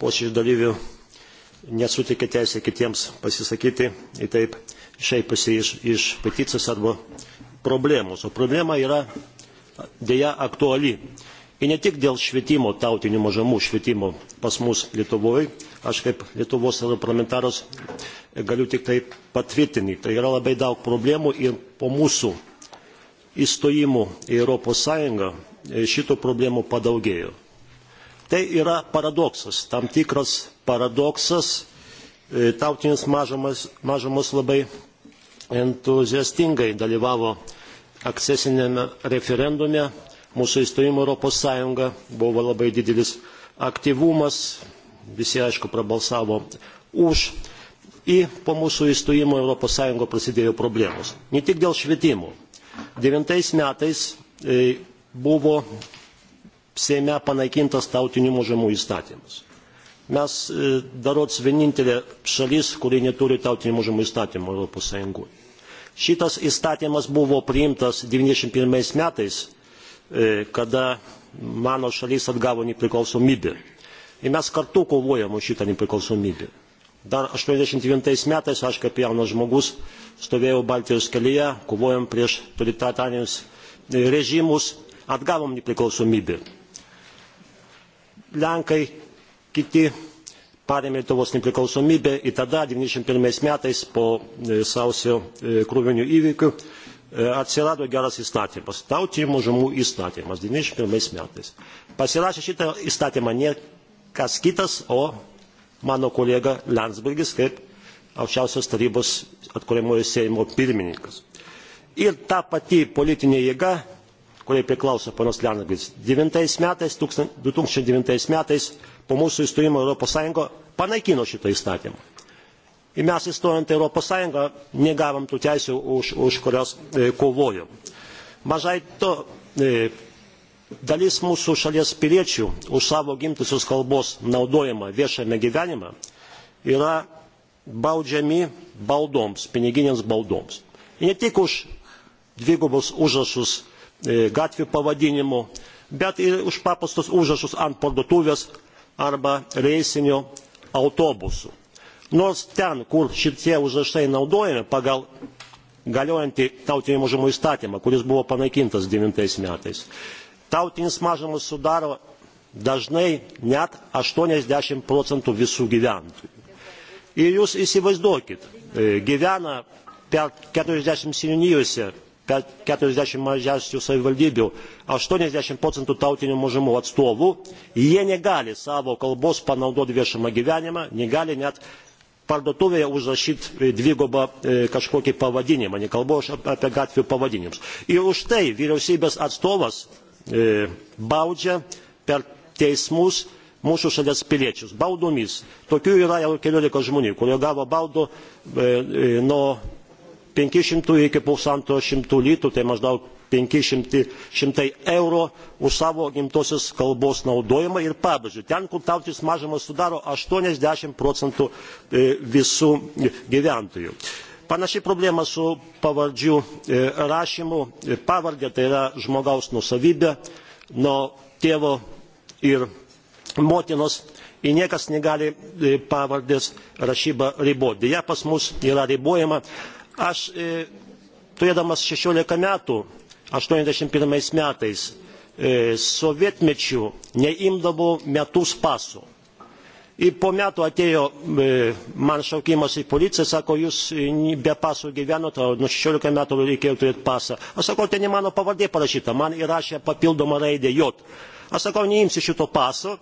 posėdžio dalyvių nesutikė teisę kitiems pasisakyti ir taip šaipasi iš, iš peticijos arba problemos. O problema yra dėja aktuali. Ir ne tik dėl švietimo, tautinių mažamų švietimo pas mus Lietuvoje, aš kaip Lietuvos parlamentaras galiu tik tai patvirtinti, tai yra labai daug problemų ir po mūsų įstojimų į Europos Sąjungą e, šitų problemų padaugėjo. Tai yra paradoksas, tam tikras paradoksas E, tautinės mažumas, mažumus labai entuziastingai dalyvavo akcesinėme referendume, mūsų įstojimo Europos Sąjunga buvo labai didelis aktyvumas, visi aišku prabalsavo už. Ir po mūsų įstojimo Europos Sąjungo prasidėjo problemos. Ne tik dėl švietimo. Devintais metais e, buvo Seime panaikintas tautinių mažumų įstatymas Mes e, darots vienintelė šalis, kuri neturi tautinių mažumų įstatymų Europos Sąjungoje. Šitas įstatymas buvo priimtas 1991 metais, e, kada mano šalis atgavo nepriklausomybę. Ir mes kartu kovojame už šitą nepriklausomybę. Dar 89 metais aš kaip jaunas žmogus stovėjau Baltijos kelyje, kovojom prieš totalitarinius e, režimus, atgavom nepriklausomybę. Lenkai kiti parėmė Lietuvos nepriklausomybę ir tada 1991 metais po e, sausio e, krūvinių įvykių e, atsirado geras įstatymas, tautinių mažumų įstatymas 1991 metais. Pasirašė šitą įstatymą ne kas kitas, o mano kolega Landsbergis kaip aukščiausios tarybos atkuriamojo Seimo pirmininkas. Ir ta pati politinė jėga kuriai priklauso panas Lenagis. 2009 metais, 2009 metais po mūsų įstojimo Europos Sąjungo panaikino šitą įstatymą. Ir mes įstojant į Europos Sąjungą negavom tų teisių, už, už kurias e, kovojom. Mažai to, e, dalis mūsų šalies piliečių už savo gimtusios kalbos naudojimą viešame gyvenime yra baudžiami baudoms, piniginėms baudoms. Ir ne tik už dvigubus užrašus E, gatvių pavadinimų, bet ir už papastus užrašus ant parduotuvės arba reisinių autobusų. Nors ten, kur šitie užrašai naudojami pagal galiojantį tautinių mažumų įstatymą, kuris buvo panaikintas 9 metais, tautinis mažumas sudaro dažnai net 80 procentų visų gyventojų. Ir jūs įsivaizduokit, e, gyvena per 40 seniūnijose 40 mažiausių savivaldybių, 80 procentų tautinių mažumų atstovų, jie negali savo kalbos panaudoti viešamą gyvenimą, negali net parduotuvėje užrašyti e, dvigubą e, kažkokį pavadinimą, nekalbu aš apie gatvių pavadinimus. Ir už tai vyriausybės atstovas e, baudžia per teismus mūsų šalies piliečius baudomis. Tokių yra jau keliolika žmonių, kurie gavo baudų e, e, nuo 500 iki 1,5 litų, tai maždaug 500 eurų už savo gimtosios kalbos naudojimą ir pabrėžiu, ten, kur tautis mažumas sudaro 80 procentų e, visų gyventojų. Panaši problema su pavardžių e, rašymu. E, pavardė tai yra žmogaus nusavybė nuo tėvo ir motinos ir niekas negali pavardės rašybą riboti. Deja, pas mus yra ribojama Aš e, turėdamas 16 metų, 81 metais, e, sovietmečių neimdavau metus pasų. Ir po metų atėjo e, man šaukimas į policiją, sako, jūs be pasų gyvenote, nuo 16 metų reikėjo turėti pasą. Aš sakau, ten tai ne mano pavardė parašyta, man įrašė papildomą raidę J. Aš sakau, neimsiu šito paso,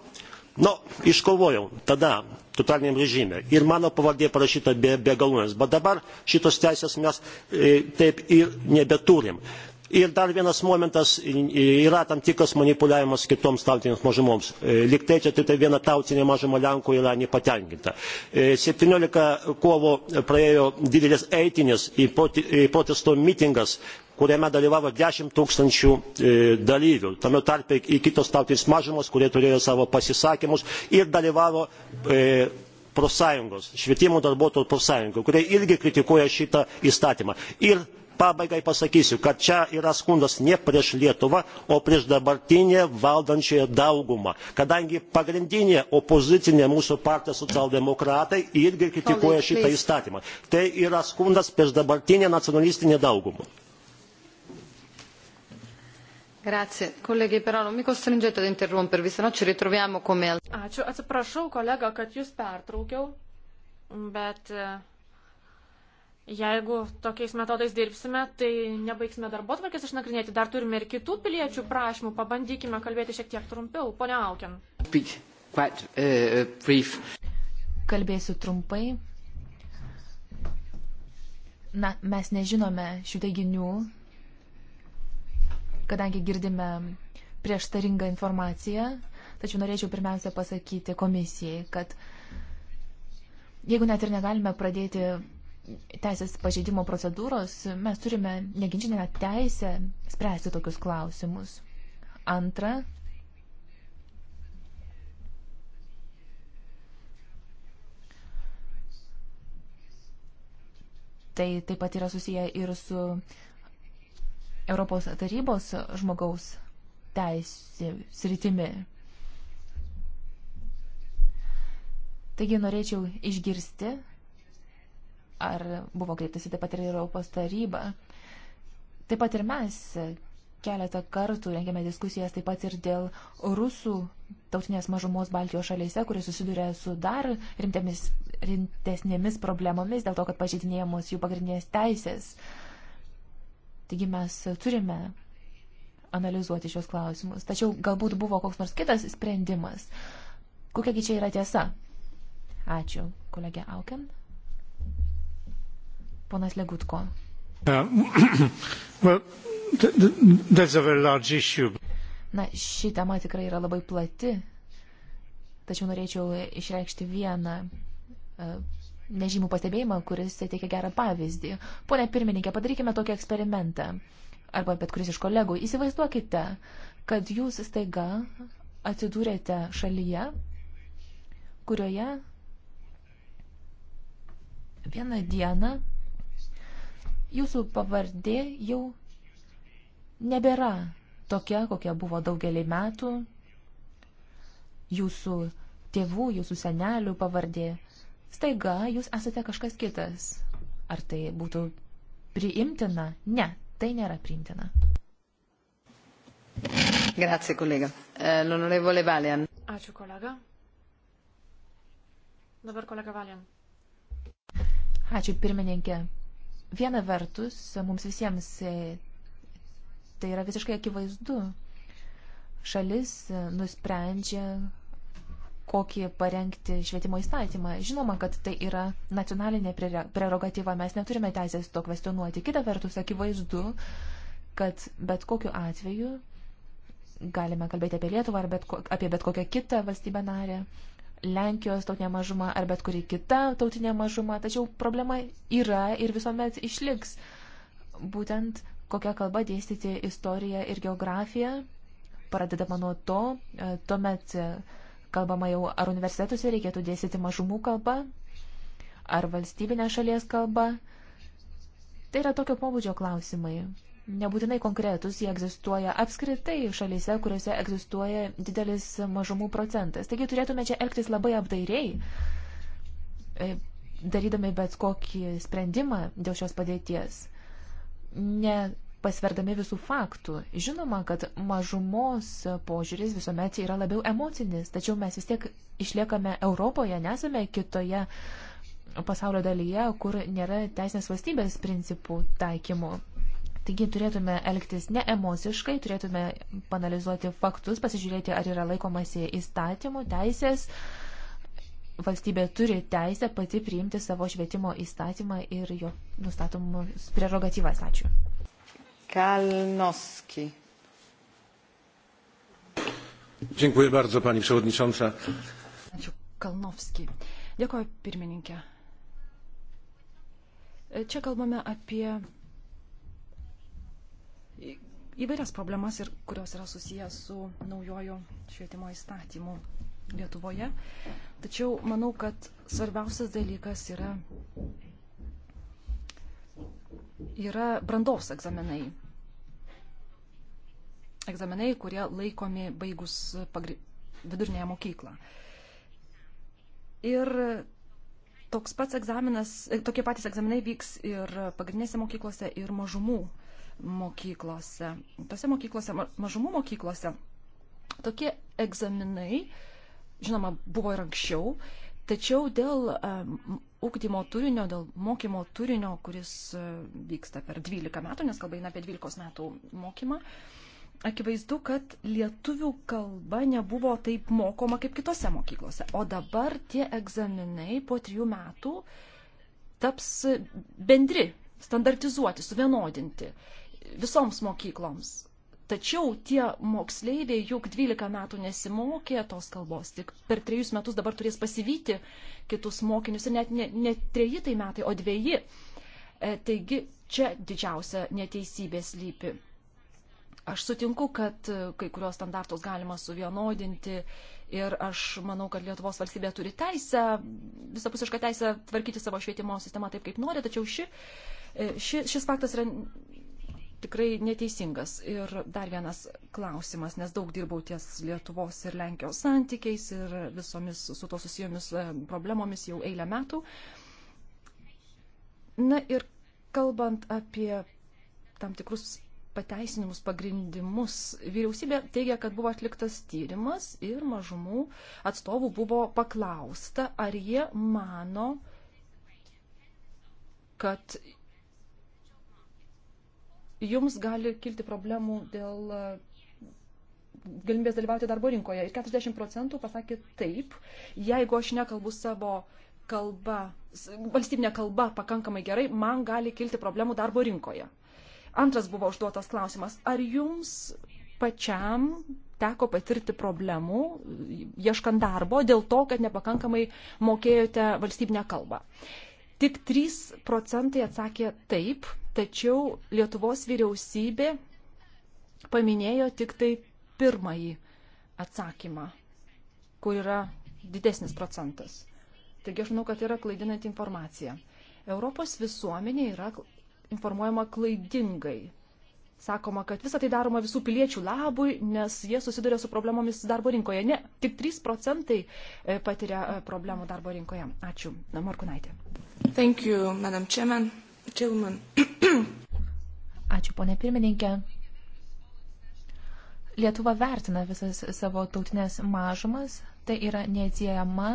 nu iškovojau tada totalitiniam režime ir mano pavardė parašyta be begalūnės bet dabar šitos teisės mes e, taip ir nebeturim Ir dar vienas momentas yra tam tikras manipuliavimas kitoms tautinėms mažumoms. E, liktai čia tai viena tautinė mažuma Lenkų yra nepatenkinta. 17 e, kovo praėjo didelis eitinis į protesto mitingas kuriame dalyvavo dešimt tūkstančių e, dalyvių tame tarpe ir kitos tautinės mažumos kurie turėjo savo pasisakymus ir dalyvavo e, profsąjungos švietimo darbuotojų profsąjunga kurie irgi kritikuoja šitą įstatymą ir pabaigai pasakysiu kad čia yra skundas ne prieš lietuvą o prieš dabartinę valdančiąją daugumą kadangi pagrindinė opozicinė mūsų partija socialdemokratai irgi kritikuoja šitą įstatymą tai yra skundas prieš dabartinę nacionalistinę daugumą Grazie. Colleghi, però non mi costringete ad interrompervi, sennò ci ritroviamo come al... Ačiū, atsiprašau, kolega, kad jūs pertraukiau, bet... Uh Jeigu tokiais metodais dirbsime, tai nebaigsime darbo tvarkės išnagrinėti. Dar turime ir kitų piliečių prašymų. Pabandykime kalbėti šiek tiek trumpiau. Pone Aukin. Uh, Kalbėsiu trumpai. Na, mes nežinome šių teiginių, kadangi girdime prieštaringą informaciją, tačiau norėčiau pirmiausia pasakyti komisijai, kad jeigu net ir negalime pradėti teisės pažeidimo procedūros, mes turime neginčinę teisę spręsti tokius klausimus. Antra, tai taip pat yra susiję ir su Europos tarybos žmogaus teisė sritimi. Taigi norėčiau išgirsti ar buvo kreiptasi taip pat ir Europos taryba. Taip pat ir mes keletą kartų rengėme diskusijas taip pat ir dėl rusų tautinės mažumos Baltijos šalyse, kuris susiduria su dar rimtėmis, rimtesnėmis problemomis dėl to, kad pažeidinėjamos jų pagrindinės teisės. Taigi mes turime analizuoti šios klausimus. Tačiau galbūt buvo koks nors kitas sprendimas. Kokiagi čia yra tiesa? Ačiū, kolegė Auken. Ponas Legutko. Well, Na, ši tema tikrai yra labai plati, tačiau norėčiau išreikšti vieną e, nežymų pastebėjimą, kuris teikia gerą pavyzdį. Pone pirmininkė, padarykime tokį eksperimentą. Arba bet kuris iš kolegų. Įsivaizduokite, kad jūs staiga atsidūrėte šalyje, kurioje vieną dieną Jūsų pavardė jau nebėra tokia, kokia buvo daugelį metų. Jūsų tėvų, jūsų senelių pavardė. Staiga jūs esate kažkas kitas. Ar tai būtų priimtina? Ne, tai nėra priimtina. Grazie, kolega. Eh, l'onorevole Valian. Ačiū, kolega. Dabar kolega Valian. Ačiū, pirmininkė. Viena vertus, mums visiems e, tai yra visiškai akivaizdu. Šalis e, nusprendžia, kokį parengti švietimo įstatymą. Žinoma, kad tai yra nacionalinė prerogatyva, mes neturime teisės to kvestionuoti. Kita vertus, akivaizdu, kad bet kokiu atveju galime kalbėti apie Lietuvą ar bet, apie bet kokią kitą valstybę narę. Lenkijos tautinė mažuma ar bet kuri kita tautinė mažuma, tačiau problema yra ir visuomet išliks. Būtent kokią kalbą dėstyti istoriją ir geografiją, pradedama nuo to, e, tuomet e, kalbama jau ar universitetuose reikėtų dėstyti mažumų kalbą, ar valstybinę šalies kalbą. Tai yra tokio pobūdžio klausimai nebūtinai konkretus, jie egzistuoja apskritai šalyse, kuriuose egzistuoja didelis mažumų procentas. Taigi turėtume čia elgtis labai apdairiai, e, darydami bet kokį sprendimą dėl šios padėties, nepasverdami visų faktų. Žinoma, kad mažumos požiūris visuomet yra labiau emocinis, tačiau mes vis tiek išliekame Europoje, nesame kitoje pasaulio dalyje, kur nėra teisinės valstybės principų taikymo. Taigi turėtume elgtis ne emociškai, turėtume panalizuoti faktus, pasižiūrėti, ar yra laikomasi įstatymų, teisės. Valstybė turi teisę pati priimti savo švietimo įstatymą ir jo nustatomus prerogatyvas. Ačiū. Kalnoski. Dziękuję bardzo, pani przewodnicząca. Ačiū, Kalnovski. Dėkoju, pirmininkė. E, čia kalbame apie įvairias problemas, ir, kurios yra susijęs su naujojo švietimo įstatymu Lietuvoje. Tačiau manau, kad svarbiausias dalykas yra, yra brandos egzaminai. Egzaminai, kurie laikomi baigus pagri... vidurinėje mokyklą. Ir toks pats egzaminas, tokie patys egzaminai vyks ir pagrindinėse mokyklose, ir mažumų mokyklose, tose mokyklose, mažumų mokyklose. Tokie egzaminai, žinoma, buvo ir anksčiau, tačiau dėl ūkdymo turinio, dėl mokymo turinio, kuris e, vyksta per 12 metų, nes kalba eina apie 12 metų mokymą, akivaizdu, kad lietuvių kalba nebuvo taip mokoma kaip kitose mokyklose. O dabar tie egzaminai po trijų metų taps bendri, standartizuoti, suvienodinti visoms mokykloms. Tačiau tie moksleiviai juk 12 metų nesimokė tos kalbos, tik per trejus metus dabar turės pasivyti kitus mokinius ir net ne, ne treji tai metai, o dveji. E, taigi čia didžiausia neteisybė slypi. Aš sutinku, kad kai kurios standartus galima suvienodinti ir aš manau, kad Lietuvos valstybė turi teisę, visapusišką teisę tvarkyti savo švietimo sistemą taip, kaip nori, tačiau ši, e, ši, šis faktas yra tikrai neteisingas. Ir dar vienas klausimas, nes daug dirbau ties Lietuvos ir Lenkijos santykiais ir visomis su to susijomis e, problemomis jau eilę metų. Na ir kalbant apie tam tikrus pateisinimus, pagrindimus. Vyriausybė teigia, kad buvo atliktas tyrimas ir mažumų atstovų buvo paklausta, ar jie mano, kad jums gali kilti problemų dėl e, galimybės dalyvauti darbo rinkoje. Ir 40 procentų pasakė taip, jeigu aš nekalbu savo kalba, valstybinė kalba pakankamai gerai, man gali kilti problemų darbo rinkoje. Antras buvo užduotas klausimas, ar jums pačiam teko patirti problemų, e, ieškant darbo, dėl to, kad nepakankamai mokėjote valstybinę kalbą. Tik 3 procentai atsakė taip, Tačiau Lietuvos vyriausybė paminėjo tik tai pirmąjį atsakymą, kur yra didesnis procentas. Taigi aš manau, kad yra klaidinanti informacija. Europos visuomenė yra informuojama klaidingai. Sakoma, kad visą tai daroma visų piliečių labui, nes jie susiduria su problemomis darbo rinkoje. Ne, tik 3 procentai e, patiria e, problemų darbo rinkoje. Ačiū. Morkunaitė. Thank you, Madam Chairman. Tilman. Ačiū, ponė pirmininkė. Lietuva vertina visas savo tautinės mažumas, tai yra neatsiejama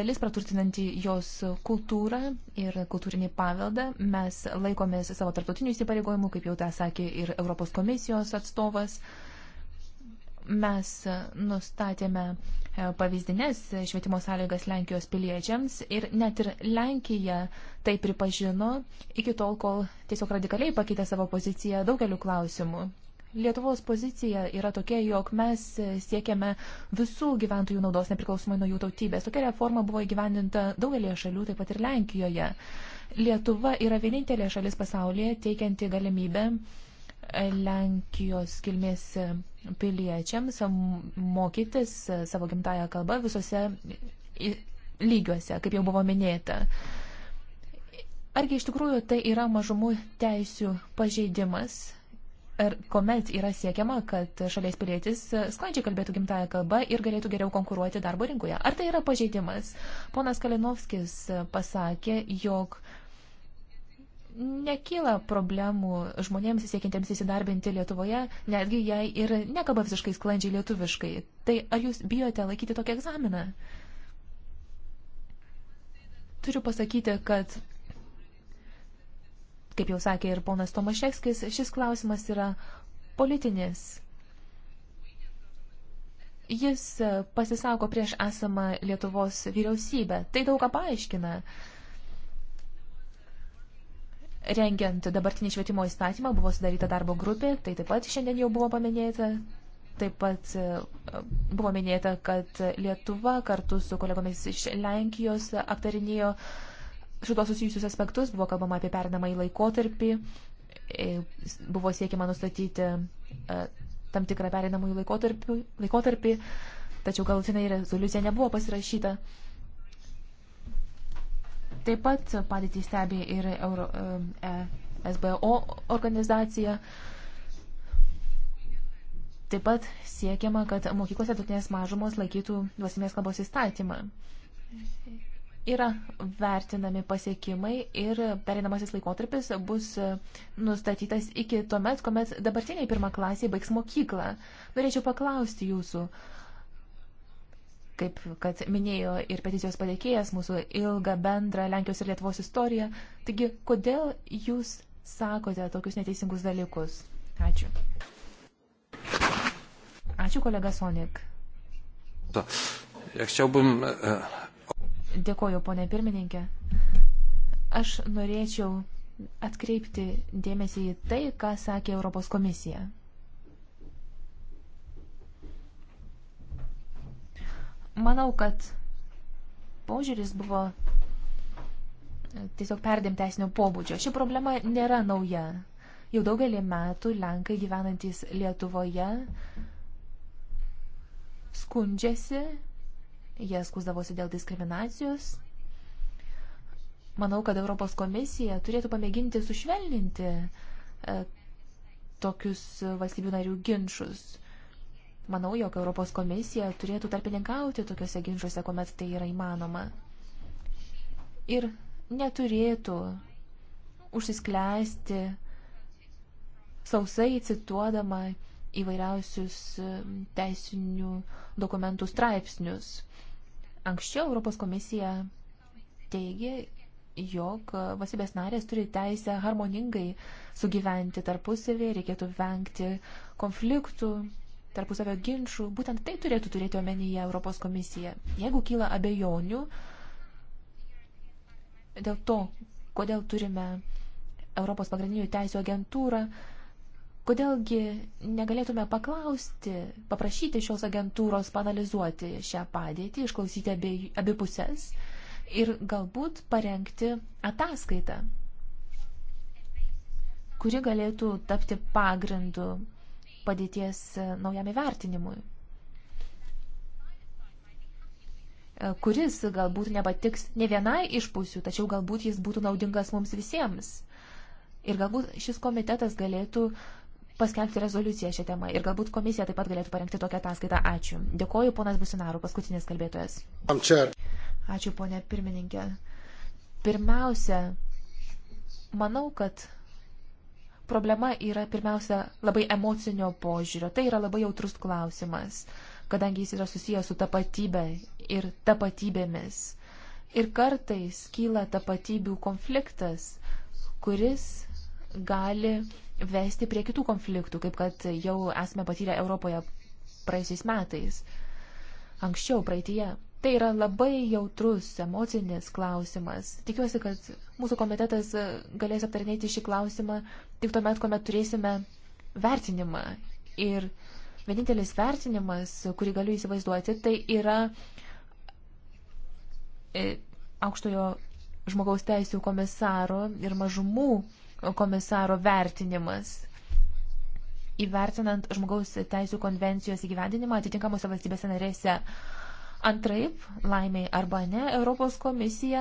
dalis praturtinanti jos kultūrą ir kultūrinį paveldą. Mes laikomės savo tarptautinių įsipareigojimų, kaip jau tą sakė ir Europos komisijos atstovas. Mes nustatėme e, pavyzdinės švietimo sąlygas Lenkijos piliečiams ir net ir Lenkija tai pripažino iki tol, kol tiesiog radikaliai pakeitė savo poziciją daugeliu klausimų. Lietuvos pozicija yra tokia, jog mes siekiame visų gyventojų naudos nepriklausomai nuo jų tautybės. Tokia reforma buvo įgyvendinta daugelie šalių, taip pat ir Lenkijoje. Lietuva yra vienintelė šalis pasaulyje teikianti galimybę Lenkijos kilmės piliečiams mokytis savo gimtają kalbą visose lygiuose, kaip jau buvo minėta. Argi iš tikrųjų tai yra mažumų teisių pažeidimas? Ar kuomet yra siekiama, kad šalies pilietis sklandžiai kalbėtų gimtają kalbą ir galėtų geriau konkuruoti darbo rinkoje? Ar tai yra pažeidimas? Ponas Kalinovskis pasakė, jog uh, nekyla problemų žmonėms siekiantiems įsidarbinti Lietuvoje, netgi jei ir nekaba visiškai sklandžiai lietuviškai. Tai ar jūs bijote laikyti tokį egzaminą? Turiu pasakyti, kad, kaip jau sakė ir ponas Tomaševskis, šis klausimas yra politinis. Jis pasisako prieš esamą Lietuvos vyriausybę. Tai daug ką paaiškina. Uh, Rengiant dabartinį švietimo įstatymą buvo sudaryta darbo grupė, tai taip pat šiandien jau buvo paminėta. Taip pat e, buvo minėta, kad Lietuva kartu su kolegomis iš Lenkijos aptarinėjo šitos susijusius aspektus, buvo kalbama apie pernamąjį laikotarpį, e, buvo siekiama nustatyti e, tam tikrą perinamųjų laikotarpį, laikotarpį tačiau galutinai rezoliucija nebuvo pasirašyta. Taip pat padėtį stebė ir Euro, e, SBO organizacija. Taip pat siekiama, kad mokyklose tautinės mažumos laikytų duosimės kalbos įstatymą. Yra vertinami pasiekimai ir perinamasis laikotarpis bus nustatytas iki tuomet, kuomet dabartiniai pirmą klasį baigs mokyklą. Norėčiau paklausti jūsų, kaip kad minėjo ir peticijos padėkėjas mūsų ilgą bendrą Lenkijos ir Lietuvos istoriją. Taigi, kodėl jūs sakote tokius neteisingus dalykus? Ačiū. Ačiū, kolega Sonik. E, Dėkoju, ponė pirmininkė. Aš norėčiau atkreipti dėmesį į tai, ką sakė Europos komisija. Manau, kad požiūris buvo e, tiesiog perdėm teisinio pobūdžio. Ši problema nėra nauja. Jau daugelį metų Lenkai gyvenantis Lietuvoje skundžiasi, jie skusdavosi dėl diskriminacijos. Manau, kad Europos komisija turėtų pamėginti sušvelninti e, tokius valstybių narių ginčius. Manau, jog Europos komisija turėtų tarpininkauti tokiuose ginčiuose, kuomet tai yra įmanoma. Ir neturėtų užsiskleisti sausai cituodama įvairiausius um, teisinių dokumentų straipsnius. Anksčiau Europos komisija teigė, jog valstybės narės turi teisę harmoningai sugyventi tarpusavį, reikėtų vengti konfliktų tarpusavio ginčių, būtent tai turėtų turėti omenyje Europos komisija. Jeigu kyla abejonių dėl to, kodėl turime Europos pagrindinių teisų agentūrą, kodėlgi negalėtume paklausti, paprašyti šios agentūros panalizuoti šią padėtį, išklausyti abi, abi pusės ir galbūt parengti ataskaitą, kuri galėtų tapti pagrindu padėties e, naujam įvertinimui, e, kuris galbūt nepatiks ne vienai iš pusių, tačiau galbūt jis būtų naudingas mums visiems. Ir galbūt šis komitetas galėtų paskelbti rezoliuciją šią temą ir galbūt komisija taip pat galėtų parengti tokią ataskaitą. Ačiū. Dėkoju, ponas Businaru, paskutinis kalbėtojas. Ačiū, ponė pirmininkė. Pirmiausia, manau, kad problema yra pirmiausia labai emocinio požiūrio. Tai yra labai jautrus klausimas, kadangi jis yra susijęs su tapatybė ir tapatybėmis. Ir kartais kyla tapatybių konfliktas, kuris gali vesti prie kitų konfliktų, kaip kad jau esame patyrę Europoje praeisiais metais, anksčiau praeitie. Tai yra labai jautrus emocinis klausimas. Tikiuosi, kad mūsų komitetas galės aptarinėti šį klausimą tik tuomet, kuomet turėsime vertinimą. Ir vienintelis vertinimas, kurį galiu įsivaizduoti, tai yra e, aukštojo žmogaus teisų komisaro ir mažumų komisaro vertinimas. Įvertinant žmogaus teisų konvencijos įgyvendinimą atitinkamose valstybėse narėse. Uh, Antraip, laimiai arba ne, Europos komisija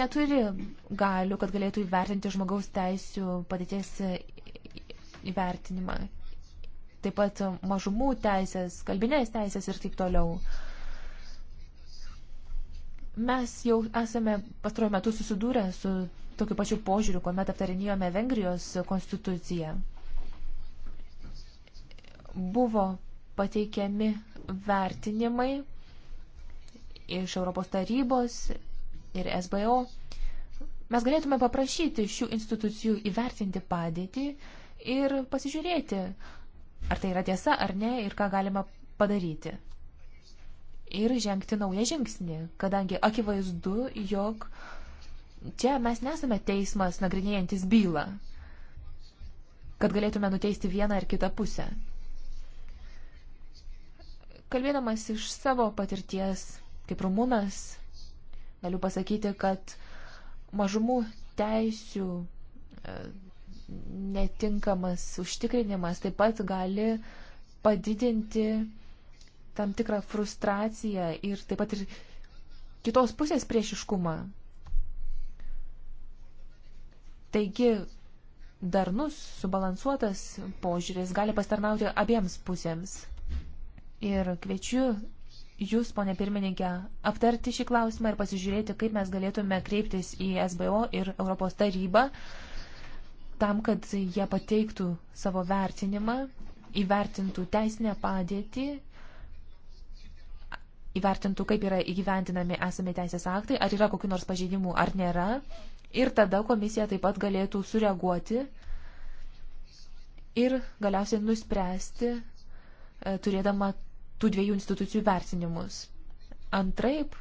neturi galių, kad galėtų įvertinti žmogaus teisų padėties įvertinimą. Taip pat mažumų teisės, kalbinės teisės ir taip toliau. Mes jau esame pastaruoju metu susidūrę su tokiu pačiu požiūriu, kuomet aptarinėjome Vengrijos konstituciją. Buvo pateikiami vertinimai iš Europos tarybos ir SBO, mes galėtume paprašyti šių institucijų įvertinti padėtį ir pasižiūrėti, ar tai yra tiesa ar ne ir ką galima padaryti. Ir žengti naują žingsnį, kadangi akivaizdu, jog čia mes nesame teismas nagrinėjantis bylą, kad galėtume nuteisti vieną ar kitą pusę. Kalbėdamas iš savo patirties, Kaip rumūnas galiu pasakyti, kad mažumų teisių e, netinkamas užtikrinimas taip pat gali padidinti tam tikrą frustraciją ir taip pat ir kitos pusės priešiškumą. Taigi, darnus, subalansuotas požiūris gali pastarnauti abiems pusėms. Ir kviečiu jūs, ponė pirmininkė, aptarti šį klausimą ir pasižiūrėti, kaip mes galėtume kreiptis į SBO ir Europos tarybą tam, kad jie pateiktų savo vertinimą, įvertintų teisinę padėtį, įvertintų, kaip yra įgyventinami esami teisės aktai, ar yra kokiu nors pažeidimų, ar nėra. Ir tada komisija taip pat galėtų sureaguoti ir galiausiai nuspręsti, e, turėdama tų dviejų institucijų vertinimus. Antraip,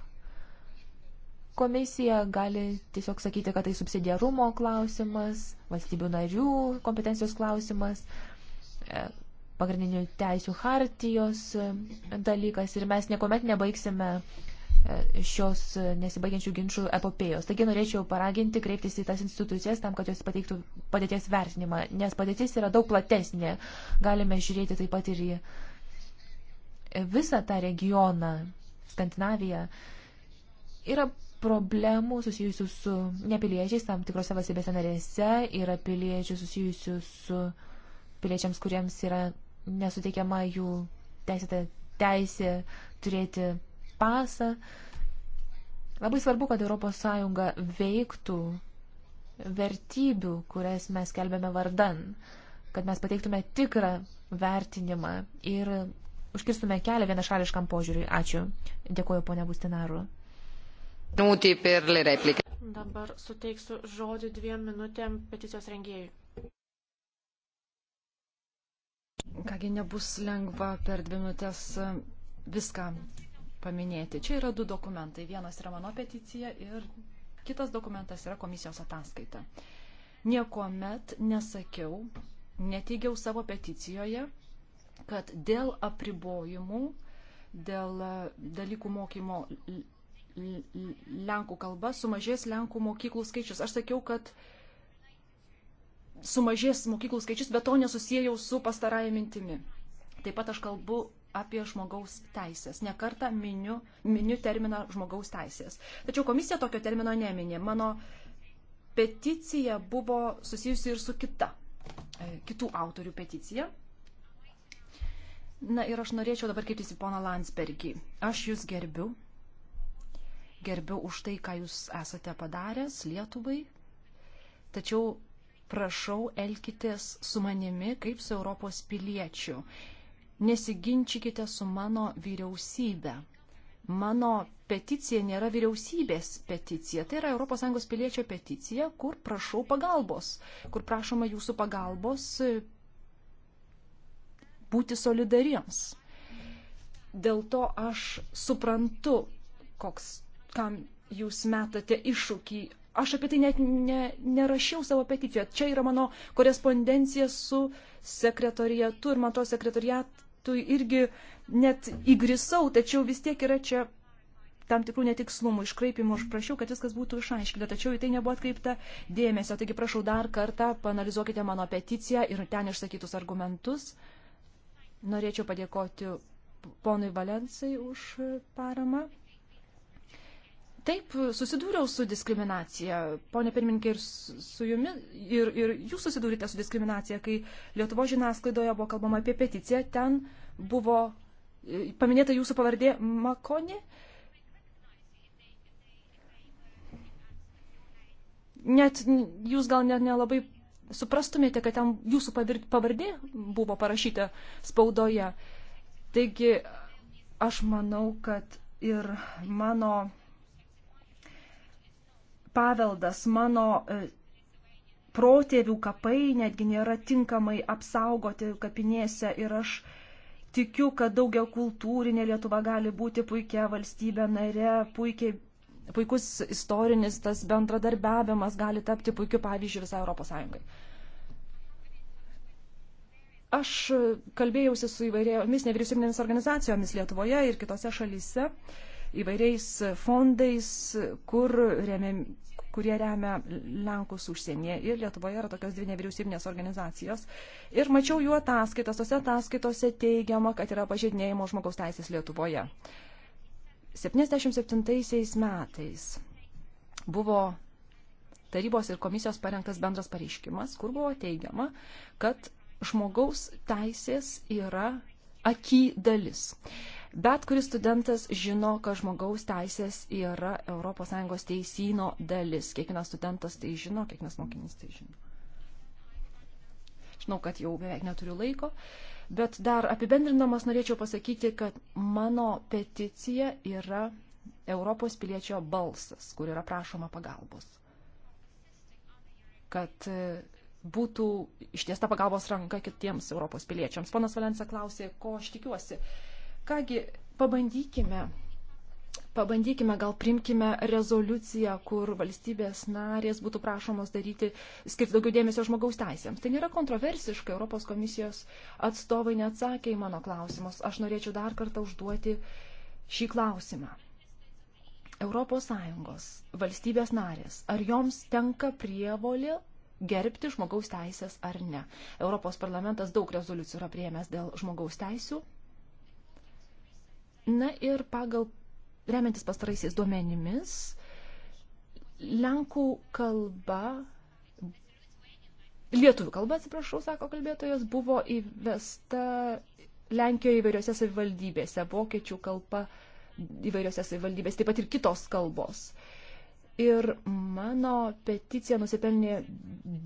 komisija gali tiesiog sakyti, kad tai subsidiarumo klausimas, valstybių narių kompetencijos klausimas, e, pagrindinių teisių hartijos e, dalykas ir mes niekuomet nebaigsime šios nesibaigiančių ginčių epopėjos. Taigi norėčiau paraginti kreiptis į tas institucijas tam, kad jos pateiktų padėties vertinimą, nes padėtis yra daug platesnė. Galime žiūrėti taip pat ir į visą tą regioną, Skandinaviją, yra problemų susijusių su nepiliečiais tam tikrose valstybėse narėse, yra piliečių susijusių su piliečiams, kuriems yra nesuteikiama jų teisėta teisė turėti pasą. Labai svarbu, kad ES veiktų vertybių, kurias mes kelbėme vardan, kad mes pateiktume tikrą vertinimą ir užkirstume kelią vienašališkam požiūriui. Ačiū. Dėkuoju, ponia Bustinaru. Dabar suteiksiu žodį dviem minutėm peticijos rengėjui. Kągi nebus lengva per dvi minutės e, viską paminėti. Čia yra du dokumentai. Vienas yra mano peticija ir kitas dokumentas yra komisijos ataskaita. Niekuomet nesakiau, neteigiau savo peticijoje, kad dėl apribojimų, dėl e, dalykų mokymo Lenkų kalba sumažės Lenkų mokyklų skaičius. Aš sakiau, kad sumažės mokyklų skaičius, bet to nesusijėjau su pastarąją mintimi. Taip pat aš kalbu apie žmogaus teisės. Nekartą miniu, miniu terminą žmogaus teisės. Tačiau komisija tokio termino neminė. Mano peticija buvo susijusi ir su kita, e, kitų autorių peticija. Na ir aš norėčiau dabar kreiptis į poną Landsbergį. Aš jūs gerbiu. Gerbiu už tai, ką jūs esate padaręs Lietuvai. Tačiau prašau, elkitės su manimi kaip su Europos piliečiu. Nesiginčykite su mano vyriausybė. Mano peticija nėra vyriausybės peticija, tai yra ES piliečio peticija, kur prašau pagalbos, kur prašoma jūsų pagalbos būti solidariems. Dėl to aš suprantu, koks, kam jūs metate iššūkį. Aš apie tai net ne, nerašiau savo peticiją. Čia yra mano korespondencija su sekretorijatu ir man to sekretorijatui irgi net įgrisau, tačiau vis tiek yra čia tam tikrų netikslumų, iškraipimų, aš prašiau, kad viskas būtų išaiškinta, tačiau į tai nebuvo atkreipta dėmesio. Taigi prašau dar kartą, panalizuokite mano peticiją ir ten išsakytus argumentus. Norėčiau padėkoti ponui Valensai už paramą. Taip, susidūriau su diskriminacija. Pone pirmininkai, ir, su jumi, ir, ir jūs susidūrite su diskriminacija, kai Lietuvo žiniasklaidoje buvo kalbama apie peticiją, ten buvo e, paminėta jūsų pavardė Makonė. Net jūs gal net nelabai suprastumėte, kad ten jūsų pavardė buvo parašyta spaudoje. Taigi aš manau, kad ir mano paveldas, mano e, protėvių kapai netgi nėra tinkamai apsaugoti kapinėse ir aš tikiu, kad daugia kultūrinė Lietuva gali būti puikia valstybė nare, puikiai puikus istorinis tas bendradarbiavimas gali tapti puikiu pavyzdžiu visai Europos Sąjungai. Aš kalbėjausi su įvairiomis nevyriausybinėmis organizacijomis Lietuvoje ir kitose šalyse, įvairiais fondais, kur remiam, kurie remia Lenkus užsienyje. Ir Lietuvoje yra tokios dvi nevyriausybinės organizacijos. Ir mačiau jų ataskaitas. Tose ataskaitose teigiama, kad yra pažeidinėjimo žmogaus teisės Lietuvoje. Uh, 77 metais buvo tarybos ir komisijos parengtas bendras pareiškimas, kur buvo teigiama, kad žmogaus teisės yra aky dalis. Bet kuris studentas žino, kad žmogaus teisės yra ES teisino dalis. Kiekvienas studentas tai žino, kiekvienas mokinys tai žino. Žinau, kad jau beveik neturiu laiko. Uh, Bet dar apibendrinamas norėčiau pasakyti, kad mano peticija yra Europos piliečio balsas, kur yra prašoma pagalbos. Kad e, būtų ištiesta pagalbos ranka kitiems Europos piliečiams. Ponas Valensa klausė, ko aš tikiuosi. Kągi, pabandykime pabandykime, gal primkime rezoliuciją, kur valstybės narės būtų prašomos daryti, skirti daugiau dėmesio žmogaus teisėms. Tai nėra kontroversiška, Europos komisijos atstovai neatsakė į mano klausimus. Aš norėčiau dar kartą užduoti šį klausimą. Europos Sąjungos valstybės narės, ar joms tenka prievolė gerbti žmogaus teisės ar ne? Europos parlamentas daug rezoliucijų yra prieėmęs dėl žmogaus teisų. Na ir pagal remiantis pastaraisiais duomenimis, Lenkų kalba, lietuvių kalba, atsiprašau, sako kalbėtojas, buvo įvesta Lenkijoje įvairiose savivaldybėse, vokiečių kalba įvairiose savivaldybėse, taip pat ir kitos kalbos. Ir mano peticija nusipelnė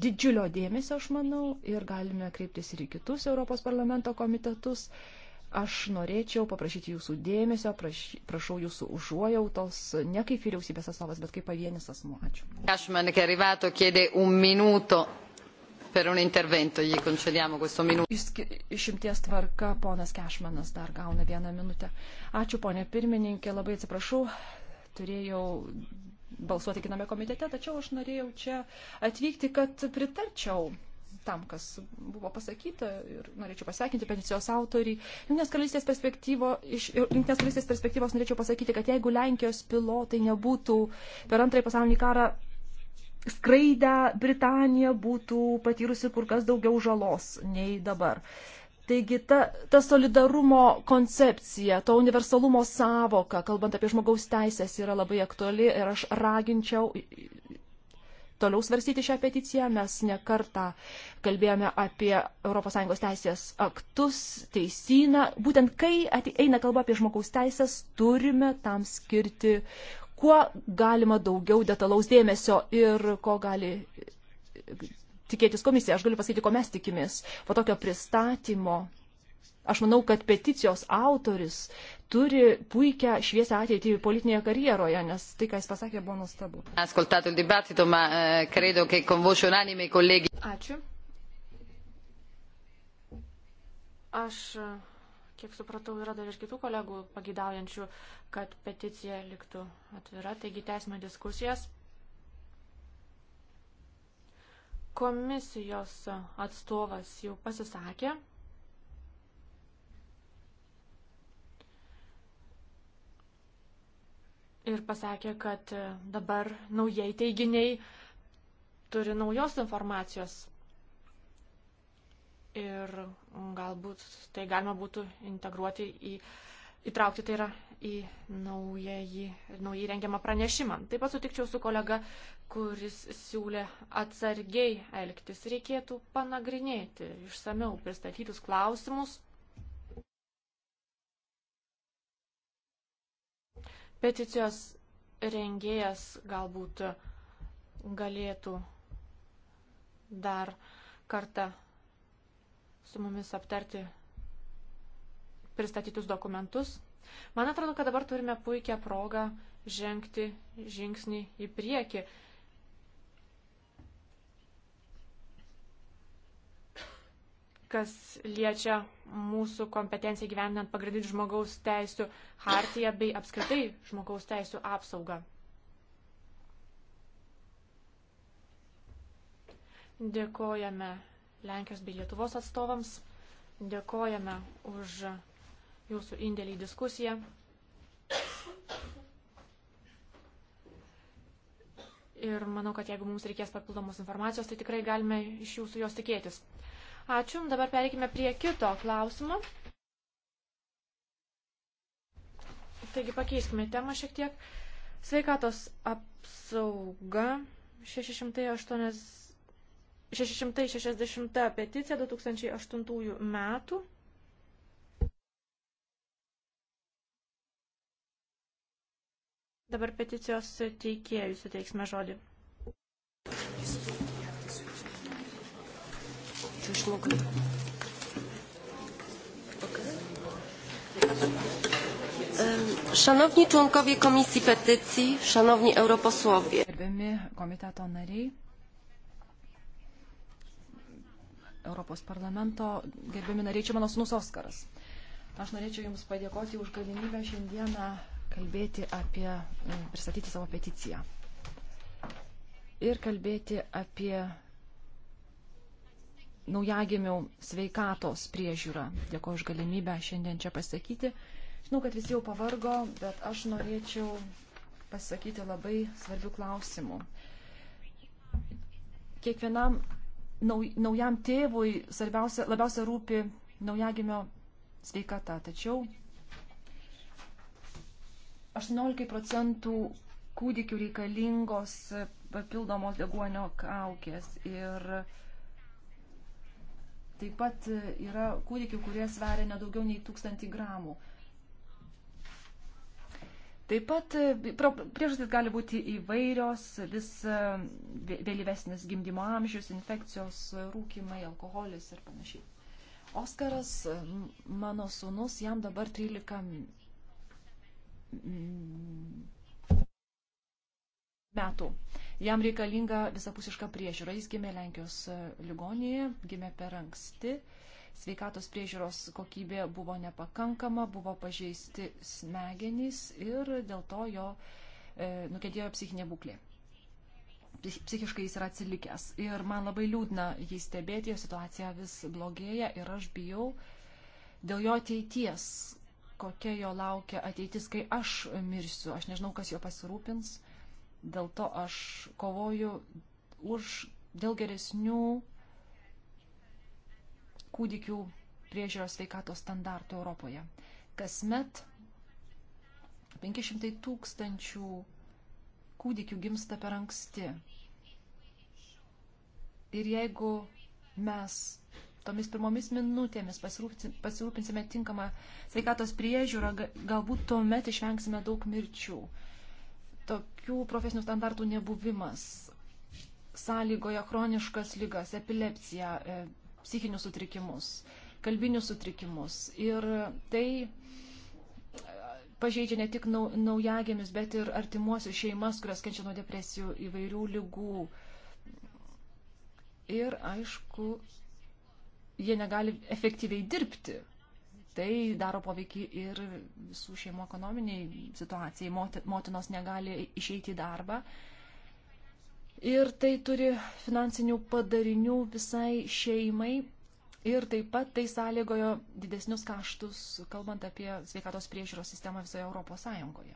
didžiulio dėmesio, aš manau, ir galime kreiptis ir į kitus Europos parlamento komitetus. Uh, Aš norėčiau paprašyti jūsų dėmesio, praš, prašau jūsų užuojautos, ne kaip vyriausybės atstovas, bet kaip pavienis asmuo. Ačiū. Cashman, che è arrivato, chiede un minuto per un intervento, gli concediamo questo minuto. Išimties tvarka, ponas Cashmanas dar gauna vieną minutę. Ačiū, ponė pirmininkė, labai atsiprašau, turėjau balsuoti kitame komitete, tačiau aš norėjau čia atvykti, kad pritarčiau tam, kas buvo pasakyta ir norėčiau pasveikinti peticijos autorį. Junktinės karalystės, perspektyvo, iš Junktinės karalystės perspektyvos norėčiau pasakyti, kad jeigu Lenkijos pilotai nebūtų per antrąjį pasaulinį karą skraidę, Britanija būtų patyrusi kur kas daugiau žalos nei dabar. Taigi ta, ta solidarumo koncepcija, to universalumo savoka, kalbant apie žmogaus teisės, yra labai aktuali ir aš raginčiau toliau svarstyti šią peticiją. Mes nekartą kalbėjome apie ES teisės aktus, teisyną. Būtent kai eina kalba apie žmogaus teisės, turime tam skirti kuo galima daugiau detalaus dėmesio ir ko gali tikėtis komisija. Aš galiu pasakyti, ko mes tikimės. Po tokio pristatymo Aš manau, kad peticijos autoris turi puikią šviesią ateitį politinėje karjeroje, nes tai, ką jis pasakė, buvo nuostabu. Eh, Ačiū. Aš, eh, kiek supratau, yra dar ir kitų kolegų pagidaujančių, kad peticija liktų atvira, taigi tęsime diskusijas. Komisijos atstovas jau pasisakė. ir pasakė, kad e, dabar naujai teiginiai turi naujos informacijos. Ir galbūt tai galima būtų integruoti į, įtraukti tai yra į naująjį, naująjį rengiamą pranešimą. Taip pat sutikčiau su kolega, kuris siūlė atsargiai elgtis. Reikėtų panagrinėti išsameu pristatytus klausimus peticijos rengėjas galbūt galėtų dar kartą su mumis aptarti pristatytus dokumentus. Man atrodo, kad dabar turime puikią progą žengti žingsnį į priekį kas liečia mūsų kompetenciją gyvenant pagrindinį žmogaus teisų hartiją bei apskritai žmogaus teisų apsaugą. Dėkojame Lenkijos bei Lietuvos atstovams, dėkojame už jūsų indėlį į diskusiją. Ir manau, kad jeigu mums reikės papildomos informacijos, tai tikrai galime iš jūsų jos tikėtis. Ačiū. Dabar pereikime prie kito klausimo. Taigi pakeiskime temą šiek tiek. Sveikatos apsauga 680, 660 peticija 2008 metų. Dabar peticijos teikėjų suteiksime žodį. zu schmuggeln. Szanowni członkowie Komisji Petycji, szanowni europosłowie. Gerbiami komiteto nariai, Europos parlamento, gerbiami nariai, čia mano sunus Oskaras. Aš norėčiau Jums padėkoti už galimybę šiandieną kalbėti apie, pristatyti savo peticiją. Ir kalbėti apie naujagimių sveikatos priežiūrą. Dėkuoju už galimybę šiandien čia pasakyti. Žinau, kad visi jau pavargo, bet aš norėčiau pasakyti labai svarbių klausimų. Kiekvienam naujam tėvui svarbiausia, labiausia rūpi naujagimio sveikata, tačiau 18 procentų kūdikių reikalingos papildomos deguonio kaukės ir Taip pat yra kūdikių, kurie sveria nedaugiau nei 1000 gramų. Taip pat e, priežastys gali būti įvairios, vis e, vėlyvesnis gimdymo amžius, infekcijos, rūkimai, alkoholis ir panašiai. Oskaras, e, mano sūnus, jam dabar 13 metų. Jam reikalinga visapusiška priežiūra. Jis gimė Lenkijos e, ligoninėje, gimė per anksti. Sveikatos priežiūros kokybė buvo nepakankama, buvo pažeisti smegenys ir dėl to jo e, nukentėjo psichinė būklė. Psichiškai jis yra atsilikęs. Ir man labai liūdna jį stebėti, jo situacija vis blogėja ir aš bijau dėl jo ateities, kokia jo laukia ateitis, kai aš mirsiu. Aš nežinau, kas jo pasirūpins. Dėl to aš kovoju už dėl geresnių kūdikių priežiūros veikatos standartų Europoje. Kasmet 500 tūkstančių kūdikių gimsta per anksti. Ir jeigu mes tomis pirmomis minutėmis pasirūpinsime tinkamą sveikatos priežiūrą, galbūt tuomet išvengsime daug mirčių tokių profesinių standartų nebuvimas sąlygoja chroniškas lygas, epilepsiją, e, psichinius sutrikimus, kalbinius sutrikimus. Ir tai e, pažeidžia ne tik naujagėmis, bet ir artimuosius šeimas, kurios kenčia nuo depresijų įvairių lygų. Ir aišku, jie negali efektyviai dirbti tai daro poveikį ir visų šeimų ekonominiai situacijai. Motinos negali išeiti į darbą. Ir tai turi finansinių padarinių visai šeimai. Ir taip pat tai sąlygojo didesnius kaštus, kalbant apie sveikatos priežiūros sistemą visoje Europos Sąjungoje.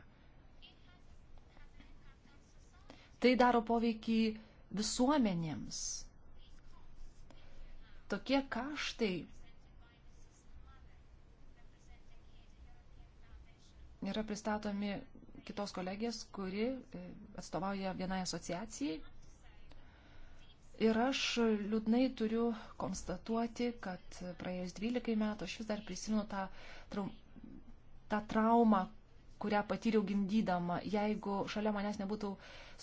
Tai daro poveikį visuomenėms. Tokie kaštai yra pristatomi kitos kolegės, kuri e, atstovauja vienai asociacijai. Ir aš liūdnai turiu konstatuoti, kad praėjus 12 metų aš vis dar prisimenu tą, trau, tą traumą, kurią patyriau gimdydama. Jeigu šalia manęs nebūtų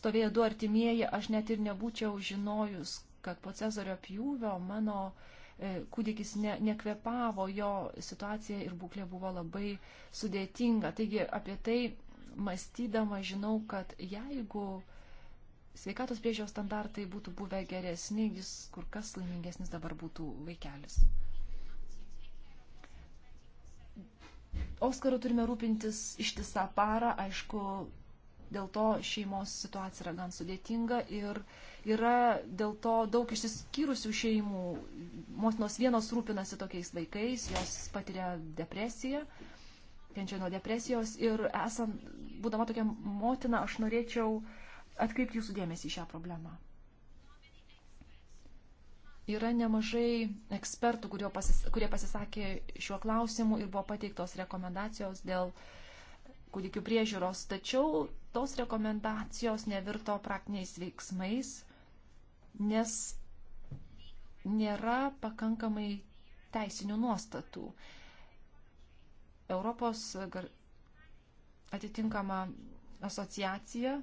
stovėję du artimieji, aš net ir nebūčiau žinojus, kad po Cezario pjūvio mano uh, E, kūdikis ne, nekvepavo, jo situacija ir būklė buvo labai sudėtinga. Taigi apie tai mąstydama žinau, kad jeigu sveikatos priežiūros standartai būtų buvę geresni, jis kur kas laimingesnis dabar būtų vaikelis. Oskaru turime rūpintis ištisą parą, aišku, Dėl to šeimos situacija yra gan sudėtinga ir yra dėl to daug išsiskyrusių šeimų. Motinos vienos rūpinasi tokiais vaikais, jos patiria depresiją, kenčia nuo depresijos ir esant, būdama tokia motina, aš norėčiau atkreipti jūsų dėmesį į šią problemą. Yra nemažai ekspertų, kurie pasisakė šiuo klausimu ir buvo pateiktos rekomendacijos dėl uh, kūdikių priežiūros, tačiau tos rekomendacijos nevirto praktiniais veiksmais, nes nėra pakankamai teisinių nuostatų. Europos atitinkama asociacija,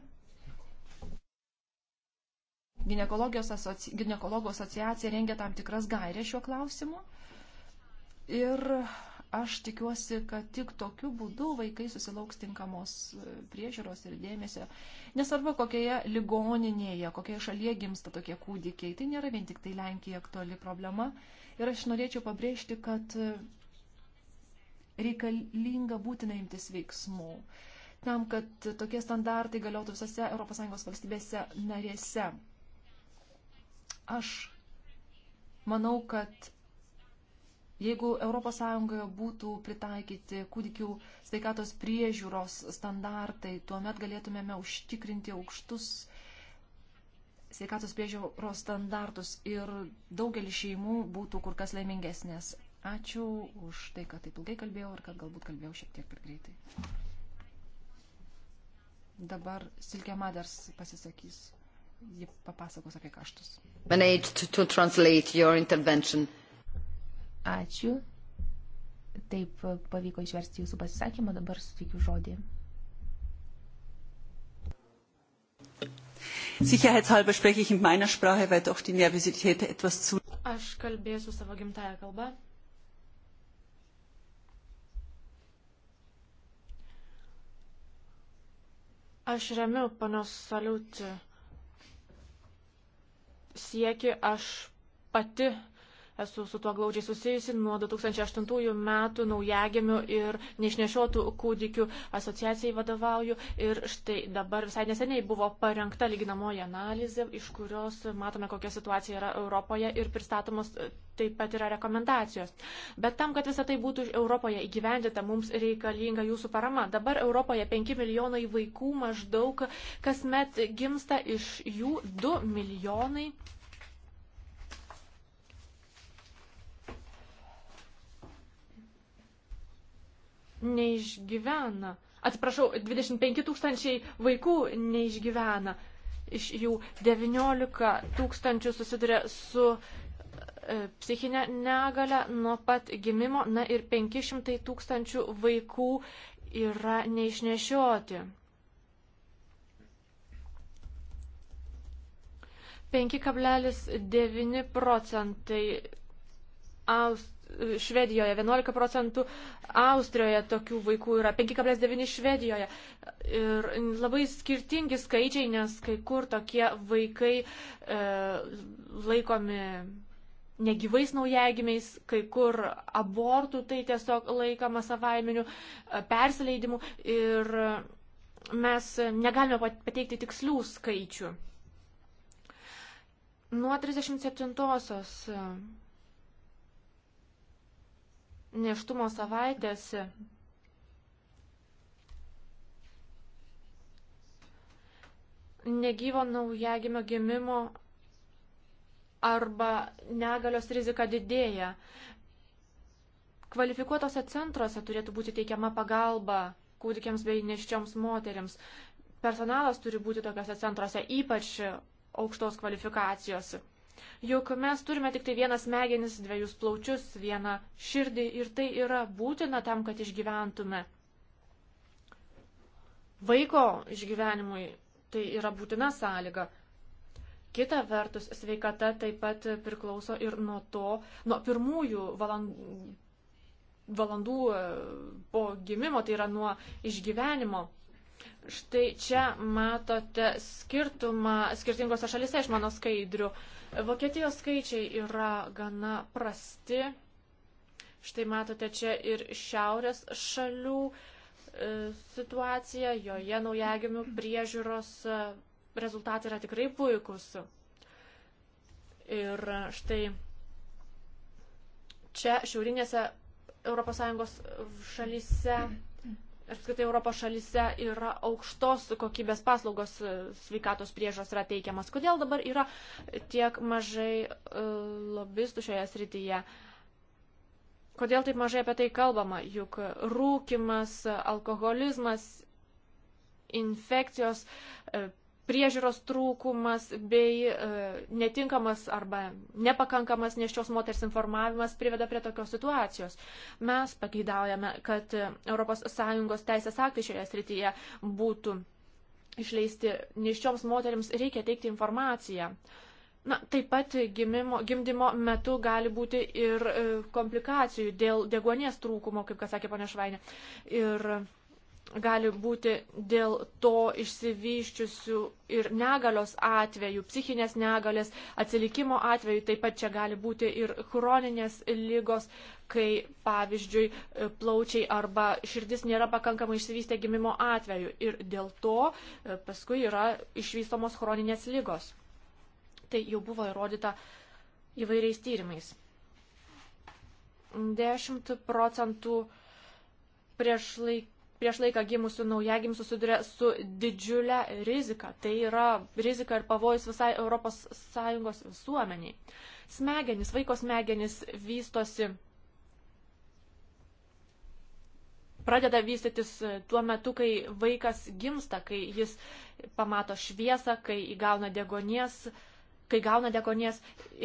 gynekologijos asoci, gynekologų asociacija rengia tam tikras gairės šiuo klausimu. Ir Aš tikiuosi, kad tik tokiu būdu vaikai susilauks tinkamos e, priežiūros ir dėmesio. Nesvarbu, kokioje ligoninėje, kokioje šalyje gimsta tokie kūdikiai, tai nėra vien tik tai Lenkija aktuali problema. Ir aš norėčiau pabrėžti, kad e, reikalinga būtina imtis veiksmų tam, kad tokie standartai galiotų visose ES valstybėse narėse. Aš manau, kad Jeigu ES būtų pritaikyti kūdikių sveikatos priežiūros standartai, tuomet galėtumėme užtikrinti aukštus sveikatos priežiūros standartus ir daugelis šeimų būtų kur kas laimingesnės. Ačiū už tai, kad taip ilgai kalbėjau ir kad galbūt kalbėjau šiek tiek per greitai. Dabar Silke Maders pasisakys. Ji papasakos apie kaštus. Managed to translate your intervention. Uh, Ačiū. Taip e, pavyko išversti jūsų pasisakymą, dabar suteikiu žodį. Sicherheitshalber spreche ich in meiner Sprache, weil doch die Nervosität etwas zu. Aš kalbėsiu savo gimtają kalbą. Aš remiu panos saliutį sieki, aš pati Esu su tuo glaudžiai susijusi nuo 2008 metų naujagimių ir neišnešiotų kūdikių asociacijai vadovauju. Ir štai dabar visai neseniai buvo parengta lyginamoji analizė, iš kurios matome, kokia situacija yra Europoje ir pristatomos e, taip pat yra rekomendacijos. Bet tam, kad visą tai būtų Europoje įgyvendita, mums reikalinga jūsų parama. Dabar Europoje 5 milijonai vaikų maždaug kasmet gimsta, iš jų 2 milijonai neišgyvena. Atsiprašau, 25 tūkstančiai vaikų neišgyvena. Iš jų 19 tūkstančių susiduria su e, psichinę negalę nuo pat gimimo, na ir 500 tūkstančių vaikų yra neišnešioti. 5,9 procentai Aust Švedijoje 11 procentų, Austrijoje tokių vaikų yra 5,9 Švedijoje. Ir labai skirtingi skaičiai, nes kai kur tokie vaikai e, laikomi negyvais naujagimiais, kai kur abortų tai tiesiog laikoma savaiminiu e, persileidimu ir mes negalime pateikti tikslių skaičių. Nuo 37-osios neštumo savaitėse negyvo naujagimio gimimo arba negalios rizika didėja. Kvalifikuotose centruose turėtų būti teikiama pagalba kūdikiams bei neščioms moteriams. Personalas turi būti tokiuose centruose ypač aukštos kvalifikacijos. Juk mes turime tik tai vieną smegenis, dviejus plaučius, vieną širdį ir tai yra būtina tam, kad išgyventume. Vaiko išgyvenimui tai yra būtina sąlyga. Kita vertus, sveikata taip pat priklauso ir nuo to, nuo pirmųjų valandų, valandų e, po gimimo, tai yra nuo išgyvenimo. Štai čia matote skirtumą skirtingose šalise iš mano skaidrių. Vokietijos skaičiai yra gana prasti. Štai matote čia ir šiaurės šalių e, situacija, joje naujagimių priežiūros e, rezultatai yra tikrai puikus. Ir štai čia šiaurinėse ES šalyse. Mm apskritai Europos šalise yra aukštos kokybės paslaugos e, sveikatos priežos yra teikiamas. Kodėl dabar yra tiek mažai e, lobistų šioje srityje? Kodėl taip mažai apie tai kalbama? Juk rūkimas, alkoholizmas, infekcijos e, priežiūros trūkumas bei e, netinkamas arba nepakankamas neščios moters informavimas priveda prie tokios situacijos. Mes pageidaujame, kad ES teisės aktai šioje srityje būtų išleisti. Neščioms moteriams reikia teikti informaciją. Na, taip pat gimimo, gimdymo metu gali būti ir e, komplikacijų dėl degonės trūkumo, kaip kad sakė ponia Švainė. Ir gali būti dėl to išsivyščiusių ir negalios atvejų, psichinės negalės, atsilikimo atvejų, taip pat čia gali būti ir chroninės lygos, kai pavyzdžiui plaučiai arba širdis nėra pakankamai išsivystę gimimo atveju ir dėl to e, paskui yra išvystomos chroninės lygos. Tai jau buvo įrodyta įvairiais tyrimais. 10 procentų prieš laiką prieš laiką gimusių naujagimų susiduria su didžiulė rizika. Tai yra rizika ir pavojus visai ES visuomeniai. Smegenys, vaiko smegenys vystosi, pradeda vystytis tuo metu, kai vaikas gimsta, kai jis pamato šviesą, kai įgauna degonies kai gauna degonės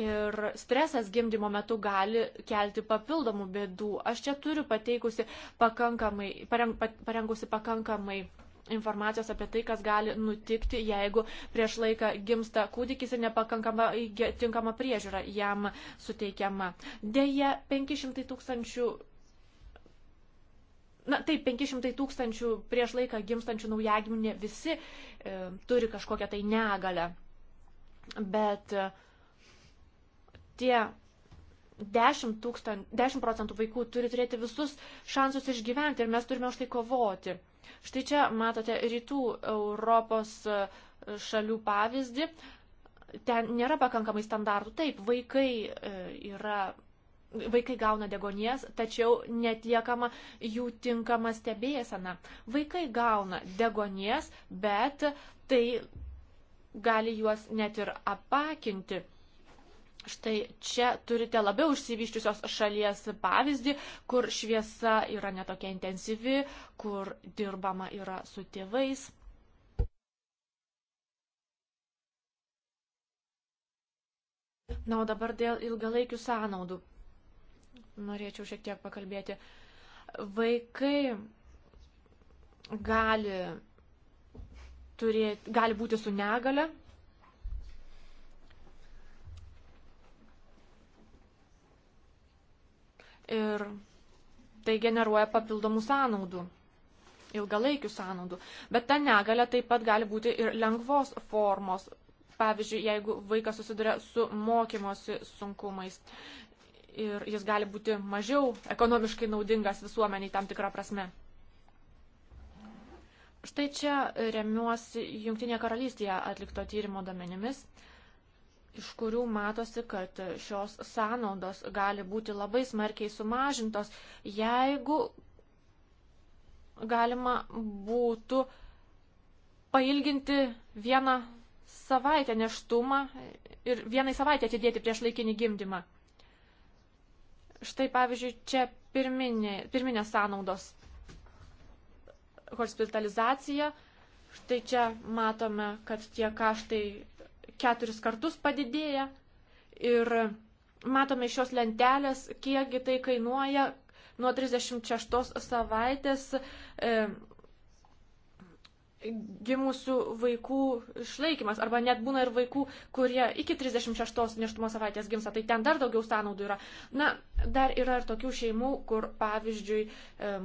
ir stresas gimdymo metu gali kelti papildomų bėdų. Aš čia turiu pateikusi pakankamai, parengusi pakankamai informacijos apie tai, kas gali nutikti, jeigu prieš laiką gimsta kūdikis ir nepakankama tinkama priežiūra jam suteikiama. Deja, 500 tūkstančių. Na taip, 500 tūkstančių prieš laiką gimstančių naujagimių ne visi e, turi kažkokią tai negalę bet e, tie 10, tūkstant, 10 procentų vaikų turi turėti visus šansus išgyventi ir mes turime už tai kovoti. Štai čia matote rytų Europos e, šalių pavyzdį. Ten nėra pakankamai standartų. Taip, vaikai e, yra vaikai gauna degonies, tačiau netiekama jų tinkama stebėsena. Vaikai gauna degonies, bet tai gali juos net ir apakinti. Štai čia turite labiau išsivyščiusios šalies pavyzdį, kur šviesa yra netokia intensyvi, kur dirbama yra su tėvais. Na, o dabar dėl ilgalaikių sąnaudų. Norėčiau šiek tiek pakalbėti. Vaikai gali turėti, gali būti su negale. Ir tai generuoja papildomų sąnaudų, ilgalaikių sąnaudų. Bet ta negalė taip pat gali būti ir lengvos formos. Pavyzdžiui, jeigu vaikas susiduria su mokymosi sunkumais ir jis gali būti mažiau ekonomiškai naudingas visuomeniai tam tikrą prasme. Štai čia remiuosi Junktinėje karalystėje atlikto tyrimo domenimis, iš kurių matosi, kad šios sąnaudos gali būti labai smarkiai sumažintos, jeigu galima būtų pailginti vieną savaitę neštumą ir vienai savaitę atidėti prieš laikinį gimdymą. Štai pavyzdžiui, čia pirminė, pirminės sąnaudos hospitalizacija. Štai čia matome, kad tie kaštai keturis kartus padidėja ir matome iš šios lentelės, kiekgi tai kainuoja nuo 36 savaitės e, gimusių vaikų išlaikymas, arba net būna ir vaikų, kurie iki 36 neštumo savaitės gimsta, tai ten dar daugiau sąnaudų yra. Na, dar yra ir tokių šeimų, kur pavyzdžiui e,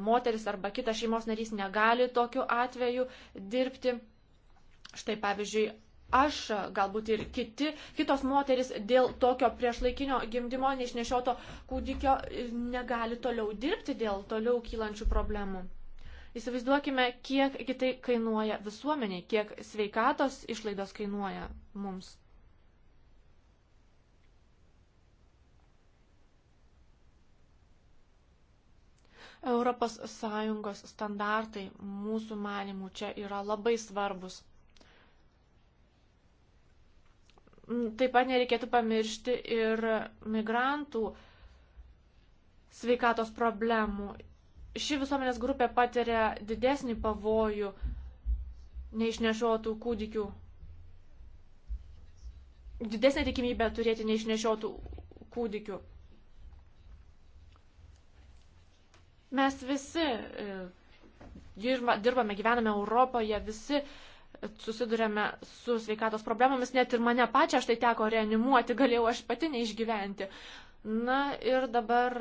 moteris arba kitas šeimos narys negali tokiu atveju dirbti. Štai pavyzdžiui, aš, galbūt ir kiti, kitos moteris dėl tokio priešlaikinio gimdymo neišnešioto kūdikio e, negali toliau dirbti dėl toliau kylančių problemų. Įsivaizduokime, kiek kitai kainuoja visuomeniai, kiek sveikatos išlaidos kainuoja mums. Europos Sąjungos standartai mūsų manimų čia yra labai svarbus. Mm, taip pat nereikėtų pamiršti ir migrantų sveikatos problemų ši visuomenės grupė patiria didesnį pavojų neišnešiotų kūdikių. Didesnė tikimybė turėti neišnešiotų kūdikių. Mes visi e, dirbame, gyvename Europoje, visi susidurėme su sveikatos problemomis, net ir mane pačią aš tai teko reanimuoti, galėjau aš pati neišgyventi. Na ir dabar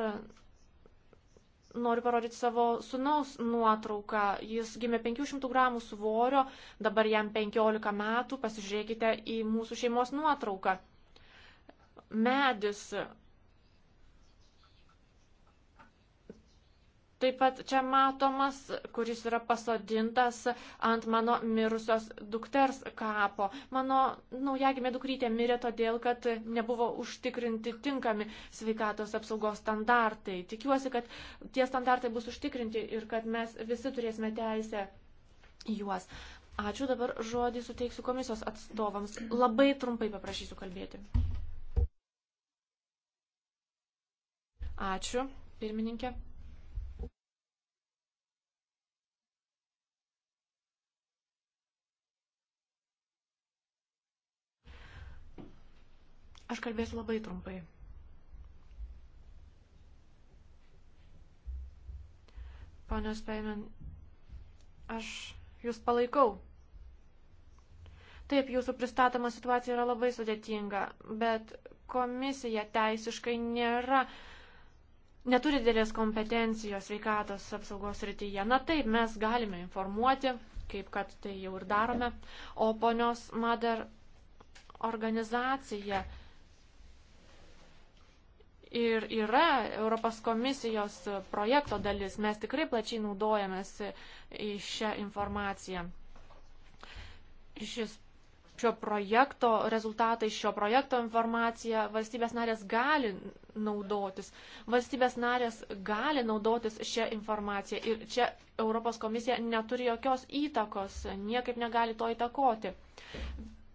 noriu parodyti savo sunaus nuotrauką. Jis gimė 500 gramų svorio, dabar jam 15 metų. Pasižiūrėkite į mūsų šeimos nuotrauką. Medis taip pat čia matomas, kuris yra pasodintas ant mano mirusios dukters kapo. Mano naujagimė dukrytė mirė todėl, kad nebuvo užtikrinti tinkami sveikatos apsaugos standartai. Tikiuosi, kad tie standartai bus užtikrinti ir kad mes visi turėsime teisę juos. Ačiū, dabar žodį suteiksiu komisijos atstovams. Labai trumpai paprašysiu kalbėti. Ačiū, pirmininkė. Aš kalbėsiu labai trumpai. Pane Speimen, aš jūs palaikau. Taip, jūsų pristatoma situacija yra labai sudėtinga, bet komisija teisiškai nėra, neturi dėlės kompetencijos sveikatos apsaugos rytyje. Na taip, mes galime informuoti, kaip kad tai jau ir darome, o ponios Mader organizacija ir yra Europos komisijos projekto dalis. Mes tikrai plačiai naudojamės į šią informaciją. Šis šio projekto rezultatai, šio projekto informacija valstybės narės gali naudotis. Valstybės narės gali naudotis šią informaciją ir čia Europos komisija neturi jokios įtakos, niekaip negali to įtakoti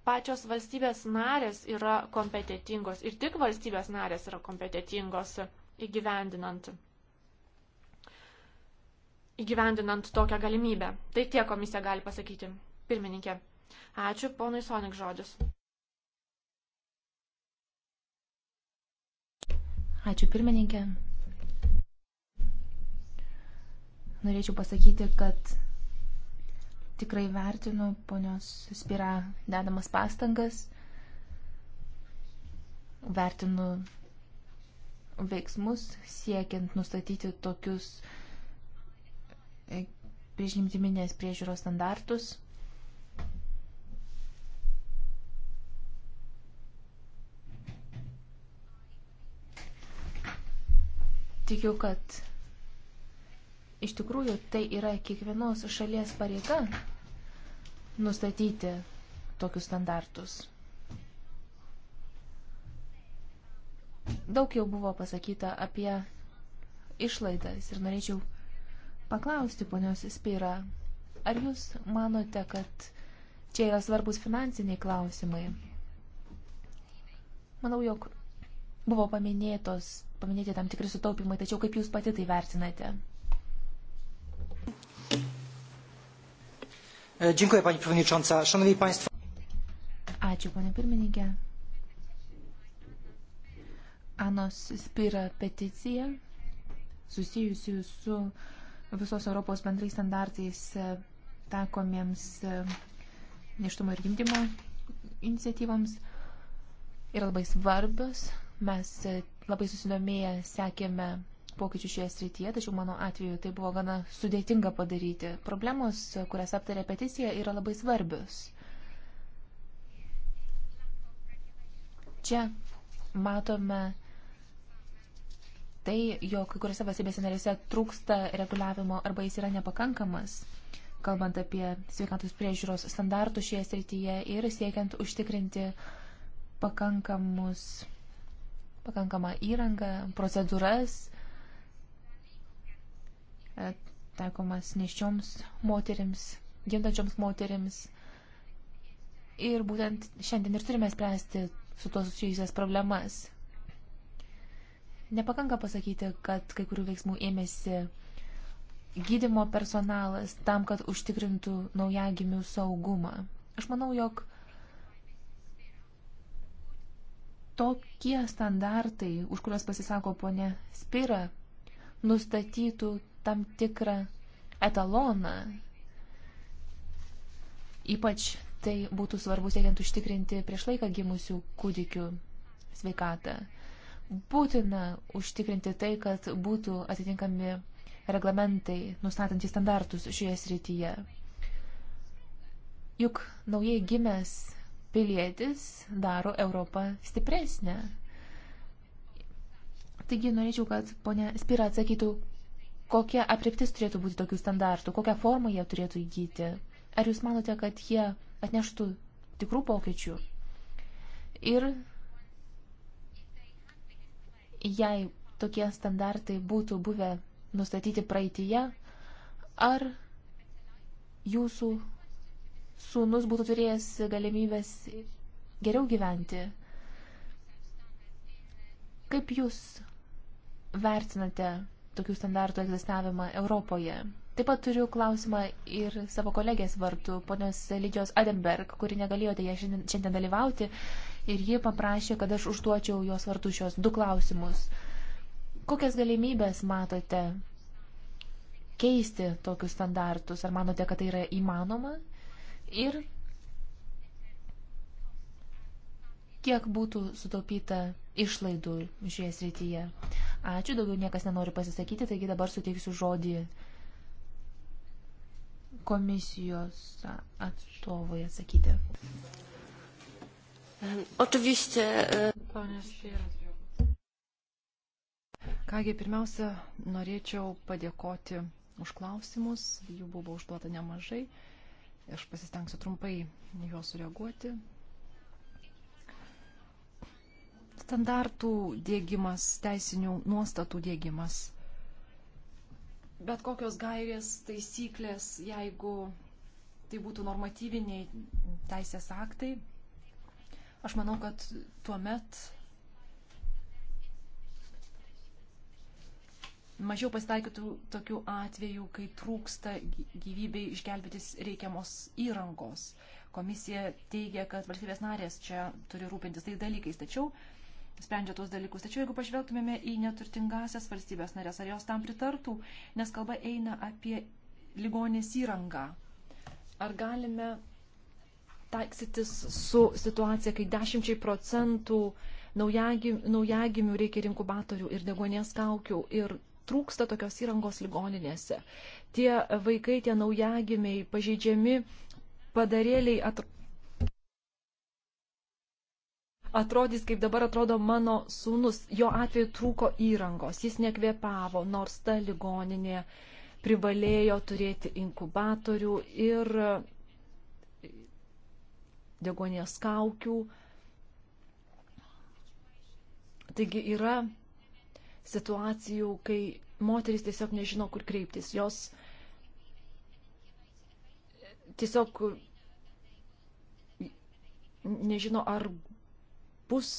pačios valstybės narės yra kompetitingos ir tik valstybės narės yra kompetitingos įgyvendinant, įgyvendinant tokią galimybę. Tai tie komisija gali pasakyti. Pirmininkė. Ačiū, ponui Sonik žodis. Ačiū, pirmininkė. Norėčiau pasakyti, kad tikrai vertinu ponios Spira dedamas pastangas, vertinu veiksmus siekiant nustatyti tokius e, priešimtiminės priežiūros standartus. Tikiu, kad iš tikrųjų tai yra kiekvienos šalies pareiga nustatyti tokius standartus. Daug jau buvo pasakyta apie išlaidas ir norėčiau paklausti ponios Spyra, ar jūs manote, kad čia yra svarbus finansiniai klausimai? Manau, jog buvo paminėtos, paminėti tam tikri sutaupimai, tačiau kaip jūs pati tai vertinate? E, dziękuję Pani Przewodnicząca. Szanowni Państwo. Ačiū, ponė pirmininkė. Anos Spira peticija susijusi su visos Europos bendrais standartais e, taikomiems e, neštumo ir gimdymo iniciatyvams yra labai svarbios. Mes labai susidomėję sekėme pokyčių šioje srityje, tačiau mano atveju tai buvo gana sudėtinga padaryti. Problemos, kurias aptarė peticija, yra labai svarbios. Čia matome tai, jog kai kuriuose valstybėse narėse trūksta reguliavimo arba jis yra nepakankamas, kalbant apie sveikatos priežiūros standartų šioje srityje ir siekiant užtikrinti pakankamus pakankamą įrangą, procedūras E, taikomas neščioms moteriams, gimdančioms moteriams. Ir būtent šiandien ir turime spręsti su tuo susijusias problemas. Nepakanka pasakyti, kad kai kurių veiksmų ėmėsi gydimo personalas tam, kad užtikrintų naujagimių saugumą. Aš manau, jog tokie standartai, už kuriuos pasisako ponė Spira, nustatytų tam tikrą etaloną. Ypač tai būtų svarbu siekiant užtikrinti prieš laiką gimusių kūdikių sveikatą. Būtina užtikrinti tai, kad būtų atitinkami reglamentai, nustatantys standartus šioje srityje. Juk naujai gimęs pilietis daro Europą stipresnę. Taigi norėčiau, kad ponia Spira atsakytų, kokia apriptis turėtų būti tokių standartų, kokią formą jie turėtų įgyti. Ar jūs manote, kad jie atneštų tikrų pokyčių? Ir jei tokie standartai būtų buvę nustatyti praeitįje, ar jūsų sūnus būtų turėjęs galimybės geriau gyventi? Kaip jūs vertinate tokių standartų egzistavimą Europoje. Taip pat turiu klausimą ir savo kolegės vartų, ponios Lydijos Adenberg, kuri negalėjo dėja šiandien, šiandien dalyvauti ir ji paprašė, kad aš užduočiau jos vartų šios du klausimus. Kokias galimybės matote keisti tokius standartus? Ar manote, kad tai yra įmanoma? Ir kiek būtų sutaupyta išlaidų šioje srityje? Ačiū, daugiau niekas nenori pasisakyti, taigi dabar suteiksiu žodį komisijos atstovui atsakyti. Oczywiście. E, Panie Świeras. Kągi, pirmiausia, norėčiau padėkoti už klausimus, jų buvo užduota nemažai. Aš pasistengsiu trumpai juos sureaguoti. standartų dėgymas, teisinių nuostatų dėgymas. Bet kokios gairės, taisyklės, jeigu tai būtų normatyviniai teisės aktai, aš manau, kad tuo met mažiau pasitaikytų tokių atvejų, kai trūksta gyvybei išgelbėtis reikiamos įrangos. Komisija teigia, kad valstybės narės čia turi rūpintis tai dalykais, tačiau uh, sprendžia tos dalykus. Tačiau jeigu pažvelgtumėme į neturtingasias valstybės narės, ar jos tam pritartų, nes kalba eina apie ligonės įrangą. Ar galime taiksytis su situacija, kai dešimčiai procentų naujagim, naujagimių reikia ir inkubatorių ir degonės kaukių ir trūksta tokios įrangos ligoninėse. Tie vaikai, tie naujagimiai pažeidžiami padarėliai at, atrodys, kaip dabar atrodo mano sūnus. Jo atveju trūko įrangos, jis nekvėpavo, nors ta ligoninė privalėjo turėti inkubatorių ir degonės kaukių. Taigi yra situacijų, kai moteris tiesiog nežino, kur kreiptis. Jos tiesiog nežino, ar bus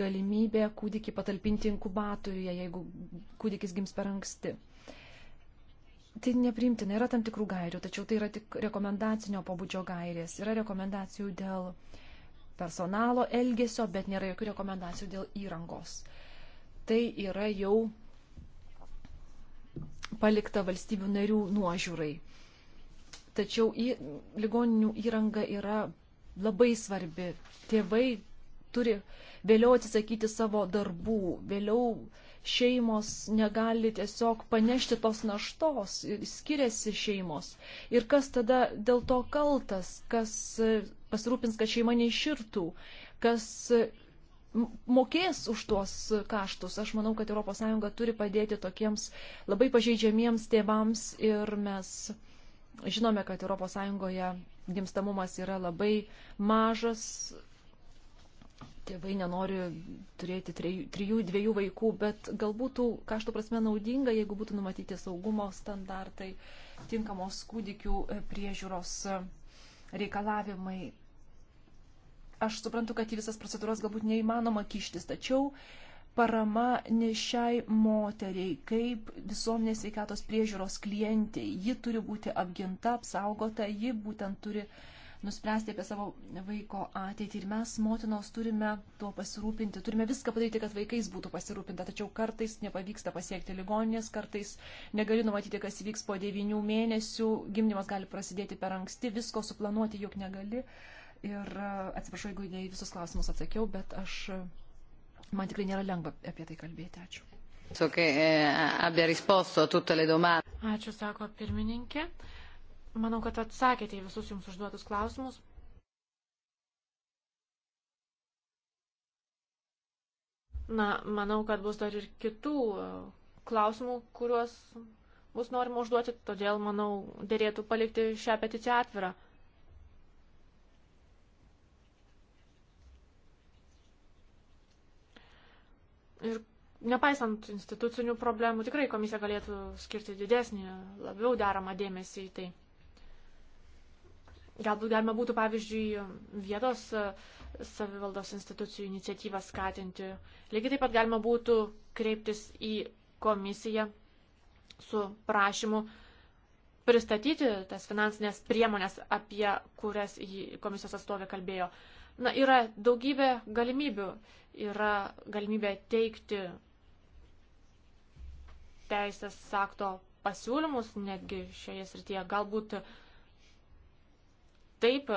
galimybė kūdikį patalpinti inkubatoriuje, jeigu kūdikis gims per anksti. Tai nepriimtina, yra tam tikrų gairių, tačiau tai yra tik rekomendacinio pobūdžio gairės. Yra rekomendacijų dėl personalo elgesio, bet nėra jokių rekomendacijų dėl įrangos. Tai yra jau palikta valstybių narių nuožiūrai. Tačiau į ligoninių įranga yra labai svarbi. Tėvai turi vėliau atsisakyti savo darbų, vėliau šeimos negali tiesiog panešti tos naštos, skiriasi šeimos. Ir kas tada dėl to kaltas, kas pasirūpins, kad šeima neiširtų, kas mokės už tuos kaštus. Aš manau, kad ES turi padėti tokiems labai pažeidžiamiems tėvams ir mes žinome, kad ES gimstamumas yra labai mažas, tėvai nenori turėti trijų, dviejų vaikų, bet galbūt kažtų prasme naudinga, jeigu būtų numatyti saugumo standartai, tinkamos kūdikių e, priežiūros e, reikalavimai. Aš suprantu, kad į visas procedūras galbūt neįmanoma kištis, tačiau parama nešiai moteriai, kaip visuomenės veikatos priežiūros klientė, ji turi būti apginta, apsaugota, ji būtent turi uh, nuspręsti apie savo vaiko ateitį. Ir mes, motinos, turime tuo pasirūpinti, turime viską padaryti, kad vaikais būtų pasirūpinta. Tačiau kartais nepavyksta pasiekti ligoninės, kartais negali numatyti, kas vyks po devinių mėnesių, gimdymas gali prasidėti per anksti, visko suplanuoti juk negali. Ir atsiprašau, jeigu ne į visus klausimus atsakiau, bet aš, man tikrai nėra lengva apie tai kalbėti. Ačiū. Ačiū, sako pirmininkė. Manau, kad atsakėte į visus jums užduotus klausimus. Na, manau, kad bus dar ir kitų e, klausimų, kuriuos bus norima užduoti, todėl, manau, dėrėtų palikti šią peticiją atvirą. Ir nepaisant institucinių problemų, tikrai komisija galėtų skirti didesnį, labiau deramą dėmesį į tai. Galbūt galima būtų, pavyzdžiui, vietos e, savivaldos institucijų iniciatyvą skatinti. Lygiai taip pat galima būtų kreiptis į komisiją su prašymu pristatyti tas finansinės priemonės, apie kurias komisijos atstovė kalbėjo. Na, yra daugybė galimybių. Yra galimybė teikti teisės akto pasiūlymus netgi šioje srityje. Galbūt uh, Taip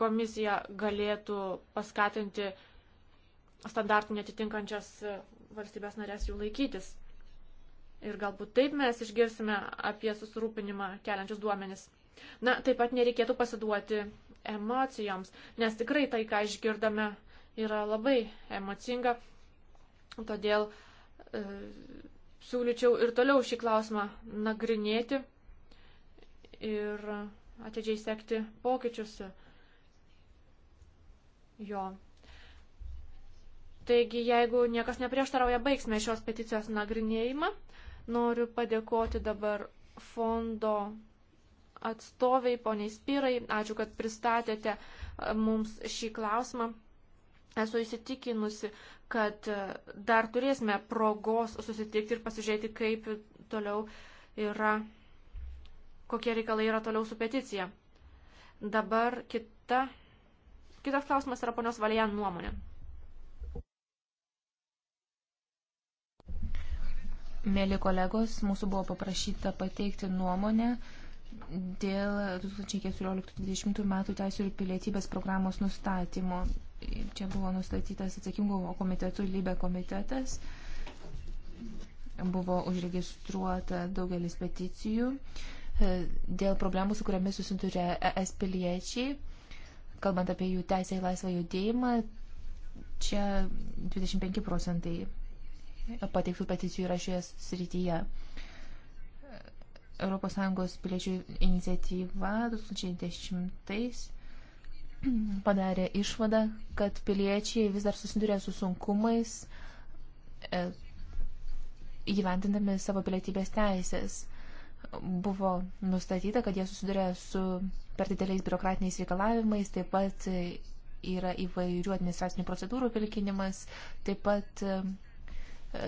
komisija galėtų paskatinti standartų netitinkančias valstybės narės jų laikytis. Ir galbūt taip mes išgirsime apie susirūpinimą keliančius duomenis. Na, taip pat nereikėtų pasiduoti emocijoms, nes tikrai tai, ką išgirdame, yra labai emocinga. Todėl e, siūlyčiau ir toliau šį klausimą nagrinėti. Ir atidžiai sekti pokyčius jo. Taigi, jeigu niekas neprieštarauja, baigsime šios peticijos nagrinėjimą. Noriu padėkoti dabar fondo atstoviai, poniai Spirai. Ačiū, kad pristatėte e, mums šį klausimą. Esu įsitikinusi, kad e, dar turėsime progos susitikti ir pasižiūrėti, kaip toliau yra kokie reikalai yra toliau su peticija. Dabar kita, kitas klausimas yra ponios Valijan nuomonė. Mėly kolegos, mūsų buvo paprašyta pateikti nuomonę dėl 2014-2020 metų teisų ir pilietybės programos nustatymo. Čia buvo nustatytas atsakingų komitetų lybė komitetas. Buvo užregistruota daugelis peticijų. Uh, E, dėl problemų, su kuriamis susiduria ES piliečiai, kalbant apie jų teisę į laisvą judėjimą, čia 25 procentai pateiktų peticijų yra šioje srityje. ES piliečių iniciatyva 2010 padarė išvadą, kad piliečiai vis dar susiduria su sunkumais e, įgyvendinami savo pilietybės teisės buvo nustatyta, kad jie susiduria su per dideliais biurokratiniais reikalavimais, taip pat yra įvairių administracinių procedūrų vilkinimas, taip pat e,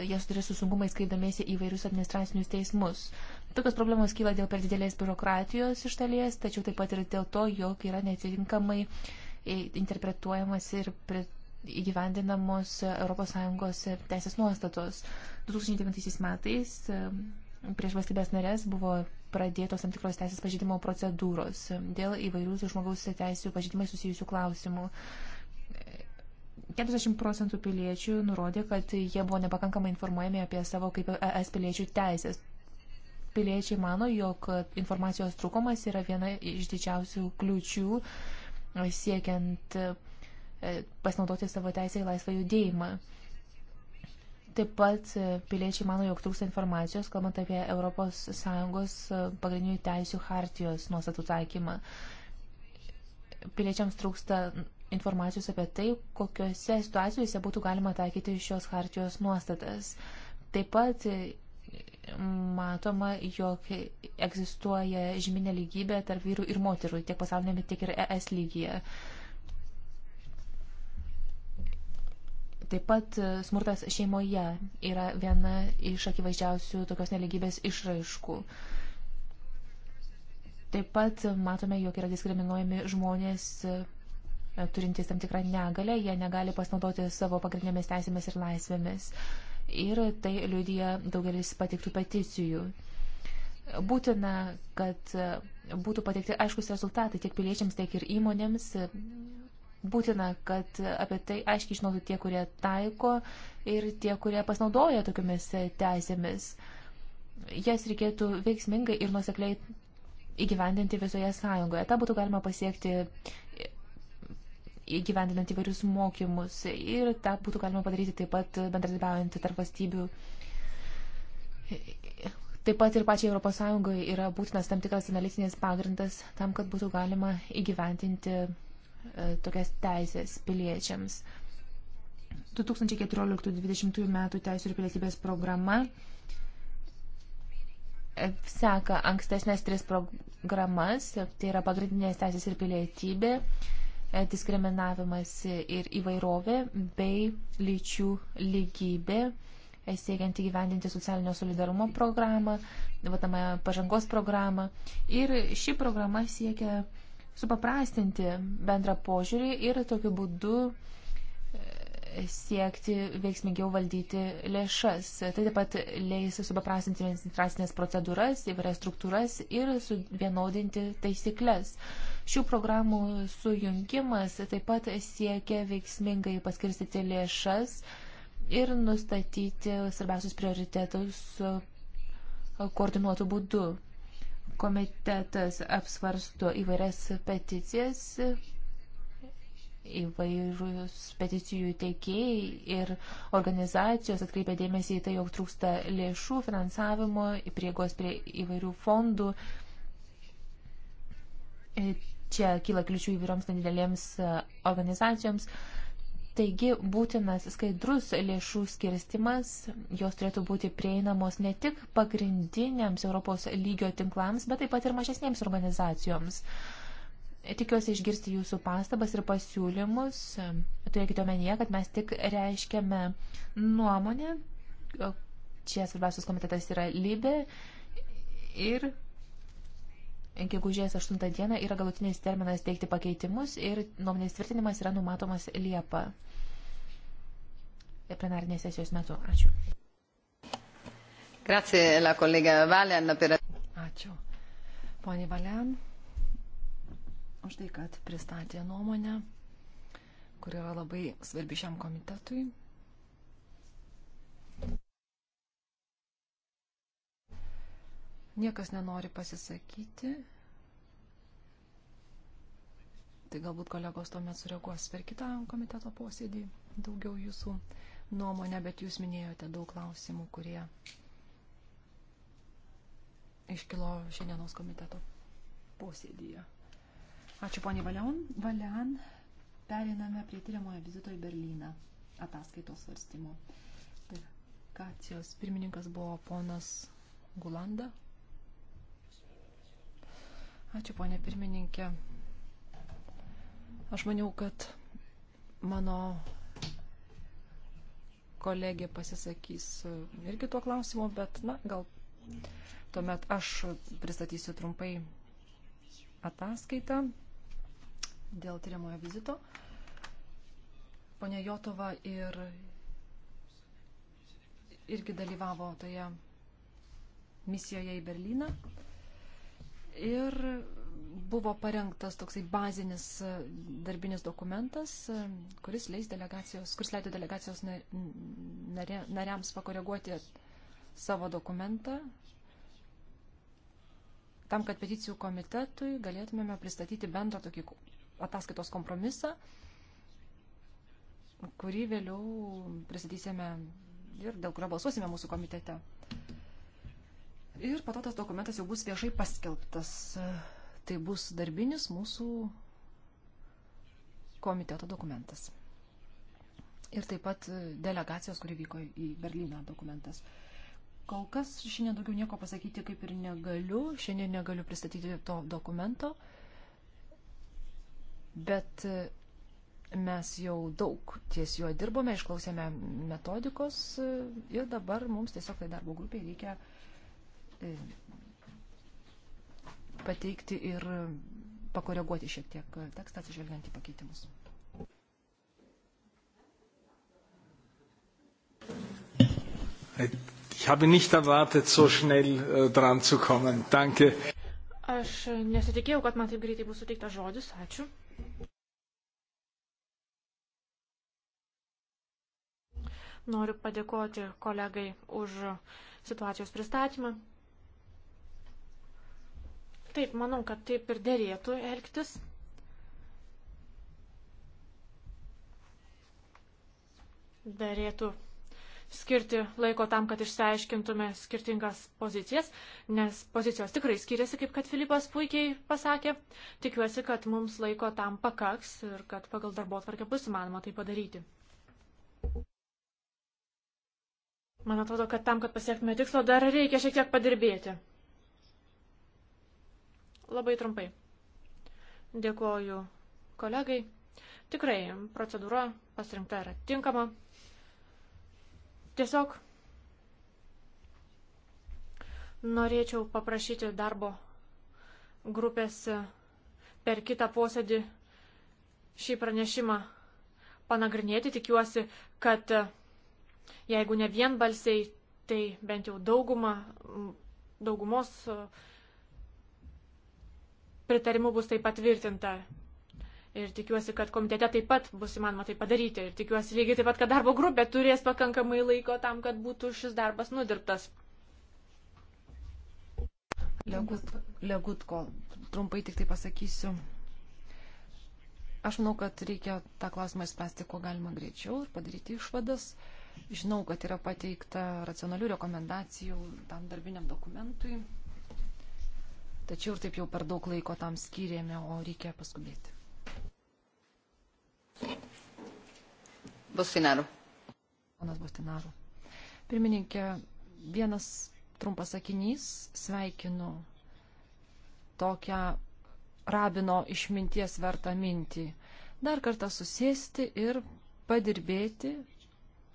jie susiduria su sunkumais kreipdamiesi į vairius administracinius teismus. Tokios problemos kyla dėl per didelės biurokratijos iš dalies, tačiau taip pat ir dėl to, jog yra netitinkamai interpretuojamas ir įgyvendinamos ES teisės nuostatos. 2009 metais e, prieš valstybės narės buvo pradėtos tam tikros teisės pažydimo procedūros dėl įvairių su žmogaus teisų pažydimai susijusių klausimų. 40 procentų piliečių nurodė, kad jie buvo nepakankamai informuojami apie savo kaip ES piliečių teisės. Piliečiai mano, jog informacijos trūkumas yra viena iš didžiausių kliučių siekiant e, pasinaudoti savo teisę į laisvą judėjimą. Taip pat e, piliečiai mano, jog trūksta informacijos, kalbant apie ES e, pagrindinių teisių hartijos nuostatų taikymą. Piliečiams trūksta informacijos apie tai, kokiuose situacijose būtų galima taikyti šios hartijos nuostatas. Taip pat e, matoma, jog egzistuoja žyminė lygybė tarp vyrų ir moterų, tiek pasaulinėme, tiek ir ES lygyje. Taip pat e, smurtas šeimoje yra viena iš akivaizdžiausių tokios neligybės išraiškų. Taip pat matome, jog yra diskriminuojami žmonės e, turintys tam tikrą negalę, jie negali pasinaudoti savo pagrindinėmis teisėmis ir laisvėmis. Ir tai liudija daugelis pateiktų peticijų. Būtina, kad e, būtų pateikti aiškus rezultatai tiek piliečiams, tiek ir įmonėms, būtina, kad apie tai aiškiai žinotų tie, kurie taiko ir tie, kurie pasinaudoja tokiamis teisėmis. Jas reikėtų veiksmingai ir nusekliai įgyvendinti visoje sąjungoje. Ta būtų galima pasiekti įgyvendinant įvairius mokymus ir tą būtų galima padaryti taip pat bendradarbiaujant tarp valstybių. Taip pat ir pačiai ES yra būtinas tam tikras analitinis pagrindas tam, kad būtų galima įgyvendinti E, tokias teisės piliečiams. 2014-2020 metų teisų ir pilietybės programa e, seka ankstesnės tris programas, tai yra pagrindinės teisės ir pilietybė, e, diskriminavimas ir įvairovė bei lyčių lygybė, siekiant įgyvendinti socialinio solidarumo programą, vadamą pažangos programą. Ir ši programa siekia supaprastinti bendrą požiūrį ir tokiu būdu e, siekti veiksmingiau valdyti lėšas. Tai taip pat leis supaprastinti administracinės procedūras, įvairias struktūras ir suvienodinti taisyklės. Šių programų sujungimas taip pat siekia veiksmingai paskirstyti lėšas ir nustatyti svarbiausius prioritetus koordinuotų būdų komitetas apsvarsto įvairias peticijas, įvairūs peticijų teikėjai ir organizacijos atkreipia dėmesį į tai, jog trūksta lėšų, finansavimo, priegos prie įvairių fondų. Čia kyla kliučių įvairioms nedidelėms organizacijoms. Uh, Taigi būtinas skaidrus lėšų skirstimas, jos turėtų būti prieinamos ne tik pagrindiniams Europos lygio tinklams, bet taip pat ir mažesnėms organizacijoms. Tikiuosi išgirsti jūsų pastabas ir pasiūlymus. Turėkite omenyje, kad mes tik reiškiame nuomonę. Čia svarbiausias komitetas yra Libė. Ir gegužės 8 dieną yra galutinis terminas teikti pakeitimus ir nuomonės tvirtinimas yra numatomas Liepą plenarinės sesijos metu. Ačiū. Grazie la collega Valen per... Ačiū. Pone Valen, už tai, kad pristatė nuomonę, kuri yra labai svarbi šiam komitetui. Niekas nenori pasisakyti. Tai galbūt kolegos tuomet sureaguos per kitą komiteto posėdį daugiau jūsų nuomonę, bet jūs minėjote daug klausimų, kurie iškilo šiandienos komiteto posėdyje. Ačiū poniai Valian. Valian. Periname prie tyriamojo vizito į Berliną ataskaitos svarstymo. Delegacijos pirmininkas buvo ponas Gulanda, Ačiū, ponė pirmininkė. Aš maniau, kad mano kolegė pasisakys irgi tuo klausimu, bet, na, gal tuomet aš pristatysiu trumpai ataskaitą dėl tyriamojo vizito. Pone Jotova ir irgi dalyvavo toje misijoje į Berliną. Ir buvo parengtas toksai bazinis e, darbinis dokumentas, e, kuris, leis delegacijos, kuris leido delegacijos narė, nariams pakoreguoti savo dokumentą, tam, kad peticijų komitetui galėtumėme pristatyti bendrą tokį ataskaitos kompromisą, kurį vėliau pristatysime ir dėl kurio balsuosime mūsų komitete. Ir po to tas dokumentas jau bus viešai paskelbtas. Tai bus darbinis mūsų komiteto dokumentas. Ir taip pat delegacijos, kuri vyko į Berliną dokumentas. Kol kas šiandien daugiau nieko pasakyti kaip ir negaliu. Šiandien negaliu pristatyti to dokumento. Bet e, mes jau daug ties juo dirbome, išklausėme metodikos e, ir dabar mums tiesiog tai darbo grupiai reikia uh, pateikti ir pakoreguoti šiek tiek tekstą atsižvelgiant į pakeitimus. Ich habe nicht erwartet, so schnell äh, dran zu kommen. Danke. Aš nesitikėjau, kad man taip greitai bus suteiktas žodis. Ačiū. Noriu padėkoti kolegai už situacijos pristatymą. Taip, manau, kad taip ir dėrėtų elgtis. Dėrėtų skirti laiko tam, kad išsiaiškintume skirtingas pozicijas, nes pozicijos tikrai skiriasi, kaip kad Filipas puikiai pasakė. Tikiuosi, kad mums laiko tam pakaks ir kad pagal darbo atvarkę bus įmanoma tai padaryti. Man atrodo, kad tam, kad pasiektume tikslo, dar reikia šiek tiek padirbėti. Labai trumpai. Dėkuoju kolegai. Tikrai procedūra pasirinkta yra tinkama. Tiesiog norėčiau paprašyti darbo grupės per kitą posėdį šį pranešimą panagrinėti. Tikiuosi, kad jeigu ne vienbalsiai, tai bent jau dauguma, daugumos pritarimu bus tai patvirtinta. Ir tikiuosi, kad komitete taip pat bus įmanoma tai padaryti. Ir tikiuosi lygiai taip pat, kad darbo grupė turės pakankamai laiko tam, kad būtų šis darbas nudirbtas. Legut, legutko, trumpai tik tai pasakysiu. Aš manau, kad reikia tą klausimą spręsti kuo galima greičiau ir padaryti išvadas. Žinau, kad yra pateikta racionalių rekomendacijų tam darbiniam dokumentui. Tačiau ir taip jau per daug laiko tam skyrėme, o reikia paskubėti. Bostinaru. Ponas Bostinaru. Pirmininkė, vienas trumpas sakinys, sveikinu tokią rabino išminties vertą mintį. Dar kartą susėsti ir padirbėti,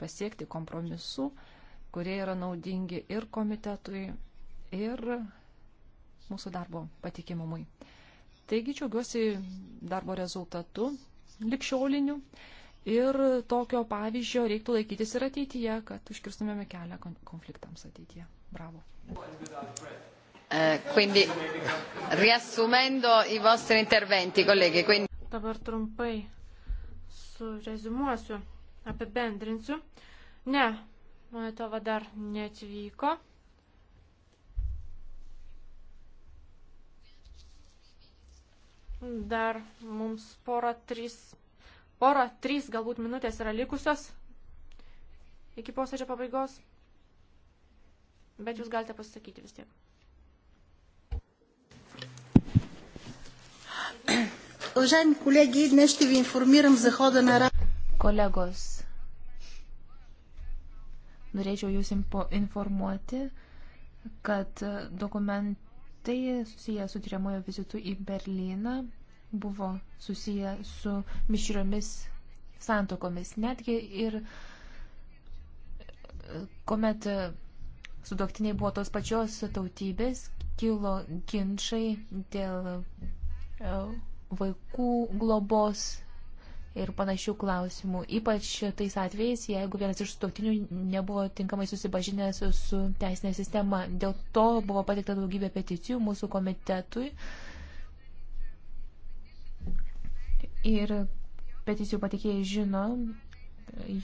pasiekti kompromisų, kurie yra naudingi ir komitetui, ir mūsų darbo patikimumui. Taigi džiaugiuosi darbo rezultatu likščioliniu ir tokio pavyzdžio reiktų laikytis ir ateityje, kad užkirstumėme kelią konfliktams ateityje. Bravo. Eh, quindi, riassumendo i vostri interventi, colleghi. Quindi... Dabar trumpai surezumuosiu, apibendrinsiu. Ne, mano tava dar neatvyko. Dar mums pora trys, pora trys galbūt minutės yra likusios iki posėdžio pabaigos, bet jūs galite pasisakyti vis tiek. Уважаеми колеги, днес ще ви информирам за хода на Колегос, norėčiau jūs informuoti, kad dokument Tai susiję su tyriamojo vizitu į Berliną, buvo susiję su mišriomis santokomis. Netgi ir e, kuomet e, sudoktiniai buvo tos pačios tautybės, kilo ginčiai dėl e, vaikų globos ir panašių klausimų, ypač tais atvejais, jeigu vienas iš sutoktinių nebuvo tinkamai susipažinęs su teisinė sistema. Dėl to buvo patikta daugybė peticijų mūsų komitetui. Ir peticijų patikėjai žino,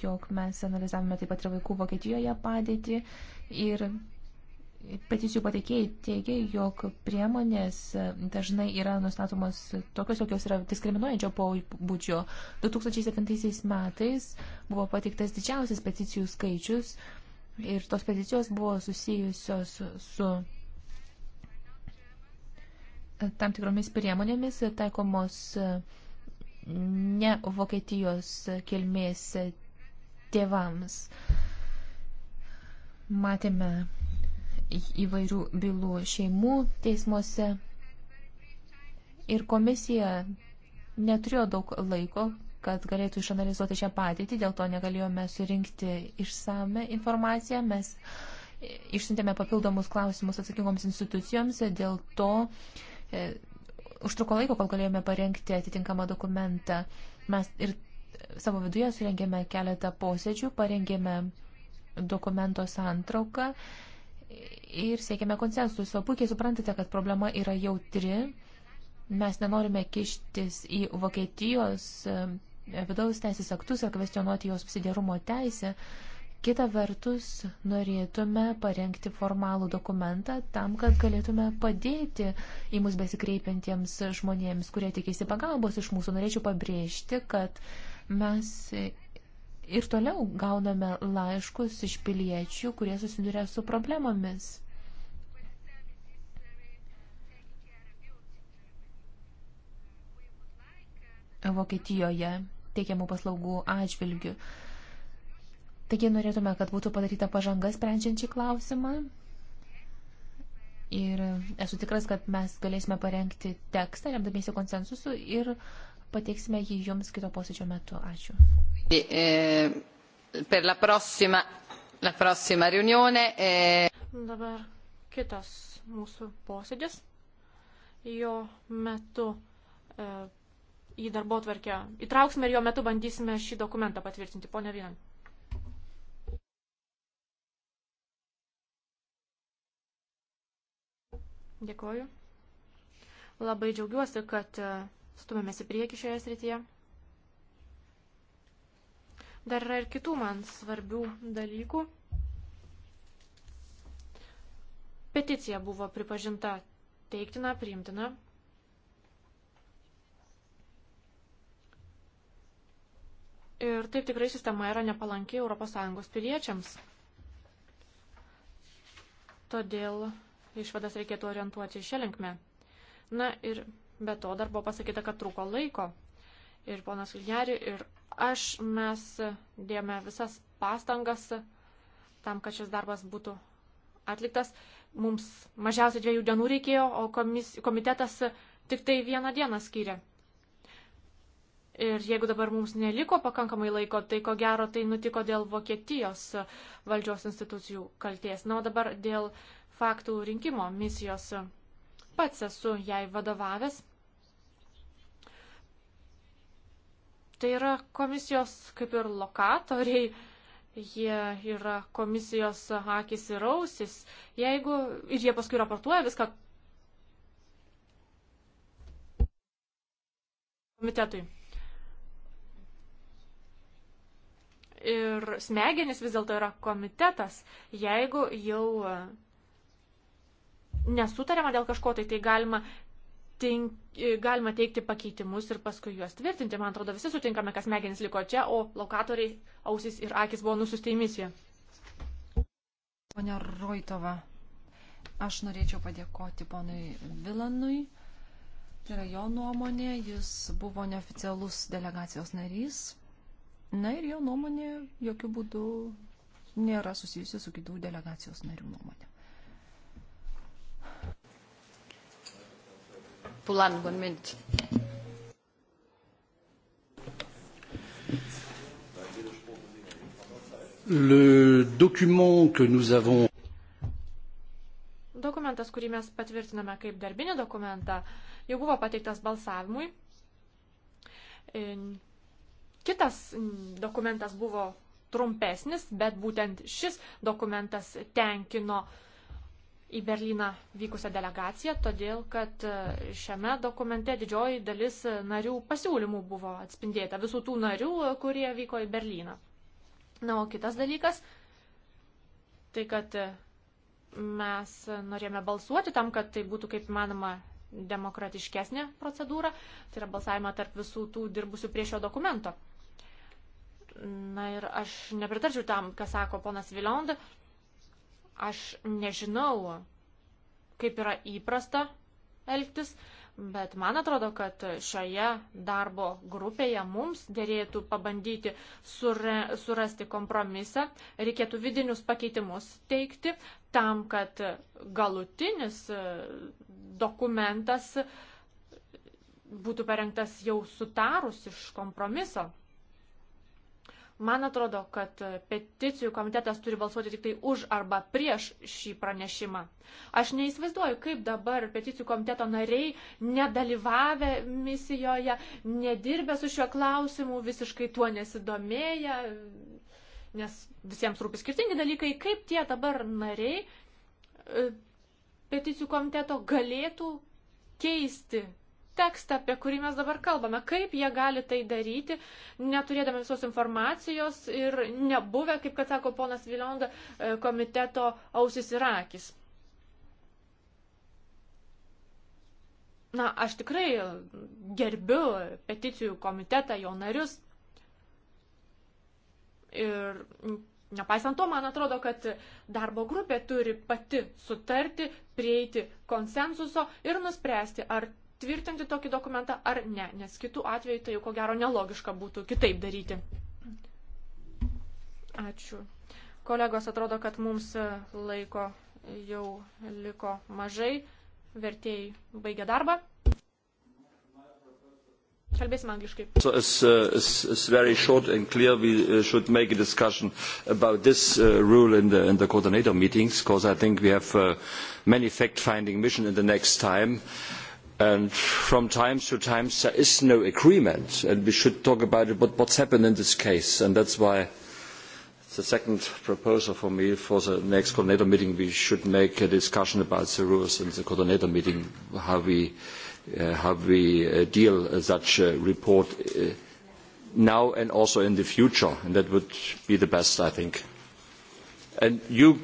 jog mes analizavome taip pat ir vaikų Vokietijoje padėtį ir peticijų pateikėjai teigia, jog priemonės dažnai yra nustatomos tokios, kokios yra diskriminuojančio pobūdžio. 2007 metais buvo pateiktas didžiausias peticijų skaičius ir tos peticijos buvo susijusios su tam tikromis priemonėmis taikomos ne Vokietijos kilmės tėvams. Matėme įvairių bylų šeimų teismuose. Ir komisija neturėjo daug laiko, kad galėtų išanalizuoti šią patirtį, dėl to negalėjome surinkti išsame informaciją. Mes išsintėme papildomus klausimus atsakingoms institucijoms, dėl to e, užtruko laiko, kol galėjome parengti atitinkamą dokumentą. Mes ir savo viduje surengėme keletą posėdžių, parengėme dokumento santrauką ir siekiame konsensuso. Puikiai suprantate, kad problema yra jautri. Mes nenorime kištis į Vokietijos e, vidaus teisės aktus ar kvestionuoti jos subsidiarumo teisę. Kita vertus, norėtume parengti formalų dokumentą tam, kad galėtume padėti į mus besikreipiantiems žmonėms, kurie tikėsi pagalbos iš mūsų. Norėčiau pabrėžti, kad mes ir toliau gauname laiškus iš piliečių, kurie susiduria su problemomis. Vokietijoje teikiamų paslaugų atžvilgių. Taigi norėtume, kad būtų padaryta pažanga sprendžiant šį klausimą. Ir esu tikras, kad mes galėsime parengti tekstą, remdamiesi konsensusu ir pateiksime jį jums kito posėdžio metu. Ačiū. Eh, per la prossima, la prossima riunione. E... Dabar kitas mūsų posėdis. Jo metu e, į darbo tvarkę įtrauksime ir jo metu bandysime šį dokumentą patvirtinti. Pone Vynan. Dėkoju. Labai džiaugiuosi, kad stumėmės į priekį šioje srityje. Dar yra ir kitų man svarbių dalykų. Peticija buvo pripažinta teiktina, priimtina. Ir taip tikrai sistema yra nepalanki ES piliečiams. Todėl išvadas reikėtų orientuoti šią linkmę. Na ir be to dar buvo pasakyta, kad trūko laiko. Ir ponas Liljari, ir aš mes dėjome visas pastangas tam, kad šis darbas būtų atliktas. Mums mažiausiai dviejų dienų reikėjo, o komis, komitetas tik tai vieną dieną skyrė. Ir jeigu dabar mums neliko pakankamai laiko, tai ko gero tai nutiko dėl Vokietijos valdžios institucijų kalties. Na, o dabar dėl faktų rinkimo misijos. Pats esu jai vadovavęs Tai yra komisijos kaip ir lokatoriai, jie yra komisijos akis ir ausis. Jeigu, ir jie paskui raportuoja viską komitetui. ir smegenys vis dėlto yra komitetas. Jeigu jau nesutariama dėl kažko, tai tai galima tink, galima teikti pakeitimus ir paskui juos tvirtinti. Man atrodo, visi sutinkame, kas smegenys liko čia, o lokatoriai, ausis ir akis buvo nususti į misiją. Pone Roitova, aš norėčiau padėkoti ponui Vilanui. Tai yra jo nuomonė, jis buvo neoficialus delegacijos narys. Na ir jo nuomonė jokių būdų nėra susijusi su kitų delegacijos narių nuomonė. Pulan, one minute. Le document que nous avons Dokumentas, kurį mes patvirtiname kaip darbinį dokumentą, jau buvo pateiktas balsavimui. E, kitas dokumentas buvo trumpesnis, bet būtent šis dokumentas tenkino uh, į Berliną vykusią delegaciją, todėl kad e, šiame dokumente didžioji dalis e, narių pasiūlymų buvo atspindėta, visų tų narių, e, kurie vyko į Berliną. Na, o kitas dalykas, tai kad mes norėjome balsuoti tam, kad tai būtų kaip manoma demokratiškesnė procedūra, tai yra balsavimą tarp visų tų dirbusių prie šio dokumento. Na ir aš nepritarčiau tam, ką sako ponas Vilond, Aš nežinau, kaip yra įprasta elgtis, bet man atrodo, kad šioje darbo grupėje mums dėrėtų pabandyti sure, surasti kompromisą, reikėtų vidinius pakeitimus teikti tam, kad galutinis e, dokumentas būtų parengtas jau sutarus iš kompromiso. Man atrodo, kad peticijų komitetas turi balsuoti tik tai už arba prieš šį pranešimą. Aš neįsivaizduoju, kaip dabar peticijų komiteto nariai, nedalyvavę misijoje, nedirbę su šiuo klausimu, visiškai tuo nesidomėję, nes visiems rūpi skirtingi dalykai, kaip tie dabar nariai e, peticijų komiteto galėtų keisti tekstą, apie kurį mes dabar kalbame. Kaip jie gali tai daryti, neturėdami visos informacijos ir nebuvę, kaip kad sako ponas Vilionda, e, komiteto ausis ir akis. Na, aš tikrai gerbiu peticijų komitetą, jo narius. Ir Nepaisant to, man atrodo, kad darbo grupė turi pati sutarti, prieiti konsensuso ir nuspręsti, ar tvirtinti tokį dokumentą ar ne, nes kitų atveju tai jau ko gero nelogiška būtų kitaip daryti. Ačiū. Kolegos, atrodo, kad mums e, laiko jau liko mažai. Vertėjai baigia darbą. Kalbėsim angliškai. So it's, uh, it's, it's very short and clear. We uh, should make a discussion about this uh, rule in the, in the coordinator meetings because I think we have uh, many fact-finding mission in the next time. Uh, and from time to time there is no agreement and we should talk about it, what, what's happened in this case and that's why the second proposal for me for the next coordinator meeting we should make a discussion about the rules in the coordinator meeting how we uh, how we uh, deal uh, such a report uh, now and also in the future and that would be the best I think and you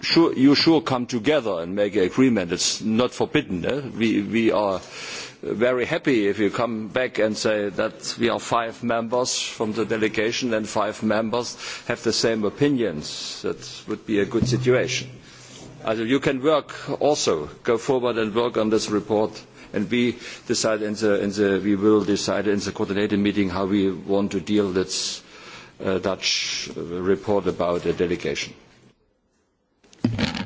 sure, you sure come together and make an agreement. It's not forbidden. Eh? We, we are very happy if you come back and say that we are five members from the delegation and five members have the same opinions. That would be a good situation. Also you can work also, go forward and work on this report and we decide in the, in the, we will decide in the coordinated meeting how we want to deal with this uh, Dutch uh, report about the delegation.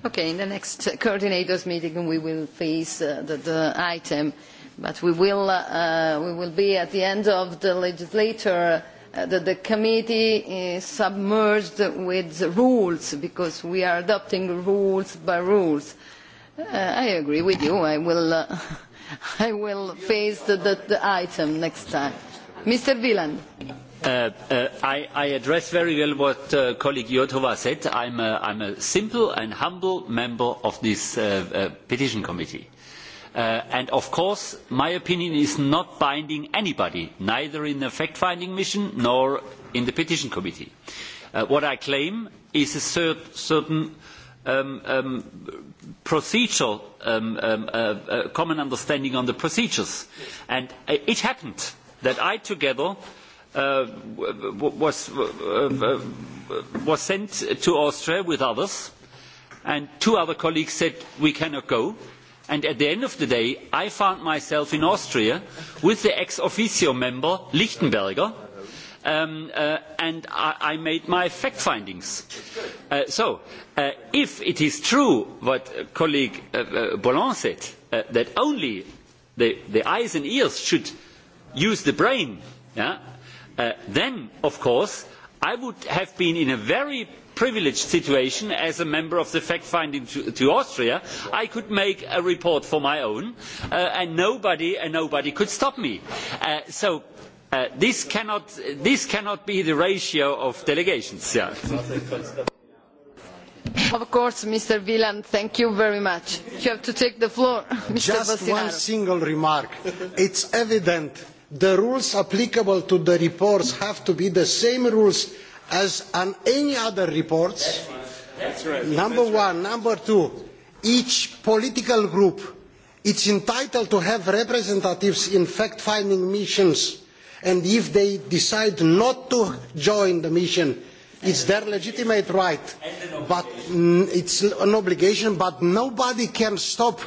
Okay, in the next coordinators meeting we will face uh, the, the item, but we will, uh, uh, we will be at the end of the legislature. Uh, the, the committee is submerged with rules because we are adopting rules by rules. Uh, I agree with you. I will, uh, I will face the, the, the item next time. Mr. Wieland. Uh, uh, I, I address very well what uh, colleague Iotova said. I'm a, I'm a simple and humble member of this uh, uh, petition committee. Uh, and of course, my opinion is not binding anybody, neither in the fact-finding mission nor in the petition committee. Uh, what I claim is a cert certain um, um, procedural um, um, uh, uh, common understanding on the procedures. And uh, it happened that I, together uh, was, uh, uh, was sent to Austria with others, and two other colleagues said, we cannot go. And at the end of the day, I found myself in Austria with the ex officio member, Lichtenberger, um, uh, and I, I made my fact findings. Uh, so, uh, if it is true what colleague uh, uh, Bolland said, uh, that only the, the eyes and ears should use the brain, yeah, Uh, then of course i would have been in a very privileged situation as a member of the fact finding to, to austria i could make a report for my own uh, and nobody and nobody could stop me uh, so uh, this cannot this cannot be the ratio of delegations yeah. of course mr wieland thank you very much you have to take the floor mr just Bostinaro. one single remark it's evident the rules applicable to the reports have to be the same rules as on any other reports. That's right. That's right. Number That's one. Right. Number two, each political group is entitled to have representatives in fact-finding missions, and if they decide not to join the mission, it's their legitimate right, but mm, it's an obligation, but nobody can stop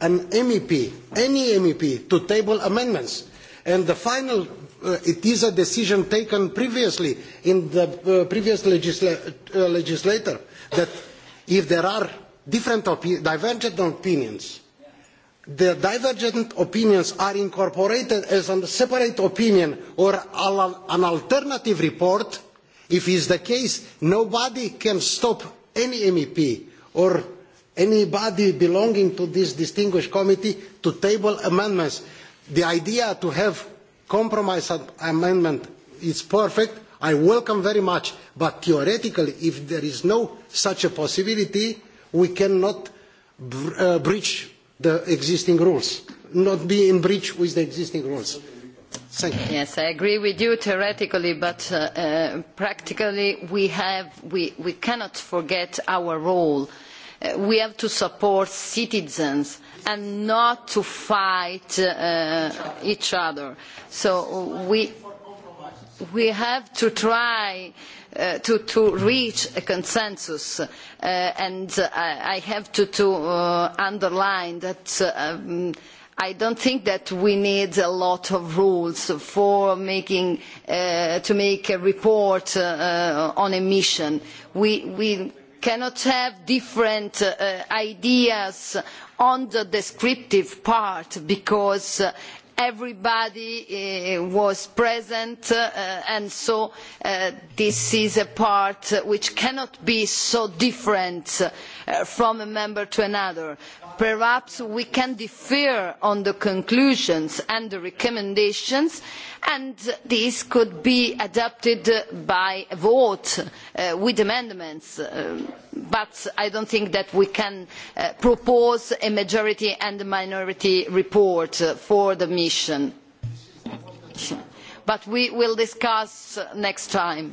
an MEP, any MEP, to table amendments And the final, uh, it is a decision taken previously in the uh, previous legisla uh, legislator that if there are different opi divergent opinions, the divergent opinions are incorporated as a separate opinion or an alternative report. If is the case, nobody can stop any MEP or anybody belonging to this distinguished committee to table amendments the idea to have compromise amendment is perfect. I welcome very much, but theoretically, if there is no such a possibility, we cannot br uh, breach the existing rules, not be in breach with the existing rules. Thank you. Yes, I agree with you theoretically, but uh, uh, practically we, have, we, we cannot forget our role uh, we have to support citizens and not to fight uh, each other. So we, we have to try uh, to, to reach a consensus uh, and uh, I have to, to uh, underline that uh, um, I don't think that we need a lot of rules for making, uh, to make a report uh, on emission. We, we cannot have different uh, ideas on the descriptive part because uh, everybody uh, was present uh, and so uh, this is a part which cannot be so different uh, from a member to another perhaps we can differ on the conclusions and the recommendations and these could be adopted by a vote uh, with amendments uh, but i do not think that we can uh, propose a majority and a minority report uh, for the mission but we will discuss next time.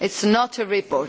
it is not a report.